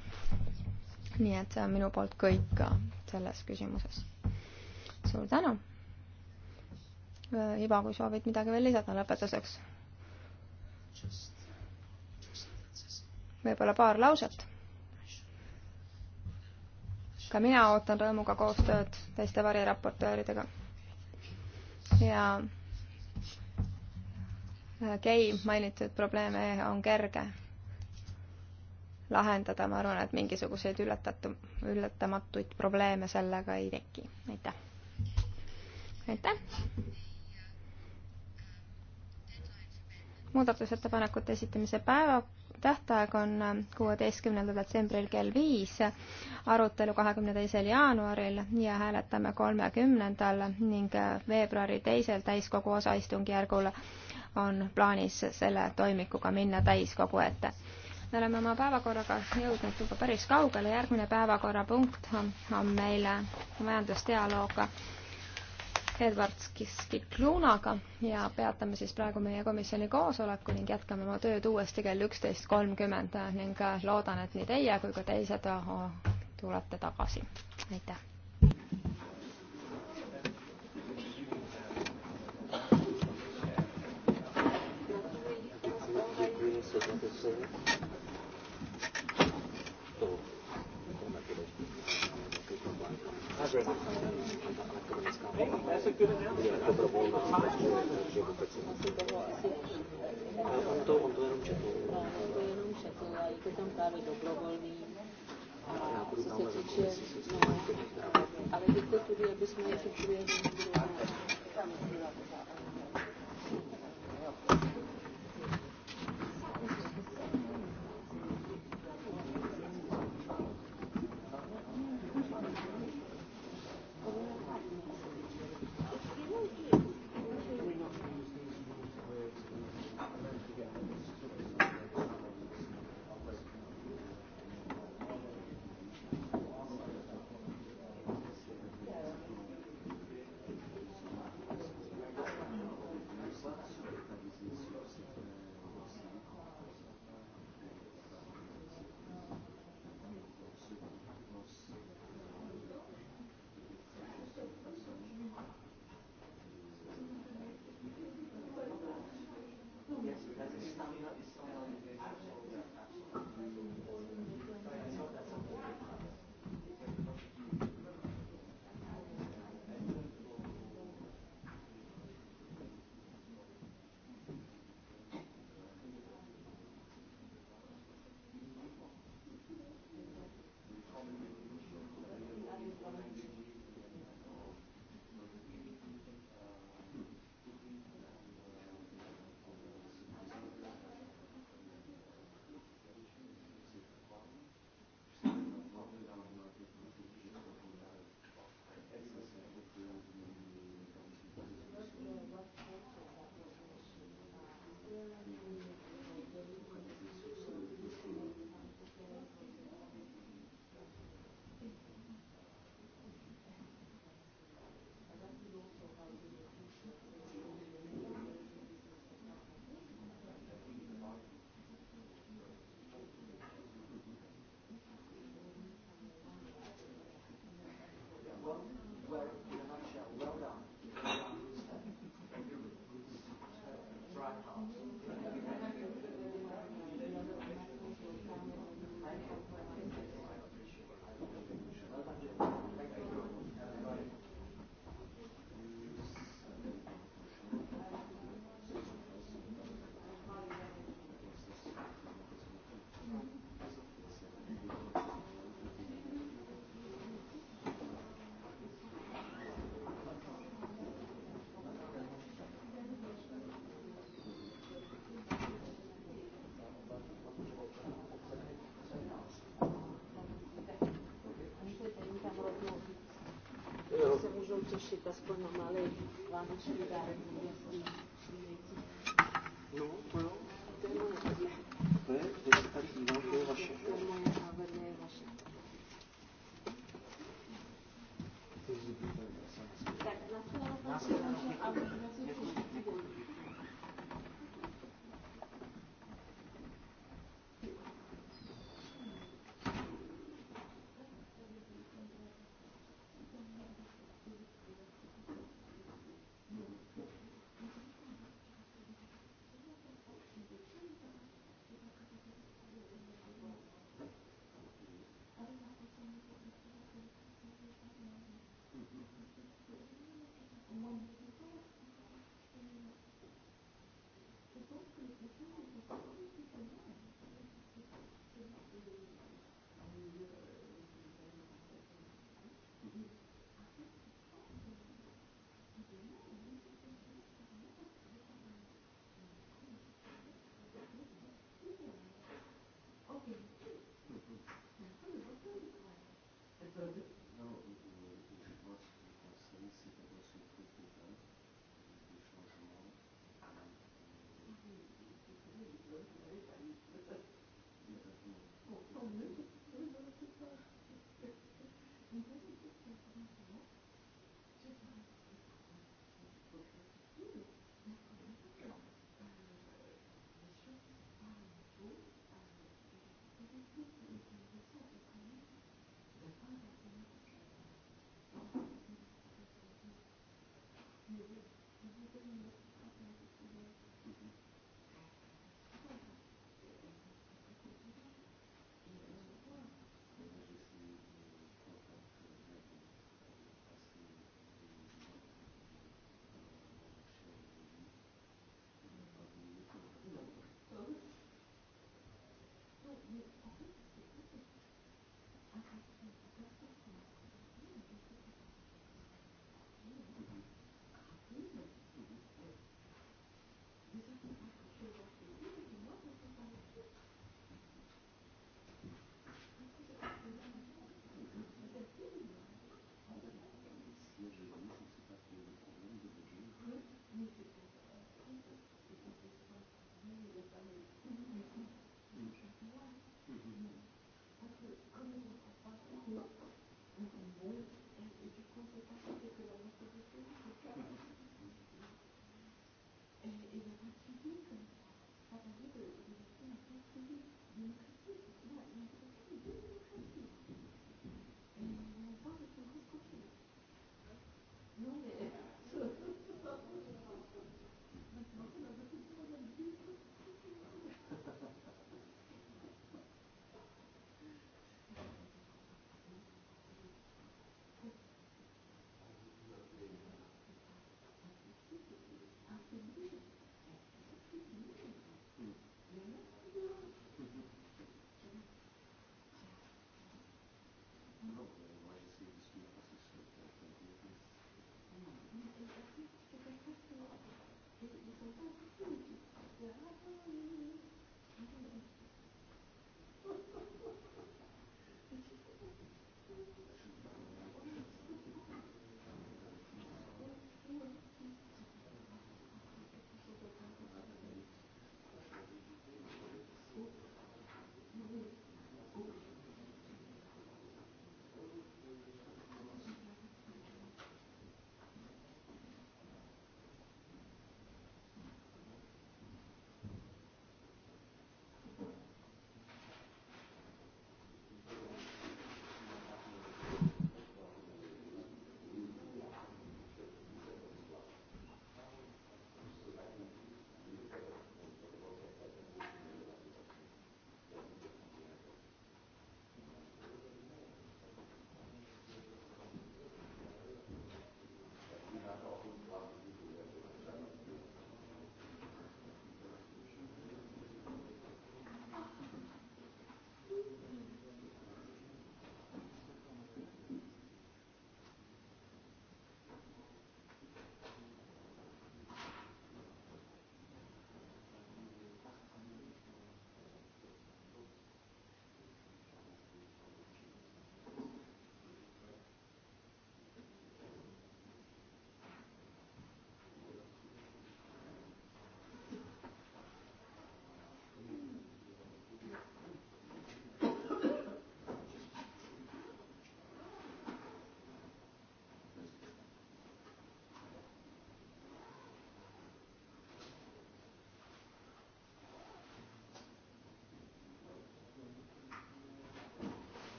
nii et see on minu poolt kõik selles küsimuses. suur tänu. Iva, kui soovid midagi veel lisada lõpetuseks? võib-olla paar lauset ka mina ootan rõõmuga koostööd teiste variraportööridega. ja Kei mainitud probleeme on kerge lahendada, ma arvan, et mingisuguseid üllatatu, üllatamatuid probleeme sellega ei teki. aitäh! aitäh! muudatusettepanekute esitamise päeva tähtaeg on äh, kuueteistkümnendal detsembril kell viis, arutelu kahekümne teisel jaanuaril ja hääletame kolmekümnendal ning äh, veebruari teisel täiskogu osaistungjärgul on plaanis selle toimikuga minna täiskogu ette. me oleme oma päevakorraga jõudnud juba päris kaugele, järgmine päevakorrapunkt on, on meil majandusdialoog Edward Skiklunaga ja peatame siis praegu meie komisjoni koosoleku ning jätkame oma tööd uuesti kell üksteist kolmkümmend ning äh, loodan, et nii teie kui ka teised äh, tulete tagasi. aitäh! Thank you. Hey, that's a good announcement. On to, on to jenom četl. No, on to jenom četl a je to tam právě dobrovolný. A co se týče, no, ale diktatury, aby jsme je četli, aby nebylo. közösség azt gondolom a legvárosidárnak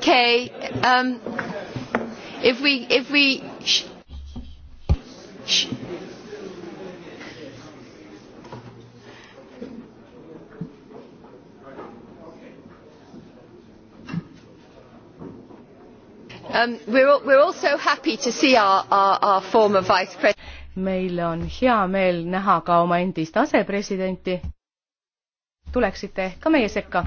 Okay. Um, if we, if we. Shh, shh. Um, we're, we're also happy to see our, our, our former vice president. meil on hea meel näha ka oma endist asepresidenti. tuleksite ka meie sekka?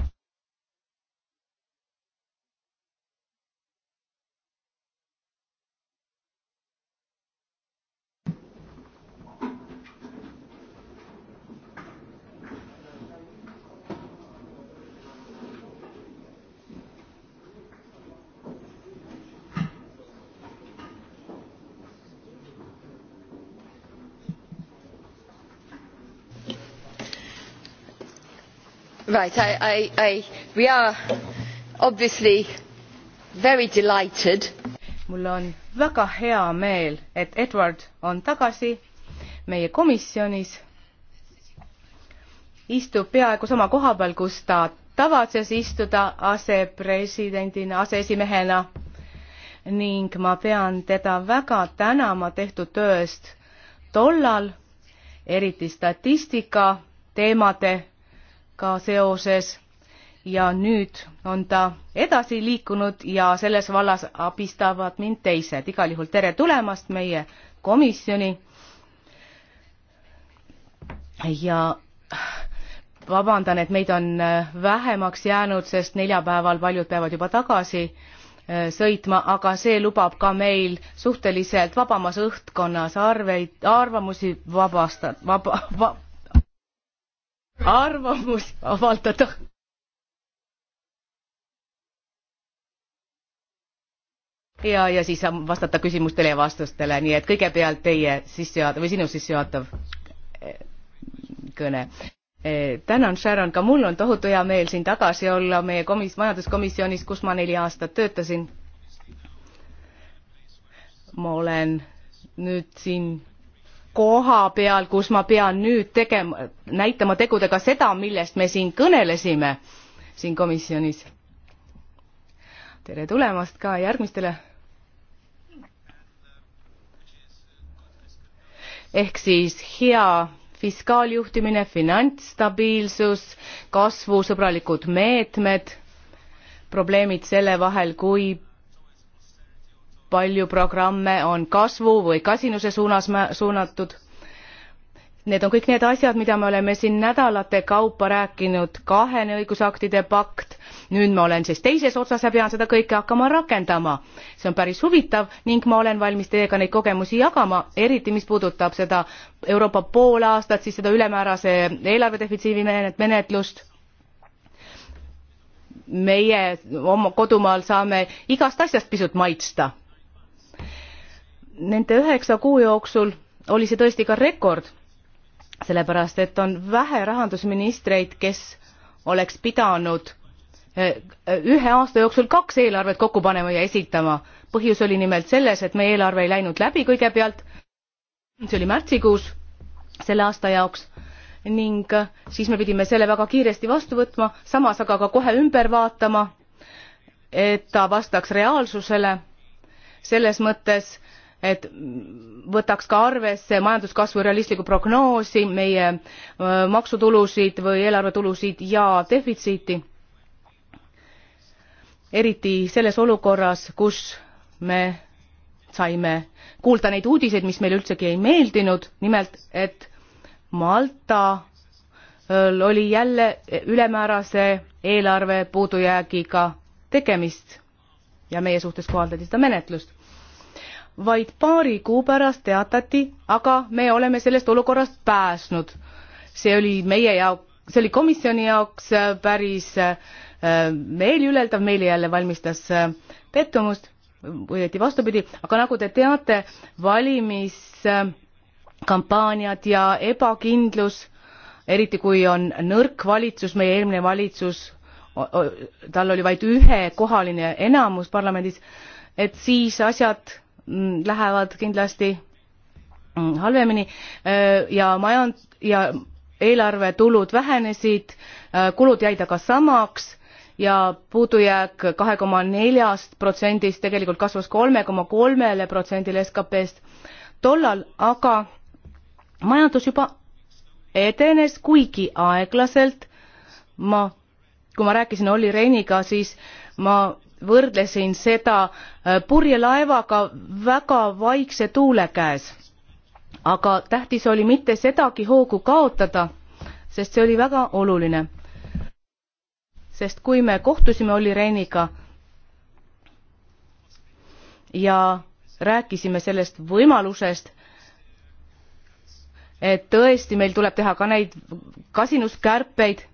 Right, I, I, I, we are obviously very delighted. mul on väga hea meel, et Edward on tagasi meie komisjonis. istub peaaegu sama koha peal, kus ta tavatses istuda asepresidendina, aseesimehena ning ma pean teda väga tänama tehtud töö eest tollal, eriti statistika teemade ka seoses ja nüüd on ta edasi liikunud ja selles vallas abistavad mind teised. igal juhul tere tulemast meie komisjoni. ja vabandan, et meid on äh, vähemaks jäänud, sest neljapäeval paljud peavad juba tagasi äh, sõitma, aga see lubab ka meil suhteliselt vabamas õhtkonnas arveid, arvamusi vabasta-, vaba, va, arvamust avaldada. ja, ja siis saab vastata küsimustele ja vastustele, nii et kõigepealt teie sissejuhatav või sinu sissejuhatav eh, kõne. Eh, tänan, Sharon, ka mul on tohutu hea meel siin tagasi olla meie komis-, majanduskomisjonis, kus ma neli aastat töötasin. ma olen nüüd siin koha peal, kus ma pean nüüd tegema, näitama tegudega seda, millest me siin kõnelesime siin komisjonis. tere tulemast ka järgmistele. ehk siis hea fiskaaljuhtimine, finantsstabiilsus, kasvusõbralikud meetmed, probleemid selle vahel, kui palju programme on kasvu või kasinuse suunas suunatud. Need on kõik need asjad, mida me oleme siin nädalate kaupa rääkinud, kahene õigusaktide pakt, nüüd ma olen siis teises otsas ja pean seda kõike hakkama rakendama. see on päris huvitav ning ma olen valmis teiega neid kogemusi jagama, eriti mis puudutab seda Euroopa pool aastat, siis seda ülemäärase eelarvedefitsiivi menetlust meie oma kodumaal saame igast asjast pisut maitsta nende üheksa kuu jooksul oli see tõesti ka rekord, sellepärast et on vähe rahandusministreid, kes oleks pidanud eh, ühe aasta jooksul kaks eelarvet kokku panema ja esitama. põhjus oli nimelt selles, et meie eelarve ei läinud läbi kõigepealt, see oli märtsikuus selle aasta jaoks, ning eh, siis me pidime selle väga kiiresti vastu võtma, samas aga ka kohe ümber vaatama, et ta vastaks reaalsusele, selles mõttes et võtaks ka arvesse majanduskasvu realistlikku prognoosi, meie äh, maksutulusid või eelarvetulusid ja defitsiiti. eriti selles olukorras, kus me saime kuulda neid uudiseid, mis meile üldsegi ei meeldinud, nimelt et Malta äh, oli jälle ülemäärase eelarve puudujäägiga tegemist ja meie suhtes kohaldati seda menetlust vaid paari kuu pärast teatati, aga me oleme sellest olukorrast pääsnud. see oli meie jaoks, see oli komisjoni jaoks äh, päris äh, meeliüleldav, meile jälle valmistas äh, pettumust, õieti vastupidi, aga nagu te teate, valimiskampaaniad ja ebakindlus, eriti kui on nõrk valitsus, meie eelmine valitsus, tal oli vaid ühekohaline enamus parlamendis, et siis asjad Mm, lähevad kindlasti mm, halvemini äh, ja majand- ja eelarvetulud vähenesid, äh, kulud jäid aga samaks ja puudujääk kahe koma neljast protsendist tegelikult kasvas kolme koma kolmele protsendile skp-st. tollal aga majandus juba edenes, kuigi aeglaselt. ma, kui ma rääkisin Olli Reiniga, siis ma võrdlesin seda äh, purjelaevaga väga vaikse tuule käes. aga tähtis oli mitte sedagi hoogu kaotada, sest see oli väga oluline. sest kui me kohtusime Olli Reiniga ja rääkisime sellest võimalusest, et tõesti, meil tuleb teha ka neid kasinuskärpeid,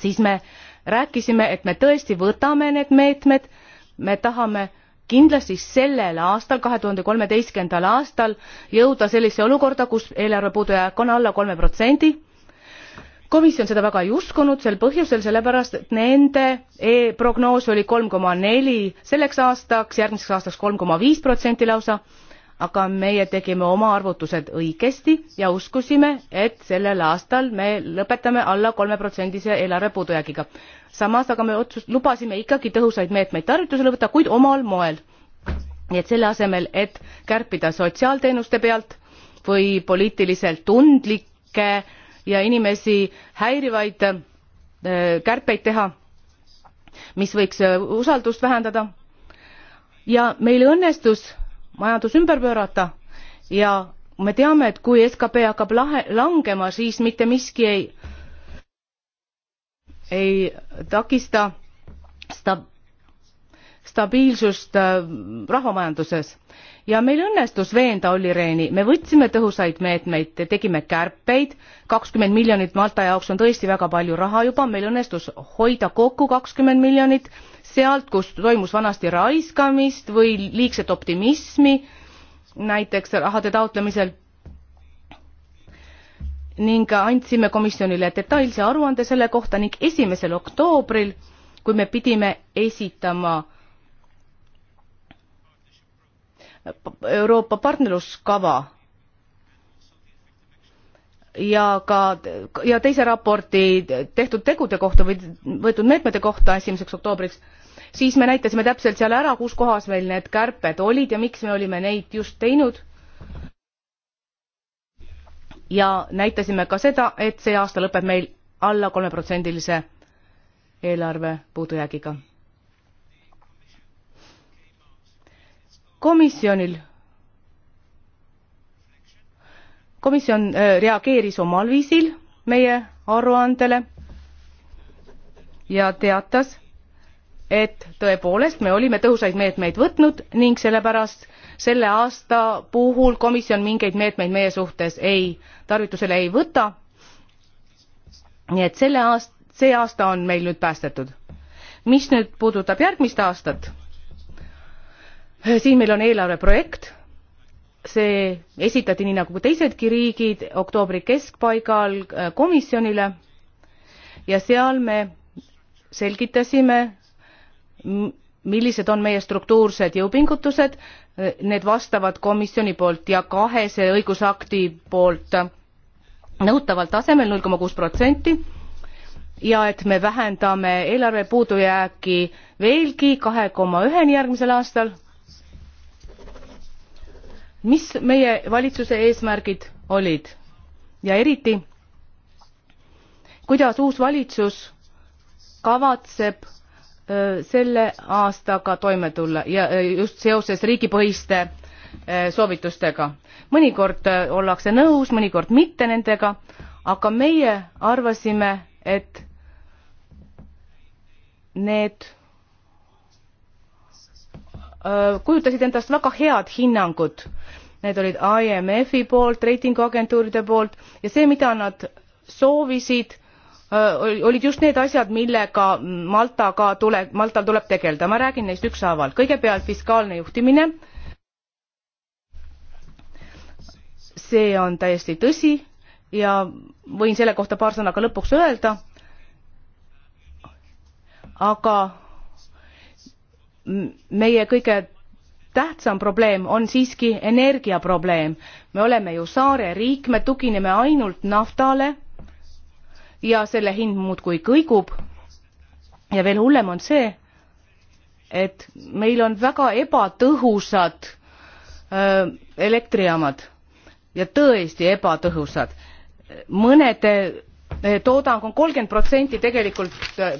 siis me äh, rääkisime, et me tõesti võtame need meetmed, me tahame kindlasti sellel aastal, kahe tuhande kolmeteistkümnendal aastal jõuda sellisesse olukorda, kus eelarve puudujääk on alla kolme protsendi. komisjon seda väga ei uskunud sel põhjusel, sellepärast et nende e prognoos oli kolm koma neli selleks aastaks, järgmiseks aastaks kolm koma viis protsenti lausa aga meie tegime oma arvutused õigesti ja uskusime, et sellel aastal me lõpetame alla kolmeprotsendise eelarve puudujäägiga. samas aga me otsus-, lubasime ikkagi tõhusaid meetmeid tarvitusele võtta, kuid omal moel. nii et selle asemel, et kärpida sotsiaalteenuste pealt või poliitiliselt tundlikke ja inimesi häirivaid äh, kärpeid teha, mis võiks äh, usaldust vähendada, ja meil õnnestus majandus ümber pöörata ja me teame, et kui skp hakkab lahe, langema, siis mitte miski ei, ei takista sta-, stabiilsust äh, rahvamajanduses ja meil õnnestus veenda Olli Rehni, me võtsime tõhusaid meetmeid, tegime kärpeid, kakskümmend miljonit Malta jaoks on tõesti väga palju raha juba, meil õnnestus hoida kokku kakskümmend miljonit sealt, kus toimus vanasti raiskamist või liigset optimismi näiteks rahade taotlemisel ning andsime komisjonile detailse aruande selle kohta ning esimesel oktoobril kui me pidime esitama Euroopa partnerluskava ja ka ja teise raporti tehtud tegude kohta või võetud meetmete kohta esimeseks oktoobriks siis me näitasime täpselt seal ära kus kohas meil need kärped olid ja miks me olime neid just teinud ja näitasime ka seda et see aasta lõpeb meil alla kolmeprotsendilise eelarve puudujäägiga komisjonil, komisjon äh, reageeris omal viisil meie aruandele ja teatas, et tõepoolest me olime tõhusaid meetmeid võtnud ning sellepärast selle aasta puhul komisjon mingeid meetmeid meie suhtes ei, tarvitusele ei võta. nii et selle aast-, see aasta on meil nüüd päästetud. mis nüüd puudutab järgmist aastat, siin meil on eelarveprojekt see esitati nii nagu teisedki riigid oktoobri keskpaigal äh, komisjonile ja seal me selgitasime millised on meie struktuursed jõupingutused äh, need vastavad komisjoni poolt ja kahese õigusakti poolt äh, nõutaval tasemel null koma kuus protsenti ja et me vähendame eelarve puudujääki veelgi kahe koma üheni järgmisel aastal mis meie valitsuse eesmärgid olid ja eriti kuidas uus valitsus kavatseb öö, selle aastaga toime tulla ja öö, just seoses riigipõhiste öö, soovitustega. mõnikord ollakse nõus, mõnikord mitte nendega, aga meie arvasime, et need kujutasid endast väga head hinnangut need olid IMF-i poolt, reitinguagentuuride poolt ja see, mida nad soovisid, olid just need asjad, millega Maltaga tule, Maltal tuleb tegeleda. ma räägin neist ükshaaval. kõigepealt fiskaalne juhtimine. see on täiesti tõsi ja võin selle kohta paar sõna ka lõpuks öelda. aga meie kõige tähtsam probleem on siiski energiaprobleem. me oleme ju saareriik, me tugineme ainult naftale ja selle hind muudkui kõigub. ja veel hullem on see, et meil on väga ebatõhusad öö, elektrijaamad ja tõesti ebatõhusad. mõnede toodang on kolmkümmend protsenti tegelikult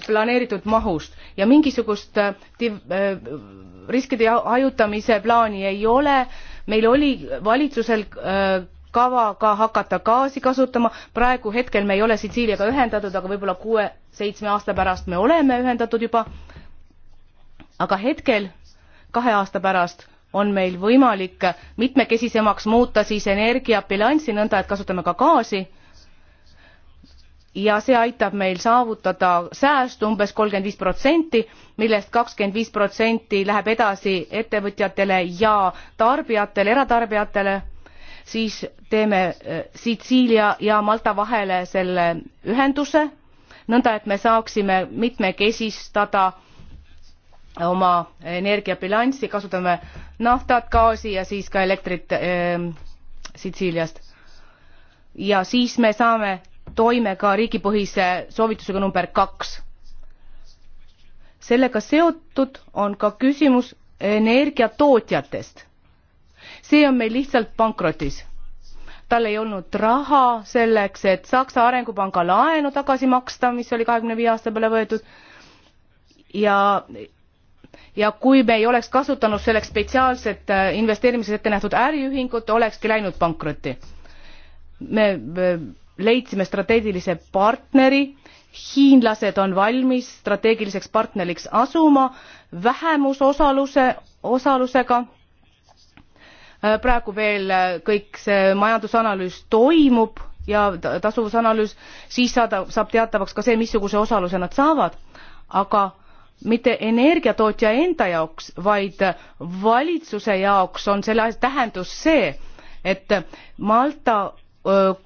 planeeritud mahust ja mingisugust riskide hajutamise plaani ei ole meil oli valitsusel äh, kava ka hakata gaasi kasutama praegu hetkel me ei ole sitsiiliaga ühendatud aga võib-olla kuue seitsme aasta pärast me oleme ühendatud juba aga hetkel kahe aasta pärast on meil võimalik mitmekesisemaks muuta siis energiabilanssi nõnda et kasutame ka gaasi ja see aitab meil saavutada sääst umbes kolmkümmend viis protsenti millest kakskümmend viis protsenti läheb edasi ettevõtjatele ja tarbijatele eratarbijatele siis teeme äh, Sitsiilia ja Malta vahele selle ühenduse nõnda et me saaksime mitmekesistada oma energiabilanssi kasutame naftat gaasi ja siis ka elektrit äh, Sitsiiliast ja siis me saame toime ka riigipõhise soovitusega number kaks. sellega seotud on ka küsimus energiatootjatest. see on meil lihtsalt pankrotis. tal ei olnud raha selleks, et Saksa Arengupanga laenu tagasi maksta, mis oli kahekümne viie aasta peale võetud ja ja kui me ei oleks kasutanud selleks spetsiaalset äh, investeerimiseks ette nähtud äriühingut olekski läinud pankrotti me, me leidsime strateegilise partneri, hiinlased on valmis strateegiliseks partneriks asuma vähemusosaluse, osalusega. praegu veel kõik see majandusanalüüs toimub ja tasuvusanalüüs, siis saada, saab teatavaks ka see, missuguse osaluse nad saavad, aga mitte energiatootja enda jaoks, vaid valitsuse jaoks on selle tähendus see, et Malta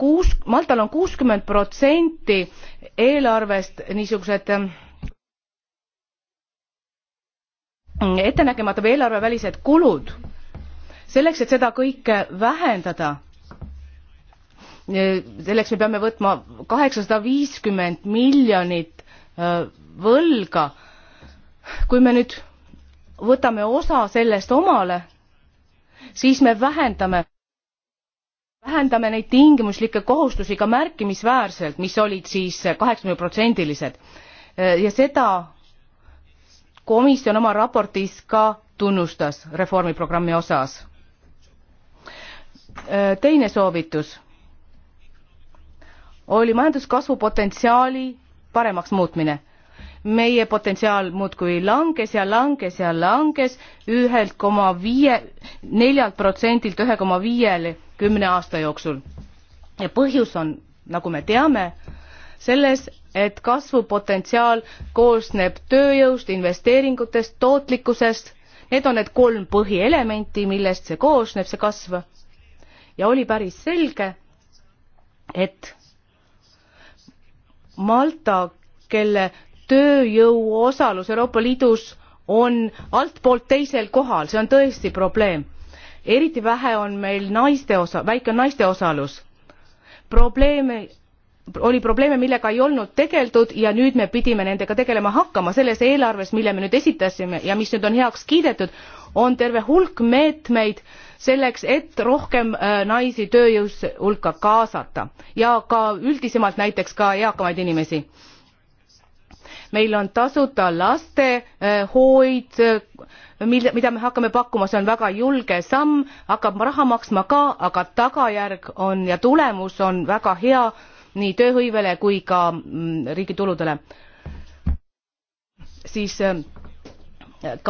kuus, Maltal on kuuskümmend protsenti eelarvest niisugused ähm, ettenägemata või eelarvevälised kulud. selleks, et seda kõike vähendada, äh, selleks me peame võtma kaheksasada viiskümmend miljonit äh, võlga. kui me nüüd võtame osa sellest omale, siis me vähendame vähendame neid tingimuslikke kohustusi ka märkimisväärselt, mis olid siis kaheksakümneprotsendilised ja seda komisjon oma raportis ka tunnustas reformiprogrammi osas. teine soovitus oli majanduskasvu potentsiaali paremaks muutmine meie potentsiaal muudkui langes ja langes ja langes ühelt koma viie, neljalt protsendilt ühe koma viiele kümne aasta jooksul. ja põhjus on, nagu me teame, selles, et kasvupotentsiaal koosneb tööjõust, investeeringutest, tootlikkusest, need on need kolm põhielementi, millest see koosneb, see kasv. ja oli päris selge, et Malta, kelle tööjõu osalus Euroopa Liidus on altpoolt teisel kohal, see on tõesti probleem. eriti vähe on meil naiste osa, väike on naiste osalus. probleeme, oli probleeme, millega ei olnud tegeldud ja nüüd me pidime nendega tegelema hakkama. selles eelarves, mille me nüüd esitasime ja mis nüüd on heaks kiidetud, on terve hulk meetmeid selleks et rohkem äh, naisi tööjõu hulka kaasata ja ka üldisemalt näiteks ka eakamaid inimesi meil on tasuta lastehoid eh, eh, mille mida me hakkame pakkuma see on väga julge samm hakkab raha maksma ka aga tagajärg on ja tulemus on väga hea nii tööhõivele kui ka mm, riigi tuludele siis eh,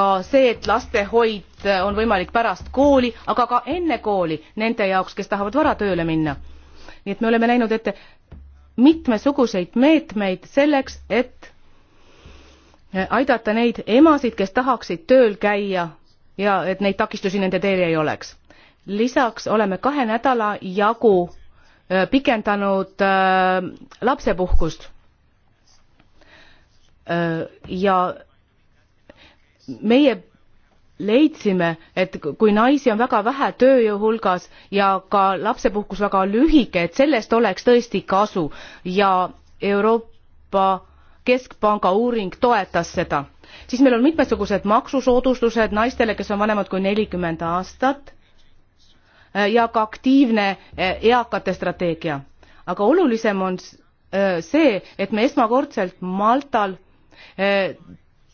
ka see et lastehoid on võimalik pärast kooli aga ka enne kooli nende jaoks kes tahavad vara tööle minna nii et me oleme näinud ette mitmesuguseid meetmeid selleks et Eh, aidata neid emasid, kes tahaksid tööl käia ja et neid takistusi nende teel ei oleks. lisaks oleme kahe nädala jagu eh, pikendanud äh, lapsepuhkust äh,. ja meie leidsime, et kui naisi on väga vähe tööjõu hulgas ja ka lapsepuhkus väga lühike, et sellest oleks tõesti kasu ja Euroopa keskpanga uuring toetas seda. siis meil on mitmesugused maksusoodustused naistele, kes on vanemad kui nelikümmend aastat äh, ja ka aktiivne äh, eakate strateegia. aga olulisem on äh, see, et me esmakordselt Maltal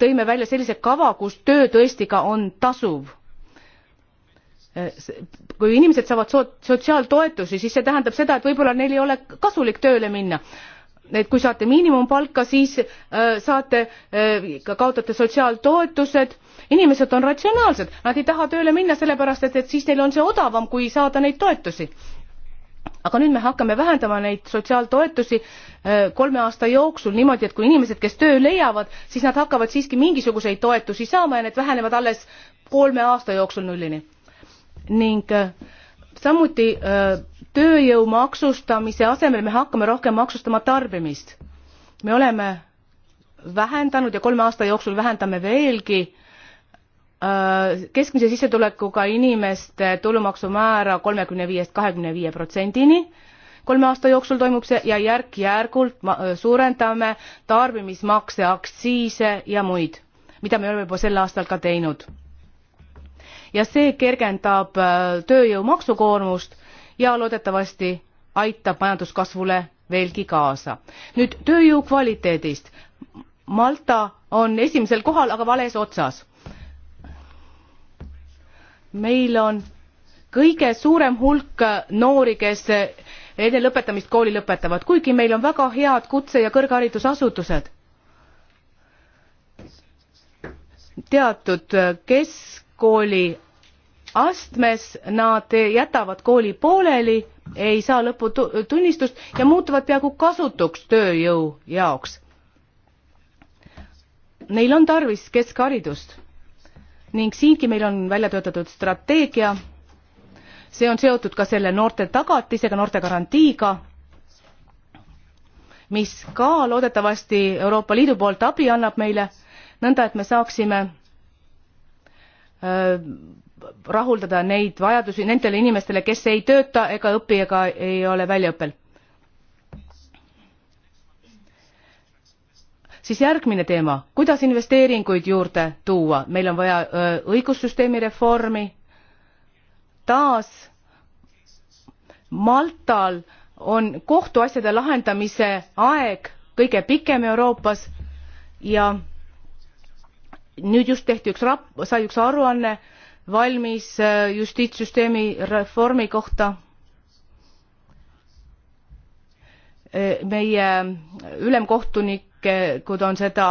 tõime välja sellise kava, kus töö tõesti ka on tasuv kui inimesed saavad sotsiaaltoetusi siis see tähendab seda et võib olla neil ei ole kasulik tööle minna et kui saate miinimumpalka, siis äh, saate, äh, kaotate sotsiaaltoetused, inimesed on ratsionaalsed, nad ei taha tööle minna, sellepärast et, et siis neil on see odavam, kui saada neid toetusi. aga nüüd me hakkame vähendama neid sotsiaaltoetusi äh, kolme aasta jooksul niimoodi, et kui inimesed, kes töö leiavad, siis nad hakkavad siiski mingisuguseid toetusi saama ja need vähenevad alles kolme aasta jooksul nullini. ning samuti öö, tööjõu maksustamise asemel me hakkame rohkem maksustama tarbimist. me oleme vähendanud ja kolme aasta jooksul vähendame veelgi äh, keskmise sissetulekuga inimeste tulumaksumäära kolmekümne viiest kahekümne viie protsendini kolme aasta jooksul toimub see ja järk-järgult äh, suurendame tarbimismakse aktsiise ja muid mida me oleme juba sel aastal ka teinud ja see kergendab äh, tööjõu maksukoormust ja loodetavasti aitab majanduskasvule veelgi kaasa. nüüd tööjõu kvaliteedist. Malta on esimesel kohal, aga vales otsas. meil on kõige suurem hulk noori, kes enne lõpetamist kooli lõpetavad, kuigi meil on väga head kutse- ja kõrgharidusasutused. teatud keskkooli astmes nad jätavad kooli pooleli ei saa lõputunnistust ja muutuvad peaaegu kasutuks tööjõu jaoks neil on tarvis keskharidust ning siingi meil on välja töötatud strateegia see on seotud ka selle noorte tagatisega noorte garantiiga mis ka loodetavasti euroopa liidu poolt abi annab meile nõnda et me saaksime öö, äh, rahuldada neid vajadusi nendele inimestele, kes ei tööta ega õpi ega ei ole väljaõppel. siis järgmine teema, kuidas investeeringuid juurde tuua, meil on vaja õigussüsteemi reformi. taas Maltal on kohtuasjade lahendamise aeg kõige pikem Euroopas ja nüüd just tehti üks rap-, sai üks aruanne valmis äh, justiitssüsteemi reformi kohta äh, meie äh, ülemkohtunikud on seda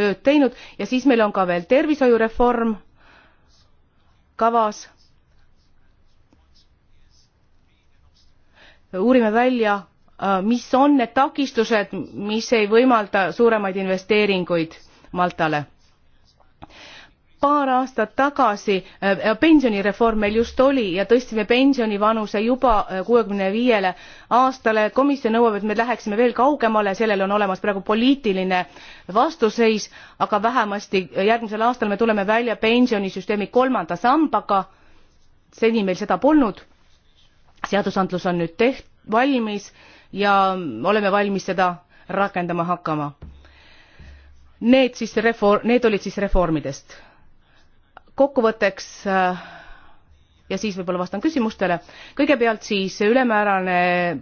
tööd teinud ja siis meil on ka veel tervishoiureform kavas uurime välja mis on need takistused mis ei võimalda suuremaid investeeringuid maltale paar aastat tagasi äh, pensionireform meil just oli ja tõstsime pensionivanuse juba äh, aastale komisjon nõuab et me läheksime veel kaugemale sellele on olemas praegu poliitiline vastuseis aga vähemasti järgmisel aastal me tuleme välja pensionisüsteemi kolmanda sambaga seni meil seda polnud seadusandlus on nüüd teht- valmis ja oleme valmis seda rakendama hakkama need siis refor- need olid siis reformidest kokkuvõtteks äh, ja siis võib-olla vastan küsimustele. kõigepealt siis ülemäärane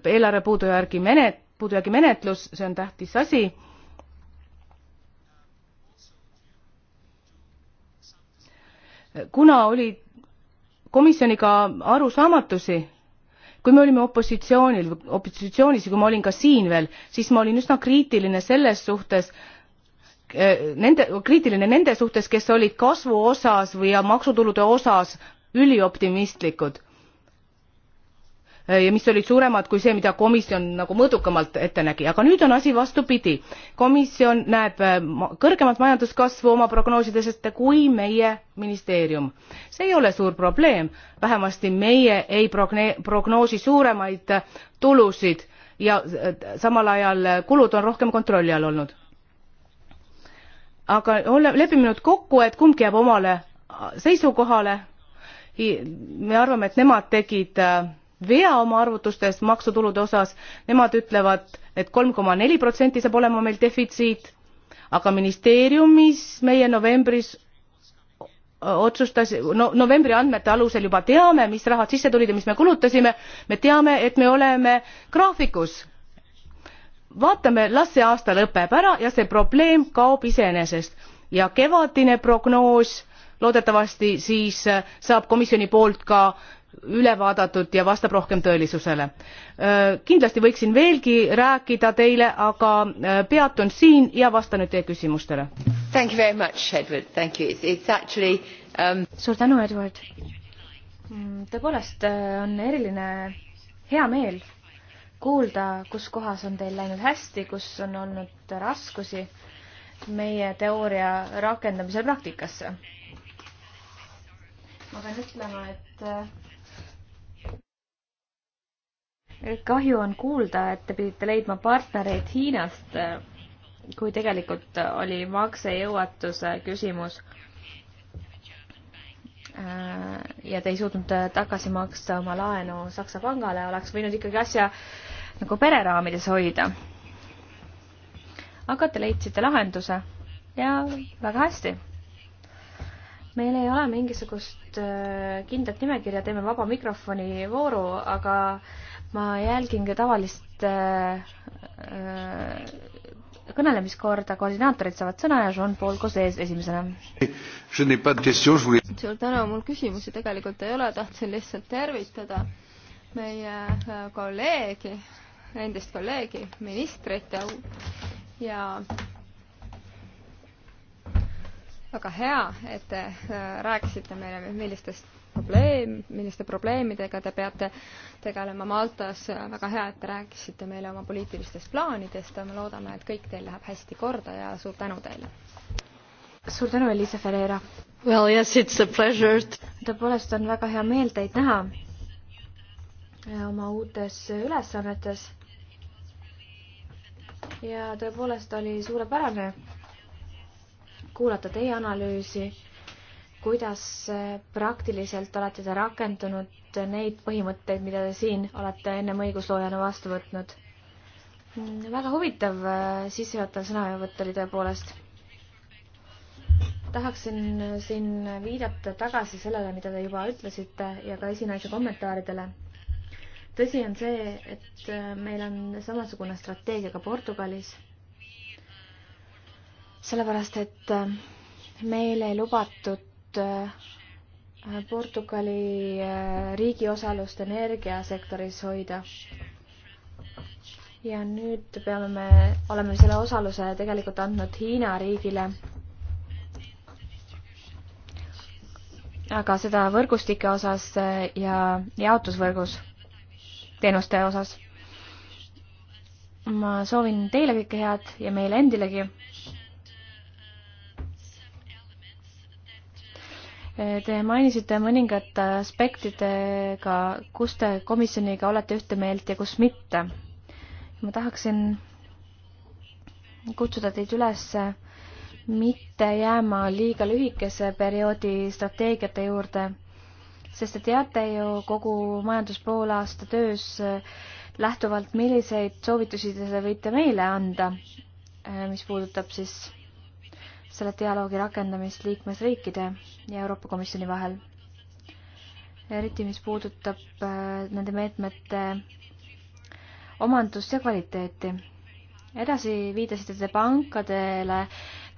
eelarve puudujärgi menet-, puudujäägi menetlus, see on tähtis asi kuna oli komisjoniga arusaamatusi, kui me olime opositsioonil, opositsioonis ja kui ma olin ka siin veel, siis ma olin üsna kriitiline selles suhtes, Äh, nende, kriitiline nende suhtes, kes olid kasvu osas või maksutulude osas ülioptimistlikud äh, ja mis olid suuremad kui see, mida komisjon nagu mõõdukamalt ette nägi, aga nüüd on asi vastupidi. komisjon näeb äh, kõrgemat majanduskasvu oma prognoosides ette kui meie ministeerium. see ei ole suur probleem, vähemasti meie ei progne-, prognoosi suuremaid tulusid ja samal ajal kulud on rohkem kontrolli all olnud aga oleme, lepime nüüd kokku, et kumbki jääb omale seisukohale. me arvame, et nemad tegid äh, vea oma arvutustes maksutulude osas, nemad ütlevad et, et kolm koma neli protsenti saab olema meil defitsiit, aga ministeeriumis meie novembris otsustas no, novembri andmete alusel juba teame mis rahad sisse tulid ja mis me kulutasime me teame et me oleme graafikus vaatame, las see aasta lõpeb ära ja see probleem kaob iseenesest ja kevadine prognoos loodetavasti siis äh, saab komisjoni poolt ka üle vaadatud ja vastab rohkem tõelisusele. Äh, kindlasti võiksin veelgi rääkida teile, aga äh, peatun siin ja vastan nüüd teie küsimustele. Um... suur tänu, Edward. Mm, tõepoolest on eriline hea meel kuulda, kus kohas on teil läinud hästi, kus on olnud raskusi meie teooria rakendamisel praktikasse. ma pean ütlema, et kahju on kuulda, et te pidite leidma partnereid Hiinast, kui tegelikult oli maksejõuatuse küsimus Äh, ja te ei suutnud äh, tagasi maksta oma laenu Saksa pangale, oleks võinud ikkagi asja nagu pereraamides hoida. aga te leidsite lahenduse ja väga hästi. meil ei ole mingisugust äh, kindlat nimekirja, teeme vaba mikrofoni vooru, aga ma jälgin ka tavalist kõnelemiskorda, koordinaatorid saavad sõna ja Jean-Paul Cosses esimesena. suur tänu, mul küsimusi tegelikult ei ole, tahtsin lihtsalt tervitada meie äh, kolleegi, endist kolleegi, ministrit ja, ja väga hea, et te äh, rääkisite meile, millistest probleem, milliste probleemidega te peate tegelema Maltas. väga hea, et te rääkisite meile oma poliitilistest plaanidest. me loodame, et kõik teil läheb hästi korda ja suur tänu teile. suur tänu, Elisa Ferreira. Well yes, it's a pleasure. tõepoolest on väga hea meel teid näha äh, oma uutes ülesannetes. ja tõepoolest oli suurepärane kuulata teie analüüsi kuidas äh, praktiliselt olete te rakendunud neid põhimõtteid, mida te siin olete ennem õigusloojana vastu võtnud? Mm, väga huvitav äh, sissejuhatav sõnavõtt oli tõepoolest. tahaksin äh, siin viidata tagasi sellele, mida te juba ütlesite ja ka esinaise kommentaaridele. tõsi on see, et meil on samasugune strateegia ka Portugalis. sellepärast, et meil ei lubatud Äh, Portugali äh, riigi osalust energiasektoris hoida. ja nüüd peame me, oleme selle osaluse tegelikult andnud Hiina riigile. aga seda võrgustike osas äh, ja jaotusvõrgus, teenuste osas. ma soovin teile kõike head ja meile endilegi Te mainisite mõningate aspektidega, kus te komisjoniga olete ühte meelt ja kus mitte. ma tahaksin kutsuda teid üles mitte jääma liiga lühikese perioodi strateegiate juurde, sest te teate ju kogu majandus poolaasta töös lähtuvalt, milliseid soovitusi te võite meile anda, mis puudutab siis selle dialoogi rakendamist liikmesriikide ja Euroopa Komisjoni vahel. eriti, mis puudutab äh, nende meetmete omandust ja kvaliteeti. edasi viitasite te pankadele,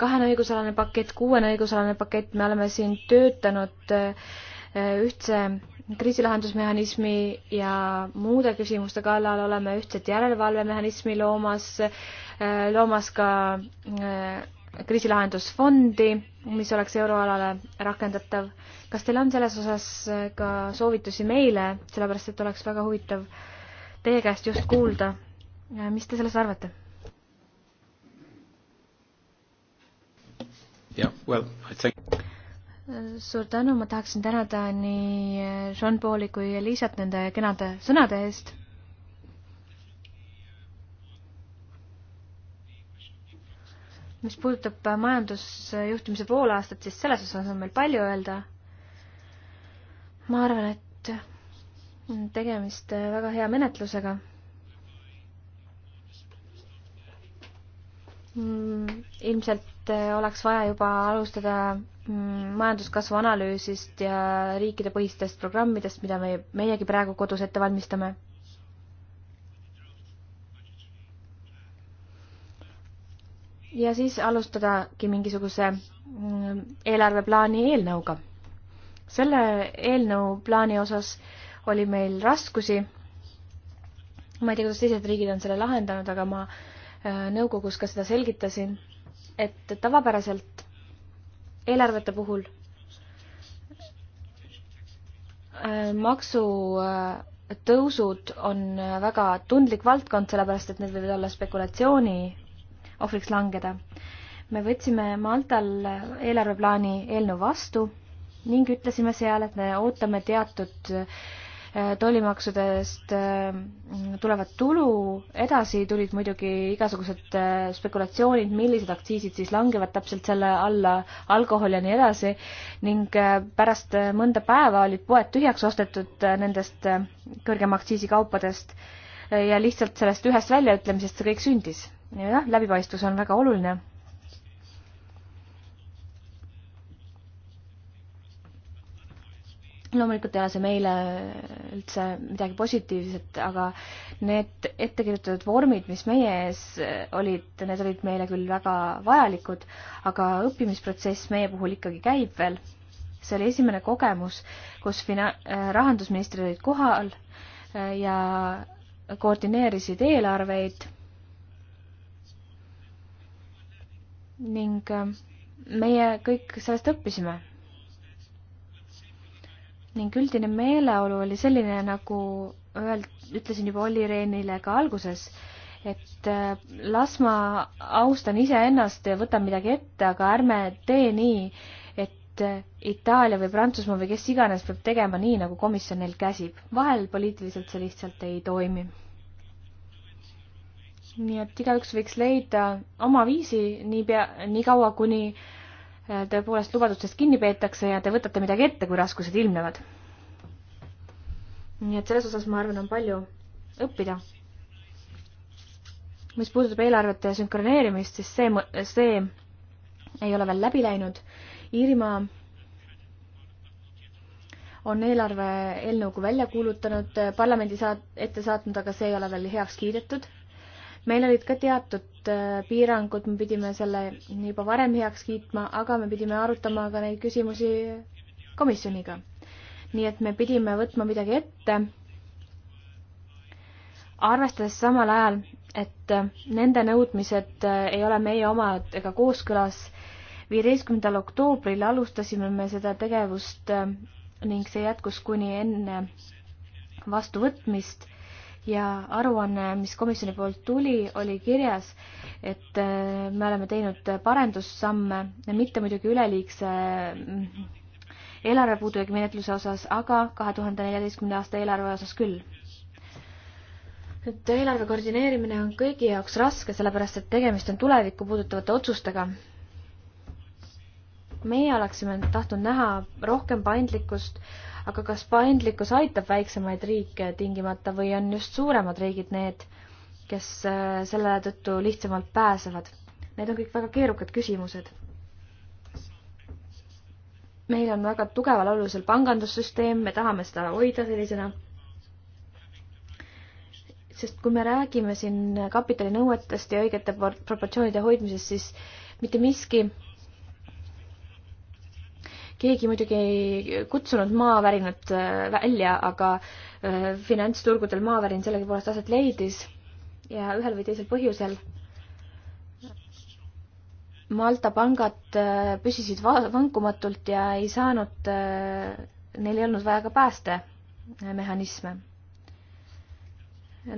kahene õigusalane pakett, kuuene õigusalane pakett, me oleme siin töötanud äh, ühtse kriisilahendusmehhanismi ja muude küsimuste kallal oleme ühtset järelevalvemehhanismi loomas, äh, loomas ka kriisilahendusfondi, mis oleks euroalale rakendatav. kas teil on selles osas äh, ka soovitusi meile, sellepärast et oleks väga huvitav teie käest just kuulda, mis te sellest arvate? jah yeah,, well I think suur tänu, ma tahaksin tänada nii Jean-Pauli kui Elisat nende kenade sõnade eest mis puudutab äh, majandusjuhtimise poolaastat, siis selles osas on meil palju öelda. ma arvan, et tegemist äh, väga hea menetlusega. Mm, ilmselt äh, oleks vaja juba alustada mm, majanduskasvu analüüsist ja riikidepõhistest programmidest, mida me, meiegi praegu kodus ette valmistame ja siis alustadagi mingisuguse mm, eelarveplaani eelnõuga. selle eelnõu plaani osas oli meil raskusi. ma ei tea, kuidas teised riigid on selle lahendanud, aga ma äh, nõukogus ka seda selgitasin, et tavapäraselt eelarvete puhul äh, maksutõusud äh, on väga tundlik valdkond, sellepärast et need võivad olla spekulatsiooni ohvriks langeda. me võtsime Maltal eelarveplaani eelnõu vastu ning ütlesime seal, et me ootame teatud äh, tollimaksudest äh, tulevat tulu, edasi tulid muidugi igasugused äh, spekulatsioonid, millised aktsiisid siis langevad täpselt selle alla, alkohol ja nii edasi, ning pärast mõnda päeva olid poed tühjaks ostetud nendest kõrgema aktsiisikaupadest ja lihtsalt sellest ühest väljaütlemisest see kõik sündis jah, läbipaistvus on väga oluline. loomulikult ei ole see meile üldse midagi positiivset, aga need ettekirjutatud vormid, mis meie ees olid, need olid meile küll väga vajalikud, aga õppimisprotsess meie puhul ikkagi käib veel. see oli esimene kogemus, kus fina-, äh, rahandusministrid olid kohal äh, ja koordineerisid eelarveid ning äh, meie kõik sellest õppisime. ning üldine meeleolu oli selline, nagu öeld-, ütlesin juba Olli Rehnile ka alguses, et äh, las ma austan iseennast ja võtan midagi ette, aga ärme tee nii, et äh, Itaalia või Prantsusmaa või kes iganes peab tegema nii, nagu komisjon neilt käsib. vahel poliitiliselt see lihtsalt ei toimi nii et igaüks võiks leida oma viisi niipea, niikaua kuni äh, tõepoolest lubadustest kinni peetakse ja te võtate midagi ette, kui raskused ilmnevad. nii et selles osas, ma arvan, on palju õppida. mis puudutab eelarvete sünkroneerimist, siis see, see ei ole veel läbi läinud. Iirimaa on eelarve eelnõuga välja kuulutanud, parlamendi saat-, ette saatnud, aga see ei ole veel heaks kiidetud meil olid ka teatud äh, piirangud, me pidime selle juba varem heaks kiitma, aga me pidime arutama ka neid küsimusi komisjoniga. nii et me pidime võtma midagi ette, arvestades samal ajal, et äh, nende nõudmised äh, ei ole meie omad ega kooskõlas. viieteistkümnendal oktoobril alustasime me seda tegevust ning see jätkus kuni enne vastuvõtmist ja aruanne, mis komisjoni poolt tuli, oli kirjas, et äh, me oleme teinud parendussamme, mitte muidugi üleliigse mm, eelarve puudujäägi menetluse osas, aga kahe tuhande neljateistkümnenda aasta eelarve osas küll. et eelarve koordineerimine on kõigi jaoks raske, sellepärast et tegemist on tulevikku puudutavate otsustega meie oleksime tahtnud näha rohkem paindlikkust, aga kas paindlikkus aitab väiksemaid riike tingimata või on just suuremad riigid need, kes äh, selle tõttu lihtsamalt pääsevad? Need on kõik väga keerukad küsimused. meil on väga tugeval alusel pangandussüsteem, me tahame seda hoida sellisena sest kui me räägime siin kapitalinõuetest ja õigete proportsioonide hoidmisest, siis mitte miski keegi muidugi ei kutsunud maavärinat äh, välja, aga äh, finantsturgudel maavärin sellegipoolest aset leidis ja ühel või teisel põhjusel Malta pangad äh, püsisid vankumatult ja ei saanud, neil ei olnud vaja ka päästemehhanisme.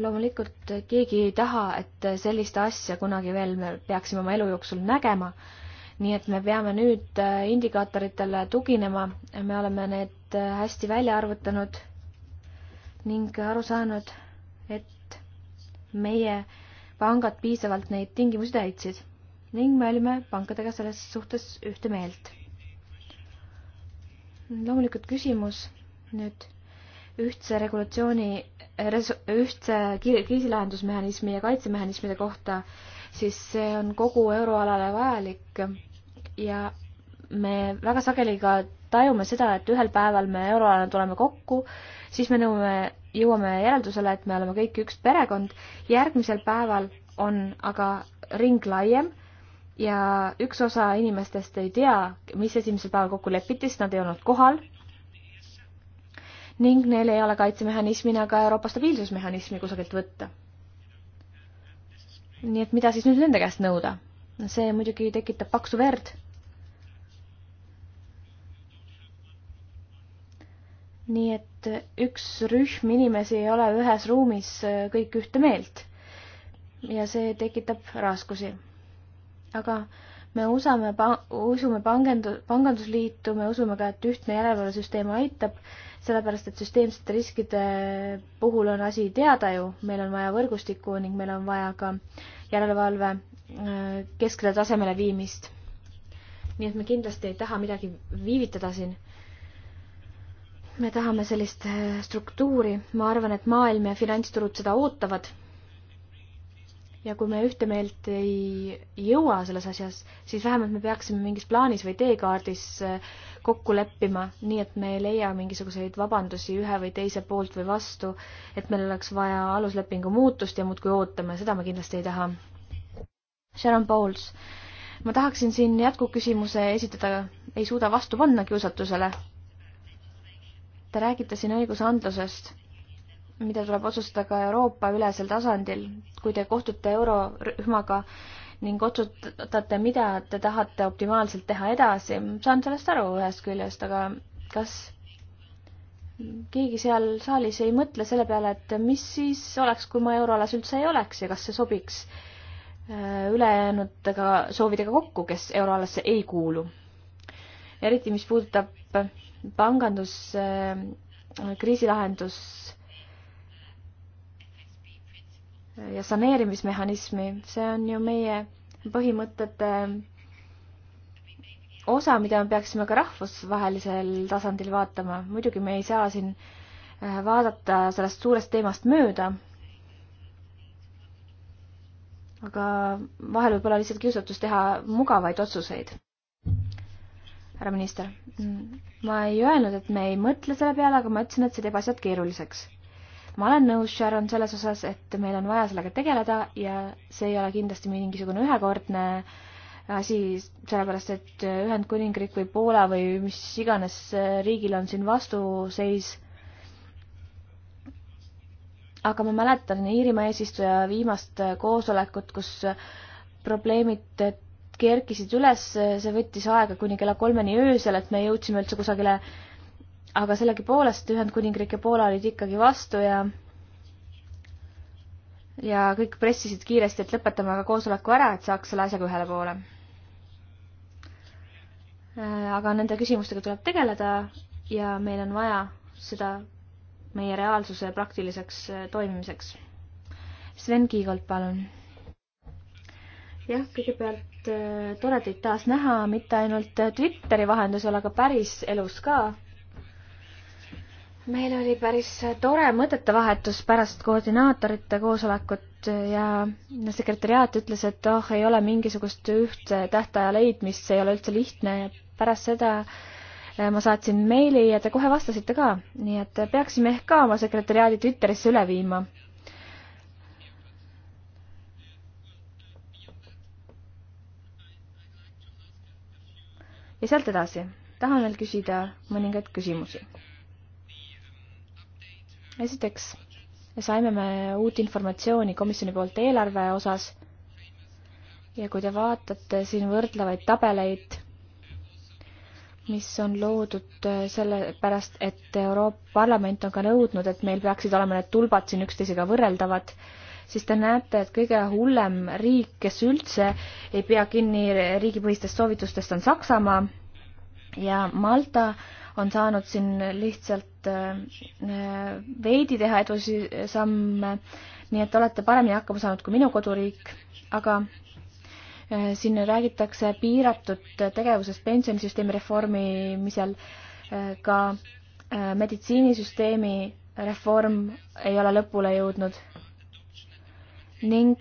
loomulikult keegi ei taha, et sellist asja kunagi veel me peaksime oma elu jooksul nägema nii et me peame nüüd äh, indikaatoritele tuginema, me oleme need äh, hästi välja arvutanud ning aru saanud, et meie pangad piisavalt neid tingimusi täitsid ning me olime pankadega selles suhtes ühte meelt. loomulikult küsimus nüüd ühtse regulatsiooni, äh, ühtse kriisilahendusmehhanismi ja kaitsemehhanismide kohta, siis see on kogu euroalale vajalik ja me väga sageli ka tajume seda, et ühel päeval me euroalana tuleme kokku, siis me nõuame, jõuame järeldusele, et me oleme kõik üks perekond, järgmisel päeval on aga ring laiem ja üks osa inimestest ei tea, mis esimesel päeval kokku lepiti, sest nad ei olnud kohal ning neil ei ole kaitsemehhanismina ka Euroopa stabiilsusmehhanismi kusagilt võtta. nii et mida siis nüüd nende käest nõuda? see muidugi tekitab paksu verd nii et üks rühm inimesi ei ole ühes ruumis äh, kõik ühte meelt. ja see tekitab raskusi. aga me usame, usume pangendu-, pangandusliitu, me usume ka, et ühtne järelevalvesüsteem aitab, sellepärast et süsteemsete riskide puhul on asi teada ju, meil on vaja võrgustikku ning meil on vaja ka järelevalve äh, keskele tasemele viimist. nii et me kindlasti ei taha midagi viivitada siin me tahame sellist äh, struktuuri, ma arvan, et maailm ja finantsturud seda ootavad. ja kui me ühte meelt ei jõua selles asjas, siis vähemalt me peaksime mingis plaanis või teekaardis äh, kokku leppima, nii et me ei leia mingisuguseid vabandusi ühe või teise poolt või vastu, et meil oleks vaja aluslepingu muutust ja muudkui ootame, seda me kindlasti ei taha. Sharon Bowles, ma tahaksin siin jätkuküsimuse esitada, ei suuda vastu panna kiusatusele Te räägite siin õigusandlusest, mida tuleb otsustada ka Euroopa-ülesel tasandil, kui te kohtute eurorühmaga ning otsustate, mida te tahate optimaalselt teha edasi. saan sellest aru ühest küljest, aga kas keegi seal saalis ei mõtle selle peale, et mis siis oleks, kui ma euroalas üldse ei oleks ja kas see sobiks äh, ülejäänutega, soovidega kokku, kes euroalasse ei kuulu. eriti, mis puudutab pangandus, äh, kriisilahendus ja saneerimismehhanismi, see on ju meie põhimõtete osa, mida me peaksime ka rahvusvahelisel tasandil vaatama. muidugi me ei saa siin äh, vaadata sellest suurest teemast mööda. aga vahel võib olla lihtsalt kiusatus teha mugavaid otsuseid härra minister. ma ei öelnud, et me ei mõtle selle peale, aga ma ütlesin, et see teeb asjad keeruliseks. ma olen nõus, Sharon, selles osas, et meil on vaja sellega tegeleda ja see ei ole kindlasti mingisugune ühekordne asi, sellepärast et Ühendkuningriik või Poola või mis iganes riigil on siin vastuseis aga ma mäletan Iirimaa eesistuja viimast koosolekut, kus probleemid kerkisid üles, see võttis aega kuni kella kolmeni öösel, et me jõudsime üldse kusagile, aga sellegipoolest Ühendkuningriik ja Poola olid ikkagi vastu ja ja kõik pressisid kiiresti, et lõpetame aga koosoleku ära, et saaks selle asjaga ühele poole. aga nende küsimustega tuleb tegeleda ja meil on vaja seda meie reaalsuse praktiliseks äh, toimimiseks. Sven Kiigolt, palun. jah, kõigepealt Äh, tore teid taas näha, mitte ainult äh, Twitteri vahendusel, aga päris elus ka. meil oli päris äh, tore mõtetevahetus pärast koordinaatorite koosolekut ja sekretäriaat ütles, et oh, ei ole mingisugust ühtse tähtaja leidmist, see ei ole üldse lihtne. pärast seda ma saatsin meili ja te kohe vastasite ka, nii et peaksime ehk ka oma sekretäriaadi Twitterisse üle viima ja sealt edasi tahan veel küsida mõningaid küsimusi. esiteks saime me uut informatsiooni komisjoni poolt eelarve osas ja kui te vaatate siin võrdlevaid tabeleid, mis on loodud sellepärast, et Euroopa Parlament on ka nõudnud, et meil peaksid olema need tulbad siin üksteisega võrreldavad siis te näete, et kõige hullem riik, kes üldse ei pea kinni riigipõhistest soovitustest, on Saksamaa ja Malta on saanud siin lihtsalt äh, veidi teha edusamme, nii et olete paremini hakkama saanud kui minu koduriik, aga äh, siin räägitakse piiratud tegevusest pensionisüsteemi reformimisel, äh, ka meditsiinisüsteemi reform ei ole lõpule jõudnud ning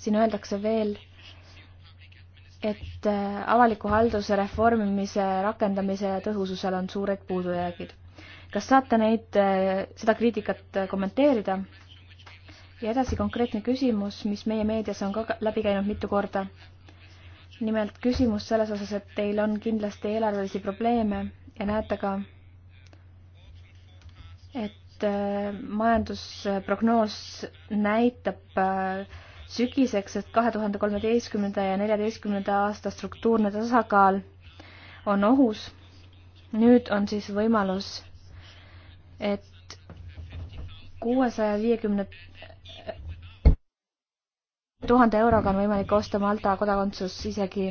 siin öeldakse veel, et äh, avaliku halduse reformimise rakendamise tõhususel on suured puudujäägid. kas saate neid, äh, seda kriitikat äh, kommenteerida? ja edasi konkreetne küsimus, mis meie meedias on ka läbi käinud mitu korda. nimelt küsimus selles osas, et teil on kindlasti eelarvelisi probleeme ja näete ka, et Äh, majandusprognoos näitab äh, sügiseks, et kahe tuhande kolmeteistkümnenda ja neljateistkümnenda aasta struktuurne tasakaal on ohus. nüüd on siis võimalus, et kuuesaja viiekümne tuhande euroga on võimalik osta Malta kodakondsus isegi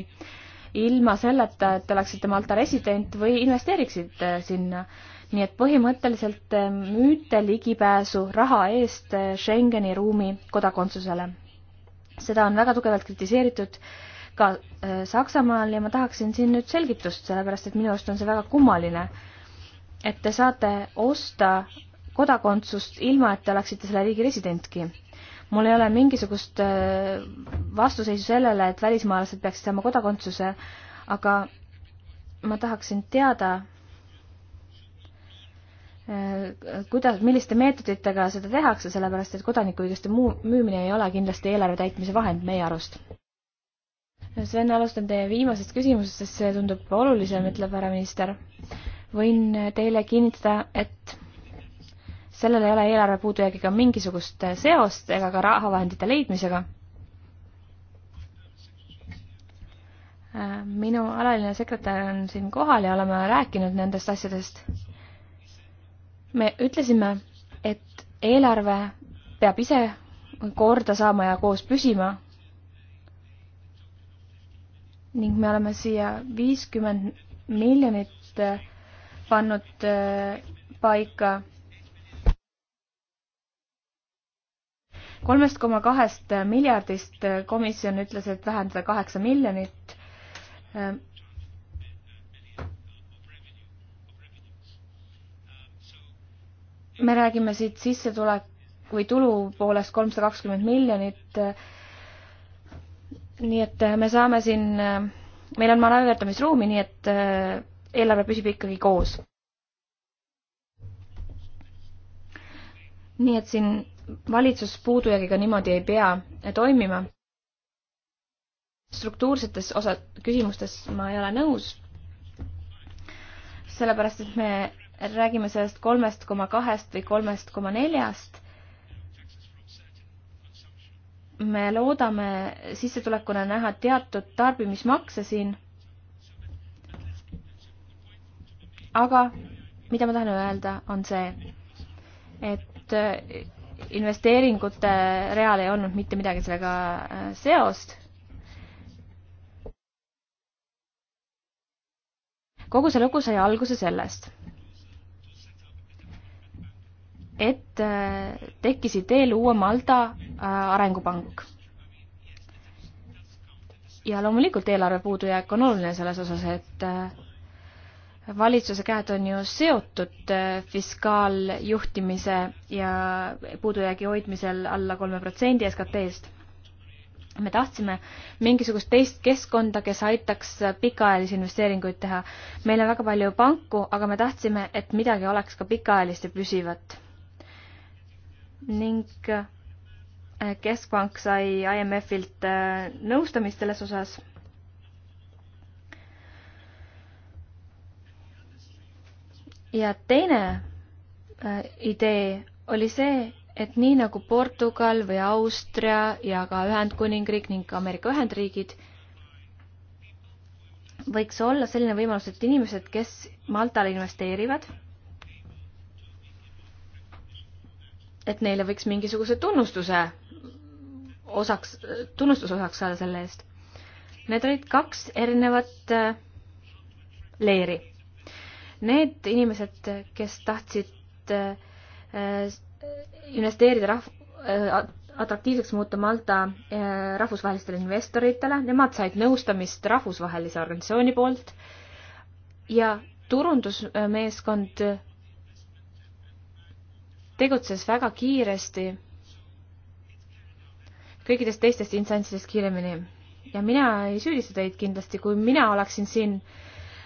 ilma selleta, et te oleksite Malta resident või investeeriksite sinna nii et põhimõtteliselt eh, müüte ligipääsu raha eest eh, Schengeni ruumi kodakondsusele. seda on väga tugevalt kritiseeritud ka eh, Saksamaal ja ma tahaksin siin nüüd selgitust, sellepärast et minu arust on see väga kummaline, et te saate osta kodakondsust ilma, et te oleksite selle riigi residentki mul ei ole mingisugust vastuseisu sellele, et välismaalased peaksid saama kodakondsuse, aga ma tahaksin teada, Äh, kuidas, milliste meetoditega seda tehakse, sellepärast et kodanikuõiguste muu-, müümine ei ole kindlasti eelarve täitmise vahend meie arust. Sven, alustan teie viimasest küsimusest, sest see tundub olulisem, ütleb härra minister. võin teile kinnitada, et sellel ei ole eelarve puudujäägiga mingisugust seost ega ka rahavahendite leidmisega. Äh, minu alaline sekretär on siin kohal ja oleme rääkinud nendest asjadest me ütlesime, et eelarve peab ise korda saama ja koos püsima. ning me oleme siia viiskümmend miljonit pannud äh, paika kolmest koma kahest miljardist komisjon ütles, et vähendada kaheksa miljonit. Äh, me räägime siit sissetulek või tulu poolest kolmsada kakskümmend miljonit. nii et äh, me saame siin, äh, meil on manööverdamisruumi, nii et äh, eelarve püsib ikkagi koos. nii et siin valitsus puudujäägiga niimoodi ei pea toimima. struktuursetes osa, küsimustes ma ei ole nõus. sellepärast, et me räägime sellest kolmest koma kahest või kolmest koma neljast. me loodame sissetulekuna näha teatud tarbimismakse siin. aga mida ma tahan öelda, on see, et investeeringute real ei olnud mitte midagi sellega äh, seost kogu see lugu sai alguse sellest, et äh, tekkis idee luua Malta äh, arengupank. ja loomulikult eelarve puudujääk on oluline selles osas, et äh, valitsuse käed on ju seotud fiskaaljuhtimise ja puudujäägi hoidmisel alla kolme protsendi SKT-st. SKT me tahtsime mingisugust teist keskkonda, kes aitaks pikaajalisi investeeringuid teha. meil on väga palju panku, aga me tahtsime, et midagi oleks ka pikaajalist ja püsivat ning äh, keskpank sai IMF-ilt äh, nõustamist selles osas. ja teine äh, idee oli see, et nii nagu Portugal või Austria ja ka Ühendkuningriik ning Ameerika Ühendriigid, võiks olla selline võimalus, et inimesed, kes Maltale investeerivad et neile võiks mingisuguse tunnustuse osaks, tunnustuse osaks saada selle eest. Need olid kaks erinevat äh, leeri. Need inimesed, kes tahtsid äh, investeerida rahv-, äh, atraktiivseks muuta Malta rahvusvahelistele investoritele, nemad said nõustamist rahvusvahelise organisatsiooni poolt ja turundusmeeskond tegutses väga kiiresti, kõikidest teistest instantsidest kiiremini. ja mina ei süüdista teid kindlasti, kui mina oleksin siin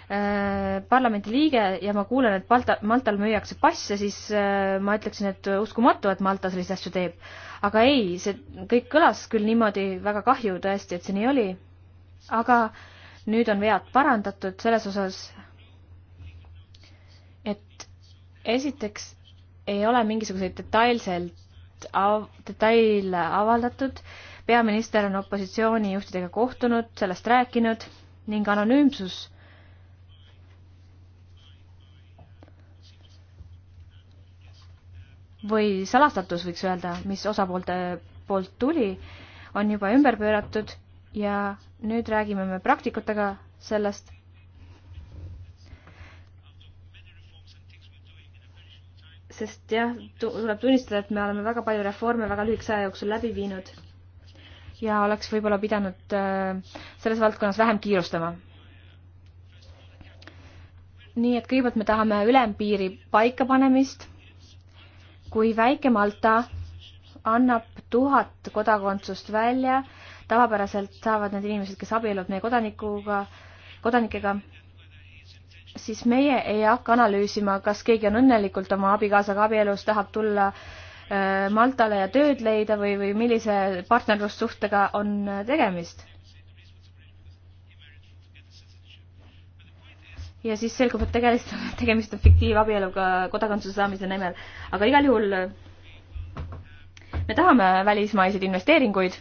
äh, parlamendi liige ja ma kuulen, et Malta, Maltal müüakse passe, siis äh, ma ütleksin, et uskumatu, et Malta selliseid asju teeb. aga ei, see kõik kõlas küll niimoodi, väga kahju tõesti, et see nii oli. aga nüüd on vead parandatud selles osas, et esiteks ei ole mingisuguseid detailselt av-, detaile avaldatud, peaminister on opositsioonijuhtidega kohtunud, sellest rääkinud ning anonüümsus või salastatus, võiks öelda, mis osapoolte poolt tuli, on juba ümber pööratud ja nüüd räägime me praktikutega sellest sest jah, tuleb tunnistada, et me oleme väga palju reforme väga lühikese aja jooksul läbi viinud ja oleks võib-olla pidanud äh, selles valdkonnas vähem kiirustama. nii et kõigepealt me tahame ülempiiri paikapanemist. kui väike Malta annab tuhat kodakondsust välja, tavapäraselt saavad need inimesed, kes abielluvad meie kodanikuga, kodanikega, siis meie ei hakka analüüsima, kas keegi on õnnelikult oma abikaasaga abielus, tahab tulla äh, Maltale ja tööd leida või, või millise partnerlussuhtega on äh, tegemist. ja siis selgub, et tegelikult tegemist on fiktiivabieluga kodakondsuse saamise nimel, aga igal juhul äh, me tahame välismaiseid investeeringuid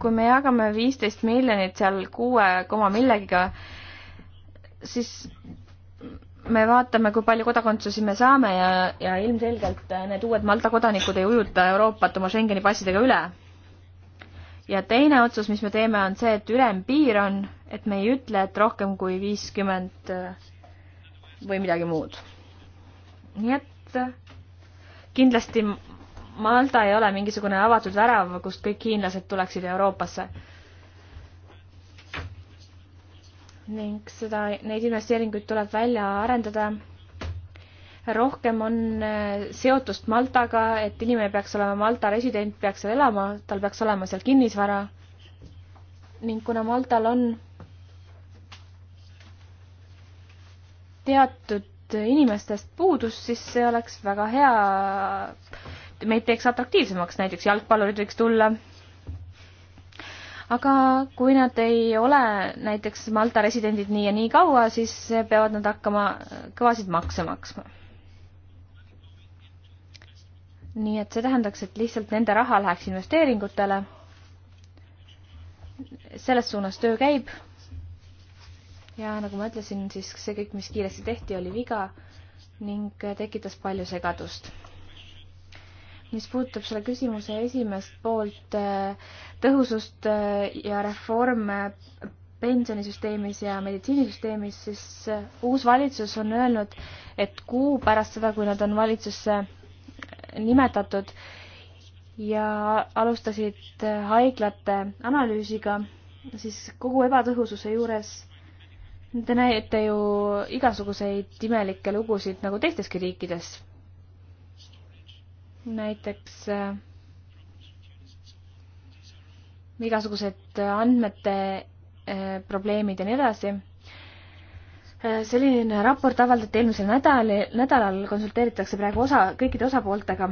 kui me jagame viisteist miljonit seal kuue koma millegiga, siis me vaatame, kui palju kodakondsusi me saame ja, ja ilmselgelt need uued Malta kodanikud ei ujuta Euroopat oma Schengeni passidega üle. ja teine otsus, mis me teeme, on see, et ülempiir on, et me ei ütle, et rohkem kui viiskümmend või midagi muud. nii et kindlasti Malta ei ole mingisugune avatud värav, kust kõik hiinlased tuleksid Euroopasse. ning seda, neid investeeringuid tuleb välja arendada. rohkem on äh, seotust Maltaga, et inimene peaks olema Malta resident, peaks seal elama, tal peaks olema seal kinnisvara. ning kuna Maltal on teatud inimestest puudus, siis see oleks väga hea meid teeks atraktiivsemaks, näiteks jalgpallurid võiks tulla. aga kui nad ei ole näiteks Malta residendid nii ja nii kaua, siis peavad nad hakkama kõvasid makse maksma. nii et see tähendaks, et lihtsalt nende raha läheks investeeringutele. selles suunas töö käib. ja nagu ma ütlesin, siis see kõik, mis kiiresti tehti, oli viga ning tekitas palju segadust mis puudutab selle küsimuse esimest poolt, äh, tõhusust äh, ja reforme äh, pensionisüsteemis ja meditsiinisüsteemis, siis uus valitsus on öelnud, et kuu pärast seda, kui nad on valitsusse nimetatud ja alustasid haiglate analüüsiga, siis kogu ebatõhususe juures te näete ju igasuguseid imelikke lugusid nagu teisteski riikides näiteks äh, igasugused andmete äh, probleemid ja nii edasi. Äh, selline raport avaldati eelmisel nädalal, nädalal konsulteeritakse praegu osa, kõikide osapooltega.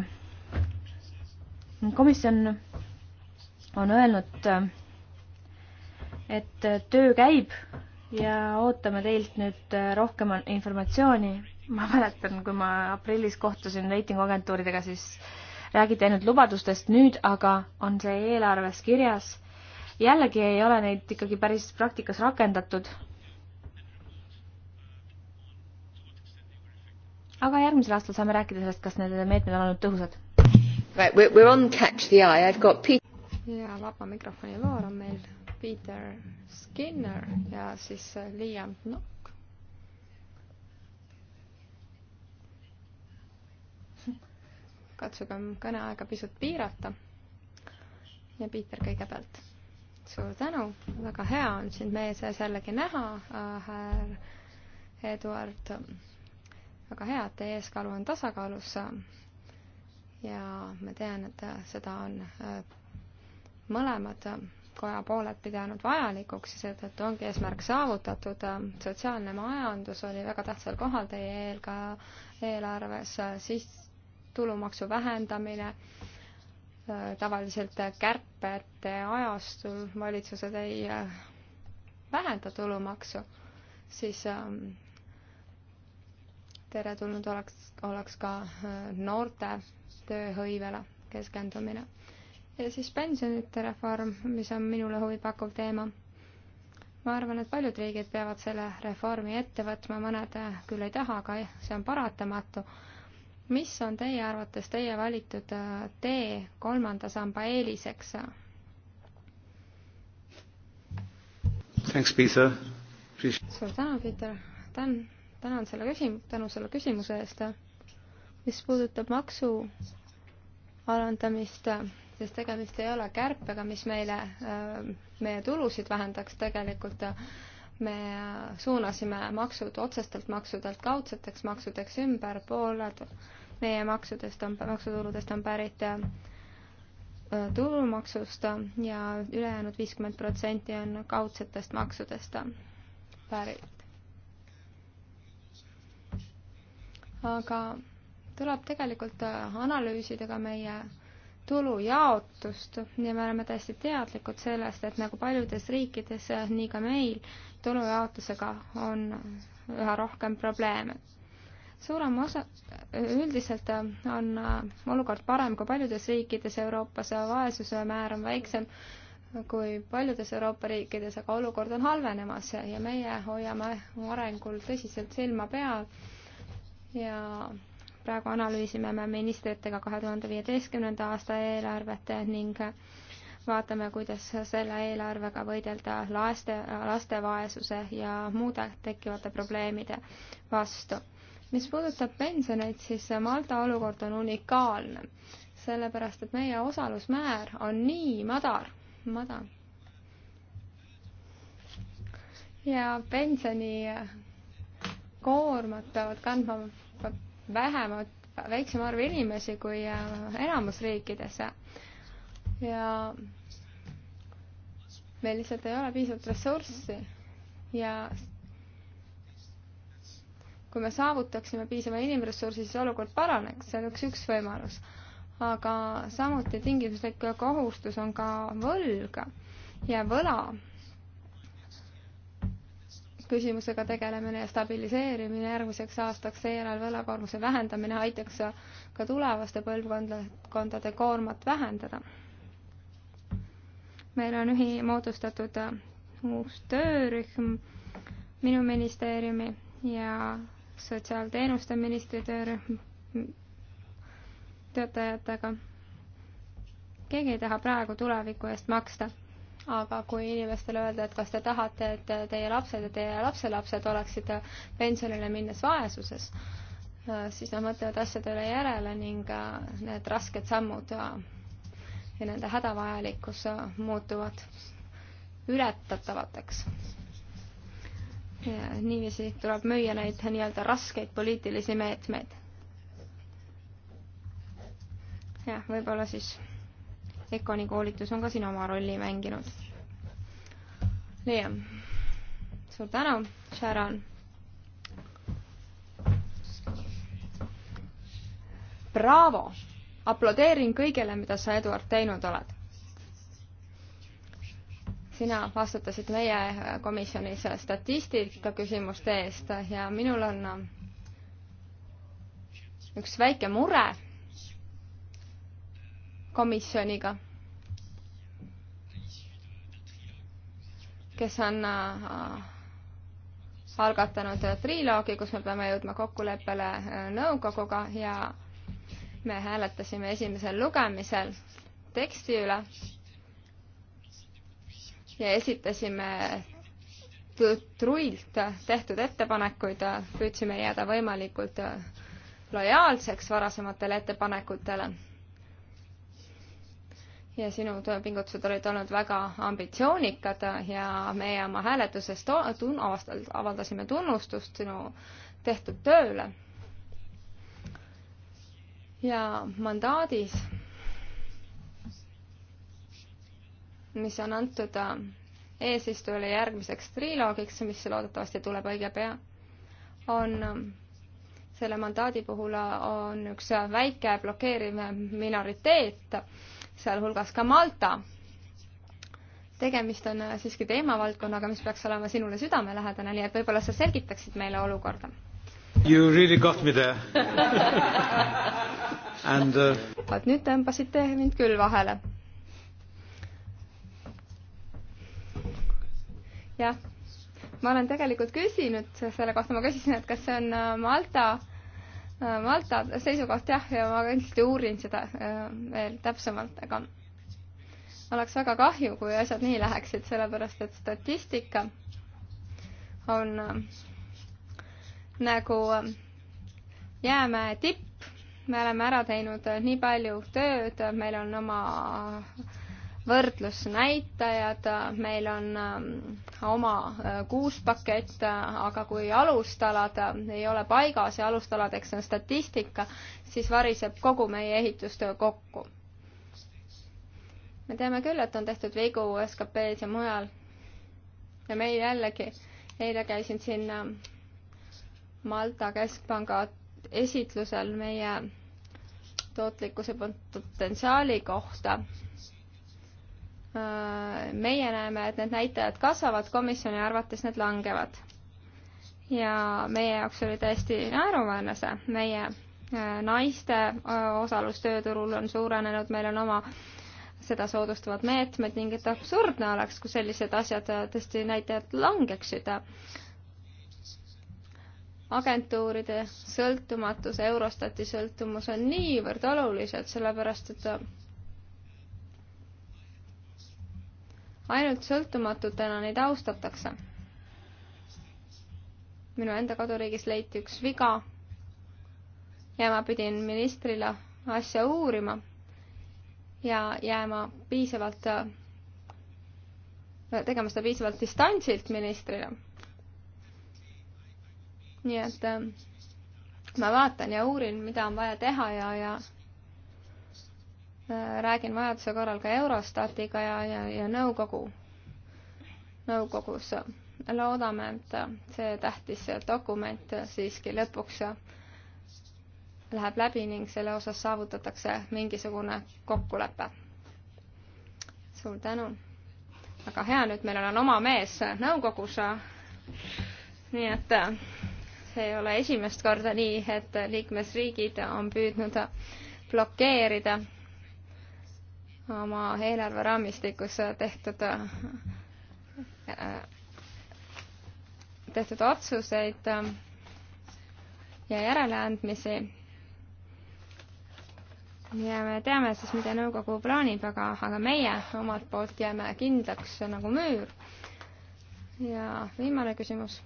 komisjon on öelnud, et töö käib ja ootame teilt nüüd rohkem informatsiooni ma mäletan, kui ma aprillis kohtusin reitinguagentuuridega, siis räägiti ainult lubadustest, nüüd aga on see eelarves kirjas. jällegi ei ole neid ikkagi päris praktikas rakendatud. aga järgmisel aastal saame rääkida sellest, kas need meetmed on olnud tõhusad. Right, we are on catch the eye, I have got Pete. ja vaba mikrofoni voor on meil Peter Skinner ja siis äh, Liam Nutt no katsugem kõneaega pisut piirata. ja Piiter kõigepealt. suur tänu, väga hea on sind meie seas jällegi näha, äh, härra Eduard. väga hea, et teie eeskaalu on tasakaalus. ja ma tean, et äh, seda on äh, mõlemad koja pooled pidanud vajalikuks ja seetõttu ongi eesmärk saavutatud. sotsiaalne majandus oli väga tähtsal kohal teie eelka eelarves, siis tulumaksu vähendamine, tavaliselt kärpete ajastul valitsused ei äh, vähenda tulumaksu, siis ähm, teretulnud oleks, oleks ka äh, noorte tööhõivele keskendumine. ja siis pensionite reform, mis on minule huvi pakkuv teema ma arvan, et paljud riigid peavad selle reformi ette võtma, mõned äh, küll ei taha, aga see on paratamatu, mis on teie arvates teie valitud äh, tee kolmanda samba eeliseks? suur tänu, Peeter. tänan, tänan selle küsim-, tänu selle küsimuse eest. mis puudutab maksu alandamist, sest tegemist ei ole kärpega, mis meile, äh, meie tulusid vähendaks tegelikult äh, me suunasime maksud otsestelt maksudelt kaudseteks maksudeks ümber, pooled meie maksudest on, maksutuludest on pärit äh, tulumaksust ja ülejäänud viiskümmend protsenti on kaudsetest maksudest pärit. aga tuleb tegelikult äh, analüüsida ka meie tulujaotust ja me oleme täiesti teadlikud sellest, et nagu paljudes riikides, äh, nii ka meil, tulujaotusega on üha rohkem probleeme. suurem osa, üldiselt on olukord parem kui paljudes riikides Euroopas, vaesuse määr on väiksem kui paljudes Euroopa riikides, aga olukord on halvenemas ja meie hoiame arengul tõsiselt silma peal ja praegu analüüsime me ministritega kahe tuhande viieteistkümnenda aasta eelarvet ning vaatame, kuidas selle eelarvega võidelda laste, laste vaesuse ja muude tekkivate probleemide vastu. mis puudutab pensioneid, siis Malta olukord on unikaalne, sellepärast et meie osalusmäär on nii madal, madal. ja pensionikoormat peavad kandma vähemalt väiksem arv inimesi kui enamus riikides ja meil lihtsalt ei ole piisavalt ressurssi ja kui me saavutaksime piisava inimressursi, siis olukord paraneks, see on üks, üks võimalus. aga samuti tingimuslik kohustus on ka võlg ja võla küsimusega tegelemine ja stabiliseerimine järgmiseks aastaks, seejärel võlakoormuse vähendamine aitaks ka tulevaste põlvkondade koormat vähendada meil on ühi-, moodustatud äh, uus töörühm minu ministeeriumi ja sotsiaalteenuste ministri töörühm töötajatega. keegi ei taha praegu tuleviku eest maksta, aga kui inimestele öelda, et kas te tahate, et teie lapsed ja teie lapselapsed oleksid pensionile minnes vaesuses, äh, siis nad mõtlevad asjade üle järele ning äh, need rasked sammud ja nende hädavajalikkus äh, muutuvad ületatavateks. niiviisi tuleb müüa neid nii-öelda raskeid poliitilisi meetmeid. jah, võib-olla siis Econi koolitus on ka siin oma rolli mänginud. Liam, suur tänu, Sharon. Bravo! aplodeerin kõigele, mida sa, Eduard, teinud oled. sina vastutasid meie komisjonis statistika küsimuste eest ja minul on äh, üks väike mure komisjoniga, kes on äh, algatanud triloogi, kus me peame jõudma kokkuleppele äh, nõukoguga ja me hääletasime esimesel lugemisel teksti üle ja esitasime truilt tehtud ettepanekuid, püüdsime jääda võimalikult lojaalseks varasematele ettepanekutele. ja sinu pingutused olid olnud väga ambitsioonikad ja meie oma hääletuses tun-, avaldasime tunnustust sinu tehtud tööle ja mandaadis, mis on antud äh, eesistujale järgmiseks triloogiks, mis loodetavasti tuleb õige pea, on äh, selle mandaadi puhul äh, on üks väike blokeeriv minoriteet, sealhulgas ka Malta. tegemist on siiski teemavaldkonnaga, mis peaks olema sinule südamelähedane, nii et võib-olla sa selgitaksid meile olukorda. You really got me there and uh.... vaat nüüd tõmbasite mind küll vahele. jah, ma olen tegelikult küsinud selle kohta, ma küsisin, et kas see on äh, Malta, äh, Malta seisukoht jah, ja ma kindlasti uurin seda äh, veel täpsemalt, aga oleks väga kahju, kui asjad nii läheksid, sellepärast et statistika on äh, nagu äh, jäämäe tipp me oleme ära teinud nii palju tööd, meil on oma võrdlusnäitajad, meil on ähm, oma äh, kuuspakett, aga kui alustalad äh, ei ole paigas ja alustaladeks on statistika, siis variseb kogu meie ehitustöö kokku. me teame küll, et on tehtud vigu SKP-s ja mujal. ja meil jällegi, eile käisin sinna ähm, Malta keskpanga esitlusel meie tootlikkuse potentsiaali kohta. meie näeme, et need näitajad kasvavad, komisjoni arvates need langevad. ja meie jaoks oli täiesti naeruväärne see, meie äh, naiste äh, osalus tööturul on suurenenud, meil on oma seda soodustavad meetmed ning et absurdne oleks, kui sellised asjad äh, tõesti näitajad langeksid agentuuride sõltumatus, Eurostati sõltumus on niivõrd olulised, sellepärast et ainult sõltumatutena neid austatakse. minu enda koduriigis leiti üks viga ja ma pidin ministrile asja uurima ja jääma piisavalt, tegema seda piisavalt distantsilt ministrile nii et ähm, ma vaatan ja uurin, mida on vaja teha ja, ja äh, räägin vajaduse korral ka Eurostatiga ja, ja, ja nõukogu, nõukogus. loodame, et äh, see tähtis dokument siiski lõpuks äh, läheb läbi ning selle osas saavutatakse mingisugune kokkulepe. suur tänu. väga hea, nüüd meil on oma mees nõukogus. nii et ei ole esimest korda nii, et liikmesriigid on püüdnud blokeerida oma eelarveraamistikus tehtud, tehtud otsuseid ja järeleandmisi ja me teame siis, mida nõukogu plaanib, aga, aga meie omalt poolt jääme kindlaks nagu müür. ja viimane küsimus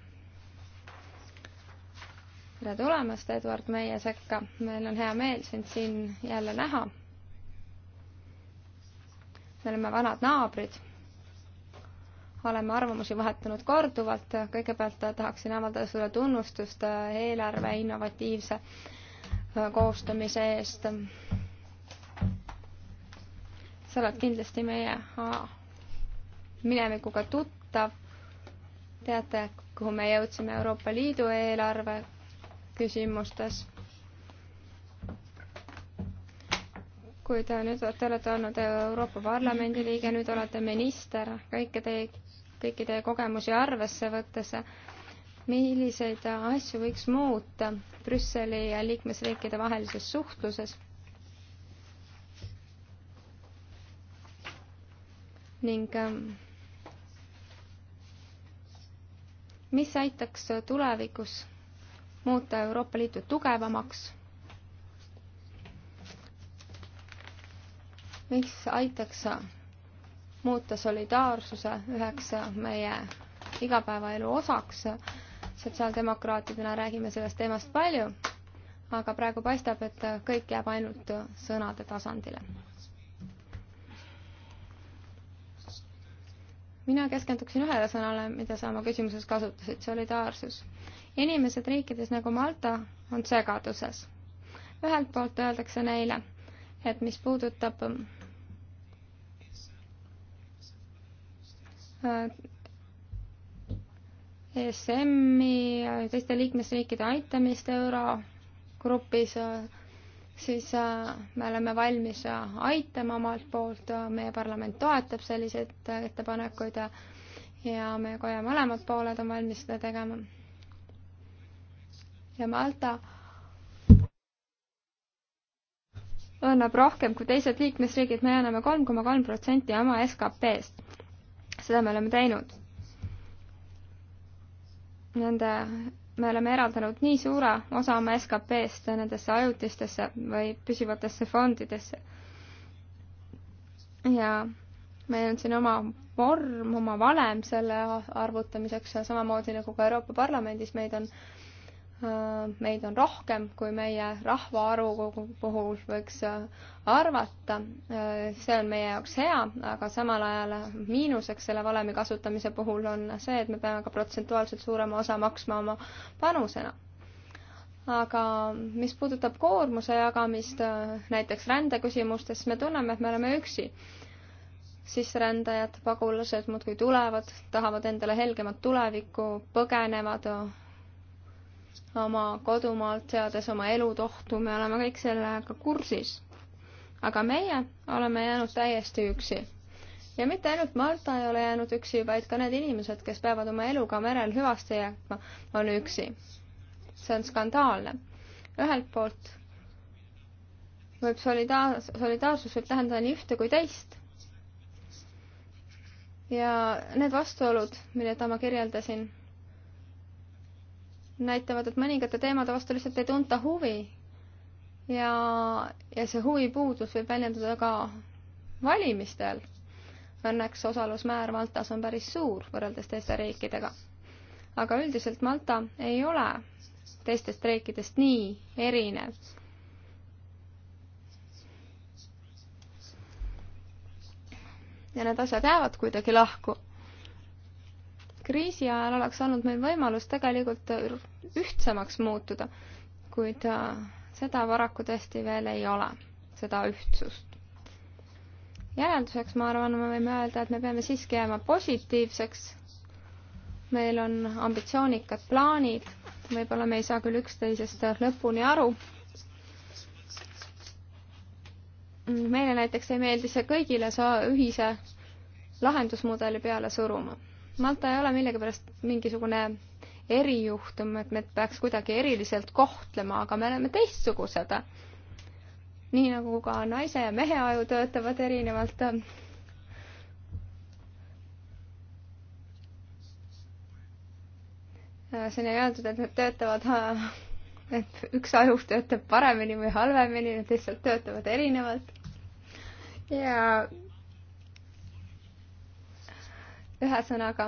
tere tulemast, Eduard, meie sekka. meil on hea meel sind siin jälle näha. me oleme vanad naabrid. oleme arvamusi vahetanud korduvalt. kõigepealt tahaksin avaldada sulle tunnustust eelarve innovatiivse koostamise eest. sa oled kindlasti meie minevikuga tuttav. teate, kuhu me jõudsime Euroopa Liidu eelarve küsimustes. kui te nüüd olete, olete olnud Euroopa Parlamendi liige, nüüd olete minister, kõike teie, kõiki teie kogemusi arvesse võttes, milliseid asju võiks muuta Brüsseli ja liikmesriikide vahelises suhtluses? ning ähm, mis aitaks tulevikus muuta Euroopa Liitu tugevamaks, mis aitaks muuta solidaarsuse üheks meie igapäevaelu osaks. sotsiaaldemokraatidena räägime sellest teemast palju, aga praegu paistab, et kõik jääb ainult sõnade tasandile. mina keskenduksin ühele sõnale, mida sa oma küsimuses kasutasid, solidaarsus inimesed riikides nagu Malta on segaduses. ühelt poolt öeldakse neile, et mis puudutab äh, ESM-i ja teiste liikmesriikide aitamist eurogrupis, äh, siis äh, me oleme valmis aitama omalt poolt, meie parlament toetab selliseid ettepanekuid ja, ja meie koja mõlemad pooled on valmis seda tegema ja Malta annab rohkem kui teised liikmesriigid, me anname kolm koma kolm protsenti oma SKP-st. seda me oleme teinud. Nende, me oleme eraldanud nii suure osa oma SKP-st nendesse ajutistesse või püsivatesse fondidesse. ja meil on siin oma vorm, oma valem selle arvutamiseks ja samamoodi nagu ka Euroopa Parlamendis meid on äh, Äh, meid on rohkem, kui meie rahvaarvu puhul võiks äh, arvata. Äh, see on meie jaoks hea, aga samal ajal miinuseks selle valemi kasutamise puhul on see, et me peame ka protsentuaalselt suurema osa maksma oma panusena. aga mis puudutab koormuse jagamist näiteks rändeküsimustes, me tunneme, et me oleme üksi sisserändajad, pagulased muudkui tulevad, tahavad endale helgemat tulevikku, põgenevad oma kodumaalt, seades oma elud ohtu, me oleme kõik sellega kursis. aga meie oleme jäänud täiesti üksi. ja mitte ainult Malta ei ole jäänud üksi, vaid ka need inimesed, kes peavad oma eluga merel hüvasti jätma, on üksi. see on skandaalne. ühelt poolt võib solidaar-, solidaarsus võib tähendada nii ühte kui teist. ja need vastuolud, mida ma kirjeldasin näitavad, et mõningate teemade vastu lihtsalt ei tunta huvi. ja, ja see huvipuudus võib väljenduda ka valimistel. Õnneks osalusmäär Maltas on päris suur võrreldes teiste riikidega. aga üldiselt Malta ei ole teistest riikidest nii erinev. ja need asjad jäävad kuidagi lahku kriisi ajal oleks olnud meil võimalus tegelikult ühtsemaks muutuda, kuid äh, seda paraku tõesti veel ei ole, seda ühtsust. järelduseks, ma arvan, me võime öelda, et me peame siiski jääma positiivseks. meil on ambitsioonikad plaanid, võib-olla me ei saa küll üksteisest lõpuni aru. meile näiteks ei meeldi see kõigile, see ühise lahendusmudeli peale suruma Malta ei ole millegipärast mingisugune erijuhtum, et meid peaks kuidagi eriliselt kohtlema, aga me oleme teistsugused. nii nagu ka naise ja mehe aju töötavad erinevalt. siin ei öeldud, et nad töötavad, et üks aju töötab paremini või halvemini, nad lihtsalt töötavad erinevalt. ja ühesõnaga,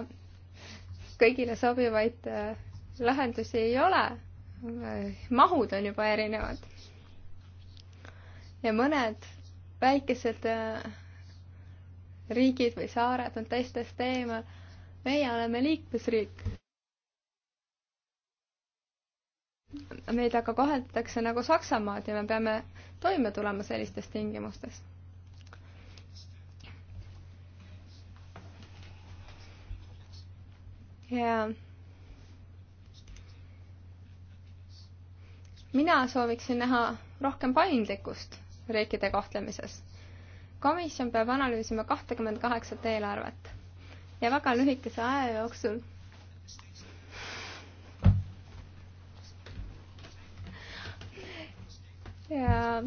kõigile sobivaid äh, lahendusi ei ole, mahud on juba erinevad. ja mõned väikesed äh, riigid või saared on teistest eemal. meie oleme liikmesriik. meid aga koheldatakse nagu Saksamaad ja me peame toime tulema sellistes tingimustes ja mina sooviksin näha rohkem paindlikkust riikide kohtlemises. komisjon peab analüüsima kahtekümmend kaheksat eelarvet ja väga lühikese aja jooksul ja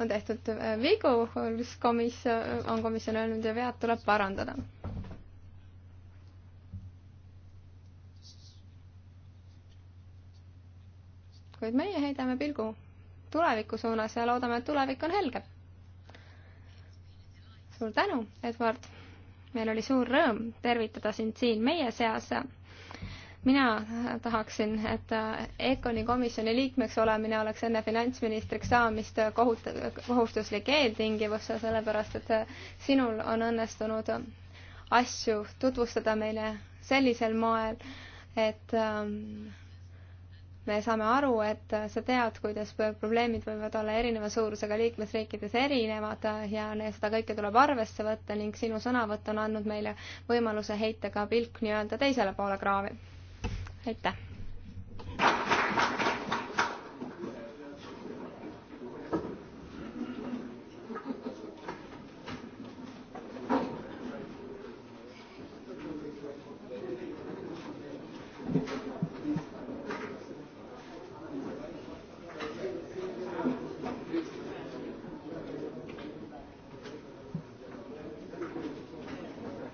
on tehtud vigu, mis komisjon, on komisjon öelnud ja vead tuleb parandada kuid meie heidame pilgu tuleviku suunas ja loodame, et tulevik on helge. suur tänu, Edward. meil oli suur rõõm tervitada sind siin meie seas. mina tahaksin, et EKONi komisjoni liikmeks olemine oleks enne finantsministriks saamist kohut-, kohustuslik eeltingimus, sellepärast et sinul on õnnestunud asju tutvustada meile sellisel moel, et ähm, me saame aru, et sa tead, kuidas probleemid võivad olla erineva suurusega liikmesriikides erinevad ja seda kõike tuleb arvesse võtta ning sinu sõnavõtt on andnud meile võimaluse heita ka pilk nii-öelda teisele poole kraavi. aitäh!